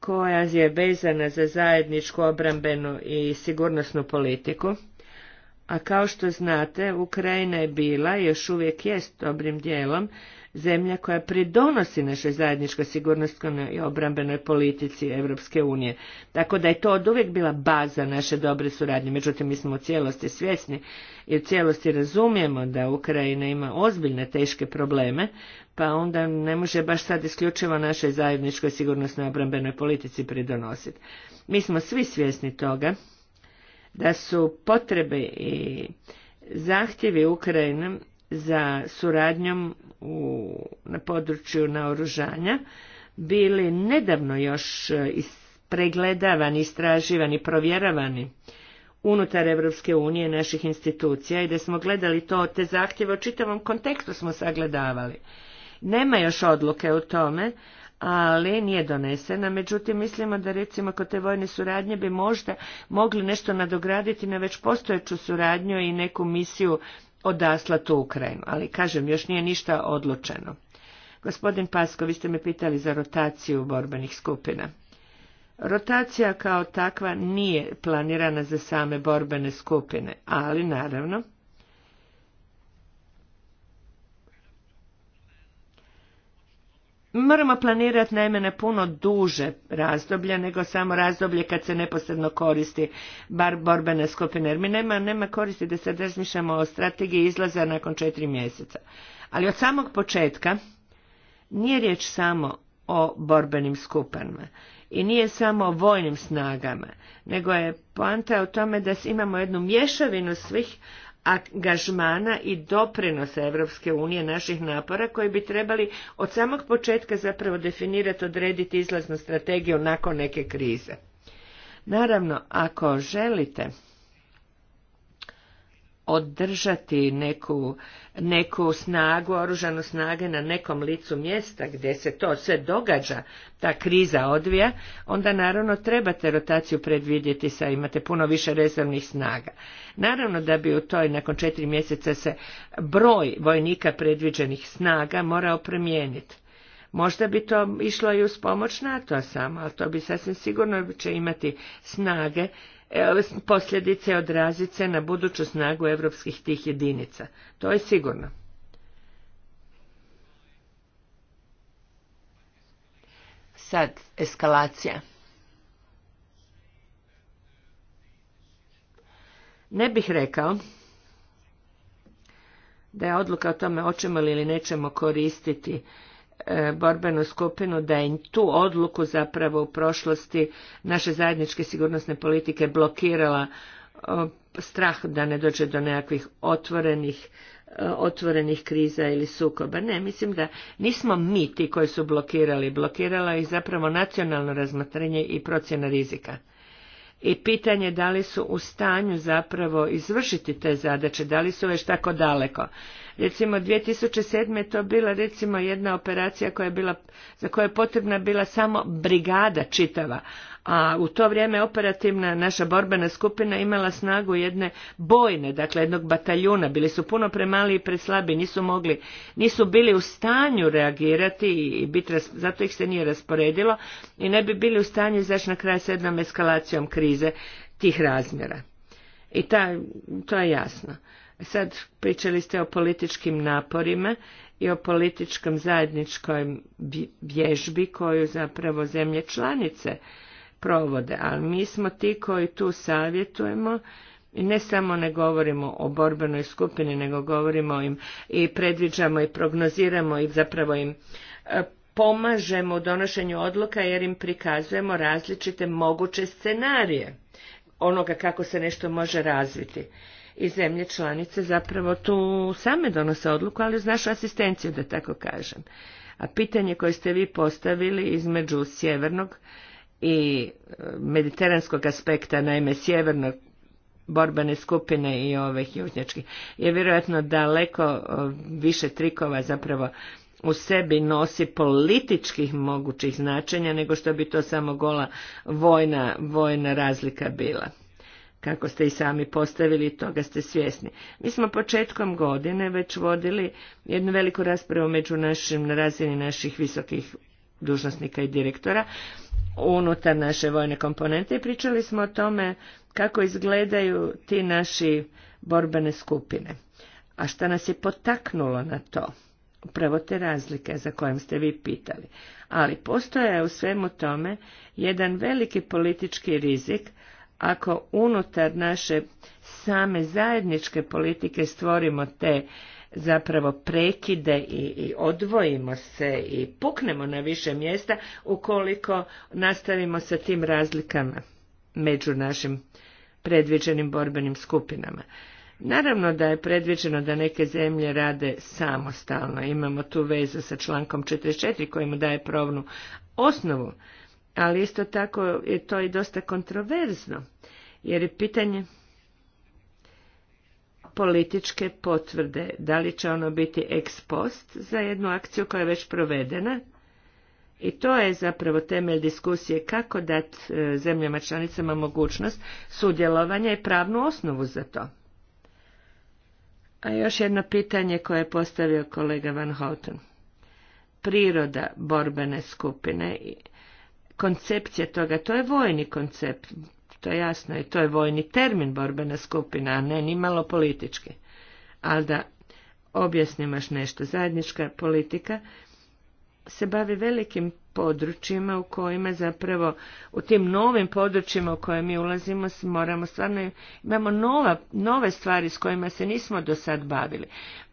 koja je vezana za zajedničku obrambenu i sigurnosnu politiku a kao što znate, Ukrajina je bila i još uvijek jest dobrim dijelom zemlja koja pridonosi našoj zajedničkoj sigurnosnoj i obrambenoj politici Europske unije. Tako da je to od uvijek bila baza naše dobre suradnje. Međutim, mi smo u cijelosti svjesni i u cijelosti razumijemo da Ukrajina ima ozbiljne teške probleme, pa onda ne može baš sad isključivo našoj zajedničkoj sigurnosnoj obrambenoj politici pridonositi. Mi smo svi svjesni toga da su potrebe i zahtjevi Ukrajine za suradnjom u, na području naoružanja bili nedavno još e, pregledavani, istraživani, provjeravani unutar Evropske unije naših institucija i da smo gledali to, te zahtjeve u čitavom kontekstu smo sagledavali. Nema još odluke o tome, ali nije donesena. Međutim, mislimo da recimo kod te vojne suradnje bi možda mogli nešto nadograditi na već postojeću suradnju i neku misiju odaslati u Ukrajinu. Ali kažem, još nije ništa odlučeno. Gospodin Pasko, vi ste me pitali za rotaciju borbenih skupina. Rotacija kao takva nije planirana za same borbene skupine, ali naravno Moramo planirati naime na puno duže razdoblje nego samo razdoblje kad se neposredno koristi bar borbene skupine. Jer mi nema, nema koristi da se razmišljamo o strategiji izlaza nakon četiri mjeseca. Ali od samog početka nije riječ samo o borbenim skupinama i nije samo o vojnim snagama, nego je poanta o tome da imamo jednu mješavinu svih angažmana i doprinosa Evropske unije naših napora koji bi trebali od samog početka zapravo definirati, odrediti izlaznu strategiju nakon neke krize. Naravno, ako želite održati neku, neku snagu, oružanu snage na nekom licu mjesta gdje se to sve događa, ta kriza odvija, onda naravno trebate rotaciju predvidjeti sa imate puno više rezervnih snaga. Naravno da bi u toj nakon četiri mjeseca se broj vojnika predviđenih snaga morao promijeniti. Možda bi to išlo i uz pomoć NATO-a samo, ali to bi sasvim sigurno će imati snage ove posljedice odrazit se na buduću snagu europskih tih jedinica. To je sigurno. Sad, eskalacija. Ne bih rekao da je odluka o tome hoćemo li ili nećemo koristiti E, borbenu skupinu da je tu odluku zapravo u prošlosti naše zajedničke sigurnosne politike blokirala e, strah da ne dođe do nekakvih otvorenih e, otvorenih kriza ili sukoba. Ne, mislim da nismo mi ti koji su blokirali. Blokirala je zapravo nacionalno razmatranje i procjena rizika i pitanje da li su u stanju zapravo izvršiti te zadaće, da li su već tako daleko. Recimo 2007. je to bila recimo jedna operacija koja je bila, za koju je potrebna bila samo brigada čitava, a u to vrijeme operativna naša borbena skupina imala snagu jedne bojne, dakle jednog bataljuna, bili su puno premali i preslabi, nisu mogli, nisu bili u stanju reagirati i biti zato ih se nije rasporedilo i ne bi bili u stanju izaći na kraj s jednom eskalacijom krize tih razmjera. I ta, to je jasno. Sad pričali ste o političkim naporima i o političkom zajedničkoj vježbi koju zapravo zemlje članice provode, ali mi smo ti koji tu savjetujemo i ne samo ne govorimo o borbenoj skupini, nego govorimo im i predviđamo i prognoziramo i zapravo im e, pomažemo u donošenju odluka jer im prikazujemo različite moguće scenarije onoga kako se nešto može razviti. I zemlje članice zapravo tu same donose odluku, ali uz našu asistenciju, da tako kažem. A pitanje koje ste vi postavili između sjevernog i e, mediteranskog aspekta, naime sjeverno borbene skupine i ovih južnjačkih, je vjerojatno daleko e, više trikova zapravo u sebi nosi političkih mogućih značenja nego što bi to samo gola vojna, vojna razlika bila. Kako ste i sami postavili, toga ste svjesni. Mi smo početkom godine već vodili jednu veliku raspravu među našim, na razini naših visokih dužnosnika i direktora unutar naše vojne komponente i pričali smo o tome kako izgledaju ti naši borbene skupine. A šta nas je potaknulo na to? Upravo te razlike za kojim ste vi pitali. Ali postoje u svemu tome jedan veliki politički rizik ako unutar naše same zajedničke politike stvorimo te zapravo prekide i, odvojimo se i puknemo na više mjesta ukoliko nastavimo sa tim razlikama među našim predviđenim borbenim skupinama. Naravno da je predviđeno da neke zemlje rade samostalno. Imamo tu vezu sa člankom 44 koji mu daje provnu osnovu, ali isto tako je to i dosta kontroverzno, jer je pitanje političke potvrde. Da li će ono biti ex post za jednu akciju koja je već provedena? I to je zapravo temelj diskusije kako dati e, zemljama članicama mogućnost sudjelovanja i pravnu osnovu za to. A još jedno pitanje koje je postavio kolega Van Houten. Priroda borbene skupine i koncepcija toga, to je vojni koncept. To je jasno i to je vojni termin borbena skupina, a ne ni malo politički. Ali da objasnimaš nešto. Zajednička politika se bavi velikim područjima u kojima zapravo u tim novim područjima u koje mi ulazimo moramo stvarno imamo nova, nove stvari s kojima se nismo do sad bavili.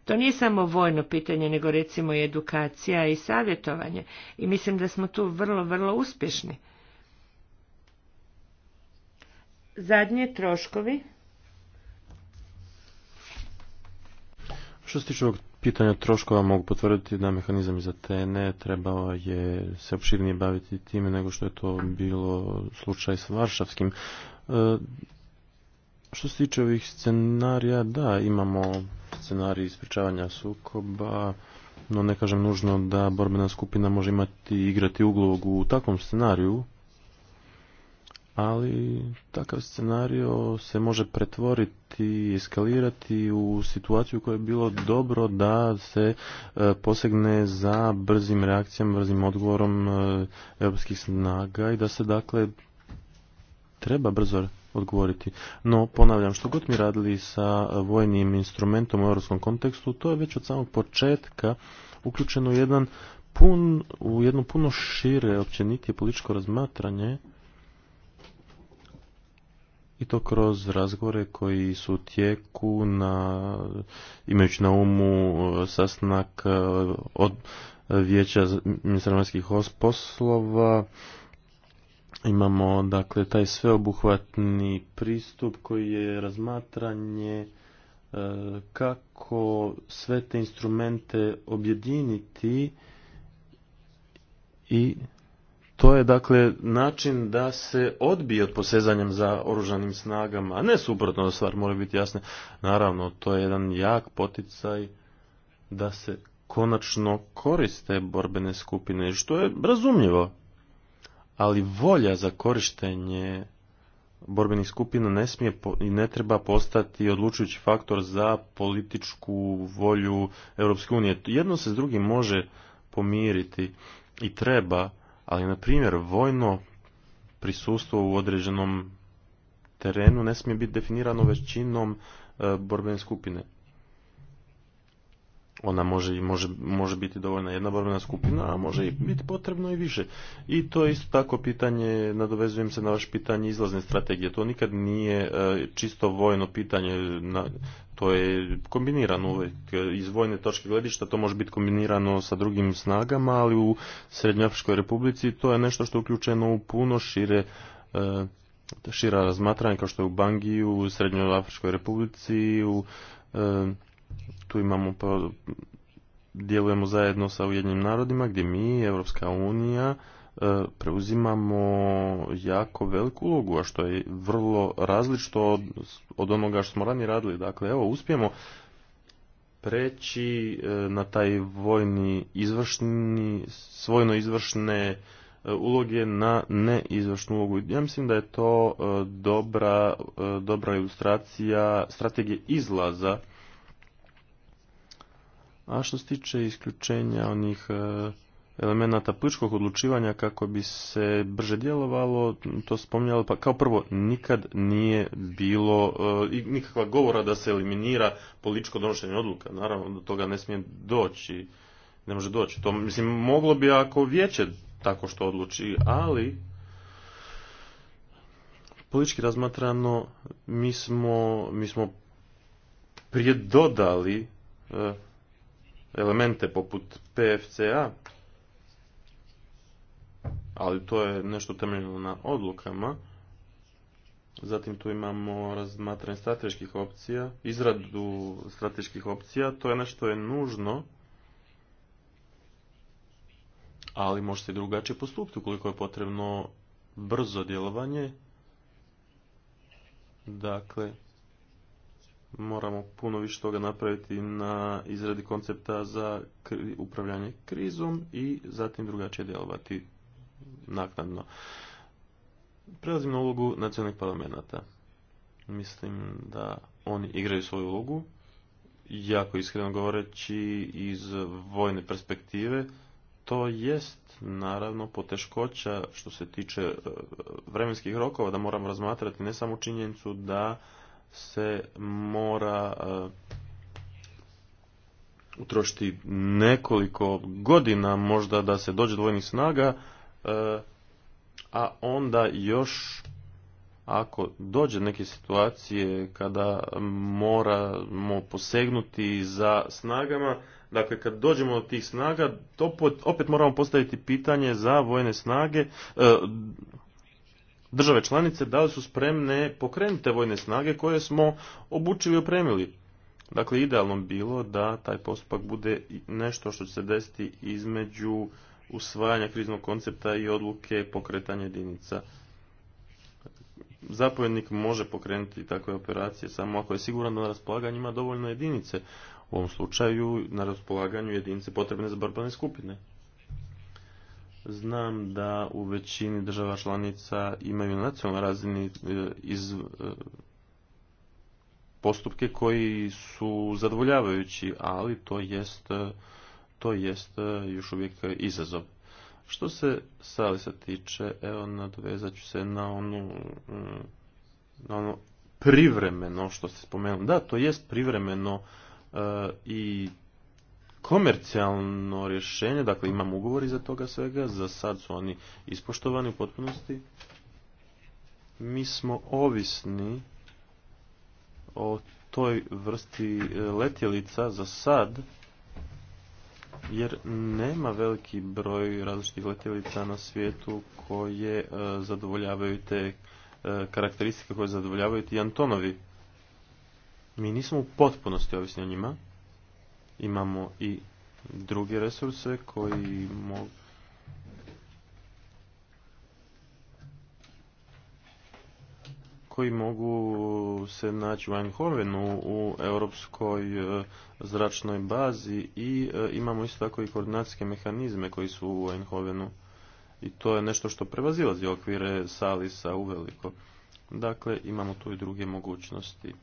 To nije samo vojno pitanje, nego recimo i edukacija i savjetovanje. I mislim da smo tu vrlo, vrlo uspješni zadnje troškovi. Što se tiče ovog pitanja troškova, mogu potvrditi da mehanizam za te ne trebao je se opširnije baviti time nego što je to bilo slučaj s Varšavskim. E, što se tiče ovih scenarija, da, imamo scenarij ispričavanja sukoba, no ne kažem nužno da borbena skupina može imati igrati ulogu u takvom scenariju, ali takav scenario se može pretvoriti i eskalirati u situaciju kojoj je bilo dobro da se e, posegne za brzim reakcijama, brzim odgovorom e, europskih snaga i da se dakle treba brzo odgovoriti. No, ponavljam, što god mi radili sa vojnim instrumentom u europskom kontekstu, to je već od samog početka uključeno jedan pun, u jedno puno šire općenitije političko razmatranje i to kroz razgovore koji su tijeku na, imajući na umu e, sastanak e, od vijeća ministra poslova imamo dakle taj sveobuhvatni pristup koji je razmatranje e, kako sve te instrumente objediniti i to je dakle način da se odbije od posezanjem za oružanim snagama, a ne suprotno stvar mora biti jasne, Naravno, to je jedan jak poticaj da se konačno koriste borbene skupine, što je razumljivo. Ali volja za korištenje borbenih skupina ne smije i ne treba postati odlučujući faktor za političku volju Europske unije. Jedno se s drugim može pomiriti i treba ali na primjer vojno prisustvo u određenom terenu ne smije biti definirano većinom e, borbene skupine ona može, može, može biti dovoljna jedna borbena skupina, a može i biti potrebno i više. I to je isto tako pitanje, nadovezujem se na vaš pitanje izlazne strategije. To nikad nije e, čisto vojno pitanje, to je kombinirano uvijek. Iz vojne točke gledišta to može biti kombinirano sa drugim snagama, ali u Srednjoafričkoj republici to je nešto što je uključeno u puno šire e, šira razmatranja kao što je u Bangiju, u Srednjoafričkoj republici, u e, tu imamo pa, djelujemo zajedno sa Ujedinjenim narodima gdje mi, Europska unija, e, preuzimamo jako veliku ulogu, a što je vrlo različito od, onoga što smo ranije radili. Dakle, evo, uspijemo preći e, na taj vojni izvršni, svojno izvršne e, uloge na neizvršnu ulogu. Ja mislim da je to dobra, dobra ilustracija strategije izlaza a što se tiče isključenja onih e, elemenata pličkog odlučivanja kako bi se brže djelovalo, to spominjalo, pa kao prvo nikad nije bilo e, nikakva govora da se eliminira političko donošenje odluka. Naravno, do toga ne smije doći, ne može doći. To, mislim, moglo bi ako vijeće tako što odluči, ali politički razmatrano mi smo, mi smo prije dodali e, elemente poput PFCA, ali to je nešto temeljeno na odlukama. Zatim tu imamo razmatranje strateških opcija, izradu strateških opcija, to je nešto je nužno, ali može se i drugačije postupiti ukoliko je potrebno brzo djelovanje. Dakle, moramo puno više toga napraviti na izradi koncepta za upravljanje krizom i zatim drugačije djelovati naknadno. Prelazim na ulogu nacionalnih parlamenta. Mislim da oni igraju svoju ulogu, jako iskreno govoreći iz vojne perspektive, to jest naravno poteškoća što se tiče e, vremenskih rokova, da moramo razmatrati ne samo činjenicu da se mora e, utrošiti nekoliko godina možda da se dođe do vojnih snaga, e, a onda još ako dođe neke situacije kada moramo posegnuti za snagama, dakle kad dođemo do tih snaga, to opet moramo postaviti pitanje za vojne snage, e, države članice da li su spremne pokrenute vojne snage koje smo obučili i opremili. Dakle, idealno bilo da taj postupak bude nešto što će se desiti između usvajanja kriznog koncepta i odluke pokretanja jedinica. Zapovjednik može pokrenuti takve operacije samo ako je siguran da na raspolaganju ima dovoljno jedinice. U ovom slučaju na raspolaganju jedinice potrebne za borbene skupine. Znam da u većini država članica imaju na nacionalnoj razini e, iz e, postupke koji su zadovoljavajući, ali to jest, e, to jest još uvijek izazov. Što se Salisa tiče, evo nadvezat ću se na onu, mm, na ono privremeno što ste spomenuli. Da, to jest privremeno i komercijalno rješenje, dakle imam ugovori za toga svega, za sad su oni ispoštovani u potpunosti. Mi smo ovisni o toj vrsti e, letjelica za sad, jer nema veliki broj različitih letjelica na svijetu koje e, zadovoljavaju te e, karakteristike koje zadovoljavaju ti Antonovi. Mi nismo u potpunosti ovisni o njima imamo i druge resurse koji mogu koji mogu se naći u Eindhovenu u europskoj e, zračnoj bazi i e, imamo isto tako i koordinacijske mehanizme koji su u Eindhovenu i to je nešto što prevazilazi okvire Salisa uveliko. Dakle, imamo tu i druge mogućnosti.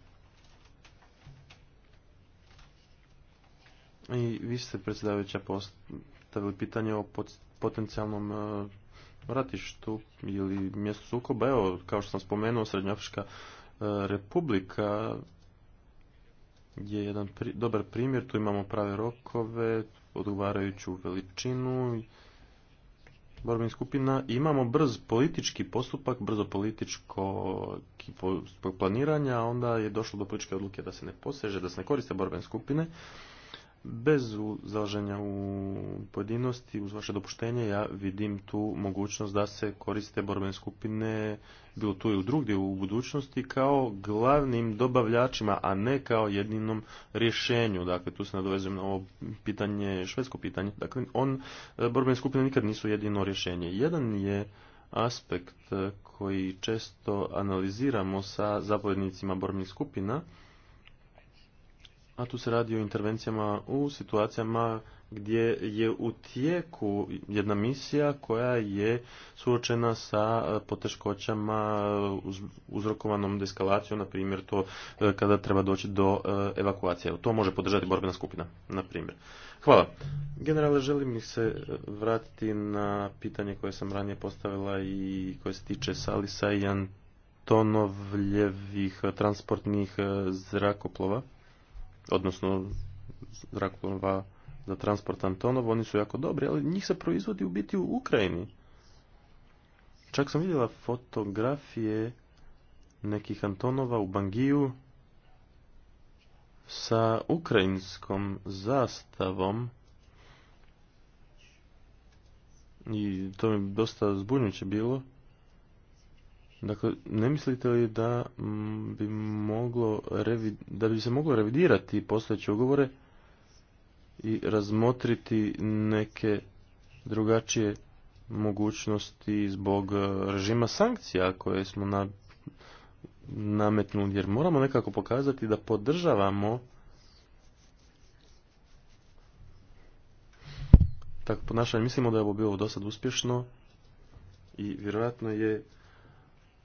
I vi ste predsjedavajuća postavili pitanje o potencijalnom e, ratištu ili mjestu sukoba. Evo, kao što sam spomenuo, Srednjoafrička e, republika je jedan dobar primjer. Tu imamo prave rokove, odgovarajuću veličinu borbenih skupina. imamo brz politički postupak, brzo političko planiranja, a onda je došlo do političke odluke da se ne poseže, da se ne koriste borbene skupine. Bez zalaženja u pojedinosti, uz vaše dopuštenje, ja vidim tu mogućnost da se koriste borbene skupine, bilo tu u drugdje u budućnosti, kao glavnim dobavljačima, a ne kao jedinom rješenju. Dakle, tu se nadovezujem na ovo pitanje, švedsko pitanje. Dakle, on, e, borbene skupine nikad nisu jedino rješenje. Jedan je aspekt e, koji često analiziramo sa zapovjednicima borbenih skupina, a tu se radi o intervencijama u situacijama gdje je u tijeku jedna misija koja je suočena sa e, poteškoćama uzrokovanom deskalacijom, na primjer to e, kada treba doći do e, evakuacije. To može podržati borbena skupina, na primjer. Hvala. Generale, želim mi se vratiti na pitanje koje sam ranije postavila i koje se tiče Salisa i Antonovljevih transportnih zrakoplova odnosno zrakoplova za transport Antonov, oni su jako dobri, ali njih se proizvodi u biti u Ukrajini. Čak sam vidjela fotografije nekih Antonova u Bangiju sa ukrajinskom zastavom i to mi dosta zbunjuće bilo Dakle, ne mislite li da mm, bi, moglo, da bi se moglo revidirati postojeće ugovore i razmotriti neke drugačije mogućnosti zbog e, režima sankcija koje smo na, nametnuli, jer moramo nekako pokazati da podržavamo tako ponašanje. Mislimo da je ovo bilo dosad uspješno i vjerojatno je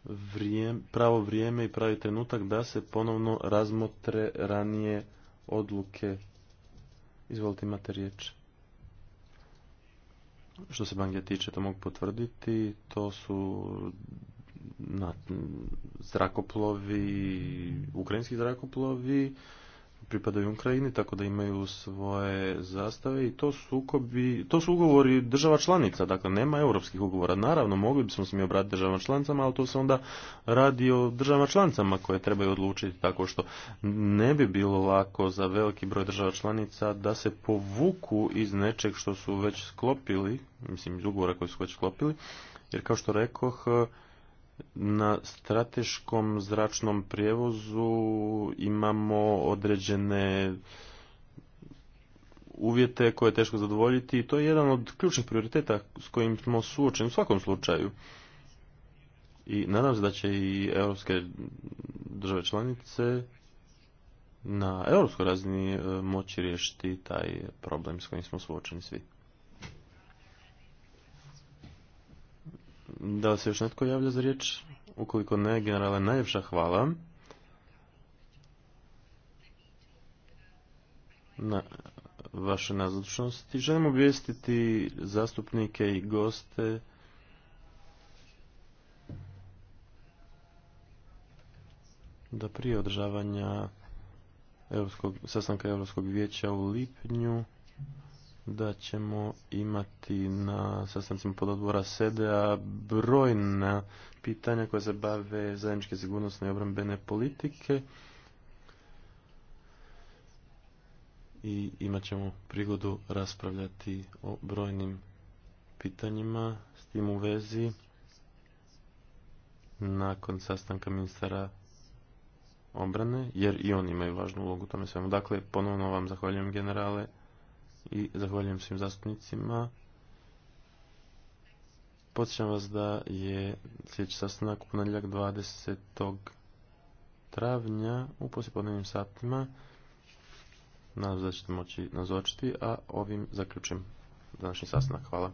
vrijem, pravo vrijeme i pravi trenutak da se ponovno razmotre ranije odluke. Izvolite, imate riječ. Što se banke tiče, to mogu potvrditi. To su na, zrakoplovi, ukrajinski zrakoplovi pripadaju Ukrajini, tako da imaju svoje zastave i to su, to su ugovori država članica, dakle nema europskih ugovora. Naravno, mogli bismo se mi obratiti državama članicama, ali to se onda radi o državama članicama koje trebaju odlučiti tako što ne bi bilo lako za veliki broj država članica da se povuku iz nečeg što su već sklopili, mislim iz ugovora koji su već sklopili, jer kao što rekoh, na strateškom zračnom prijevozu imamo određene uvjete koje je teško zadovoljiti i to je jedan od ključnih prioriteta s kojim smo suočeni u svakom slučaju. I nadam se da će i europske države članice na europskoj razini e, moći riješiti taj problem s kojim smo suočeni svi. Da li se još netko javlja za riječ? Ukoliko ne, generale, najljepša hvala. Na vaše nazočnosti. Želim objestiti zastupnike i goste da prije održavanja Europskog, sastanka Europskog vijeća u lipnju da ćemo imati na sastancima pododbora a brojna pitanja koja se bave zajedničke sigurnosne i obrambene politike i imat ćemo prigodu raspravljati o brojnim pitanjima s tim u vezi nakon sastanka ministara obrane, jer i oni imaju važnu ulogu u tome svemu. Dakle, ponovno vam zahvaljujem generale i zahvaljujem svim zastupnicima. Podsjećam vas da je sljedeći sastanak u ponedjeljak 20. travnja u poslijepodnevnim satima. Nadam se da ćete moći nazočiti, a ovim zaključujem današnji sastanak. Hvala.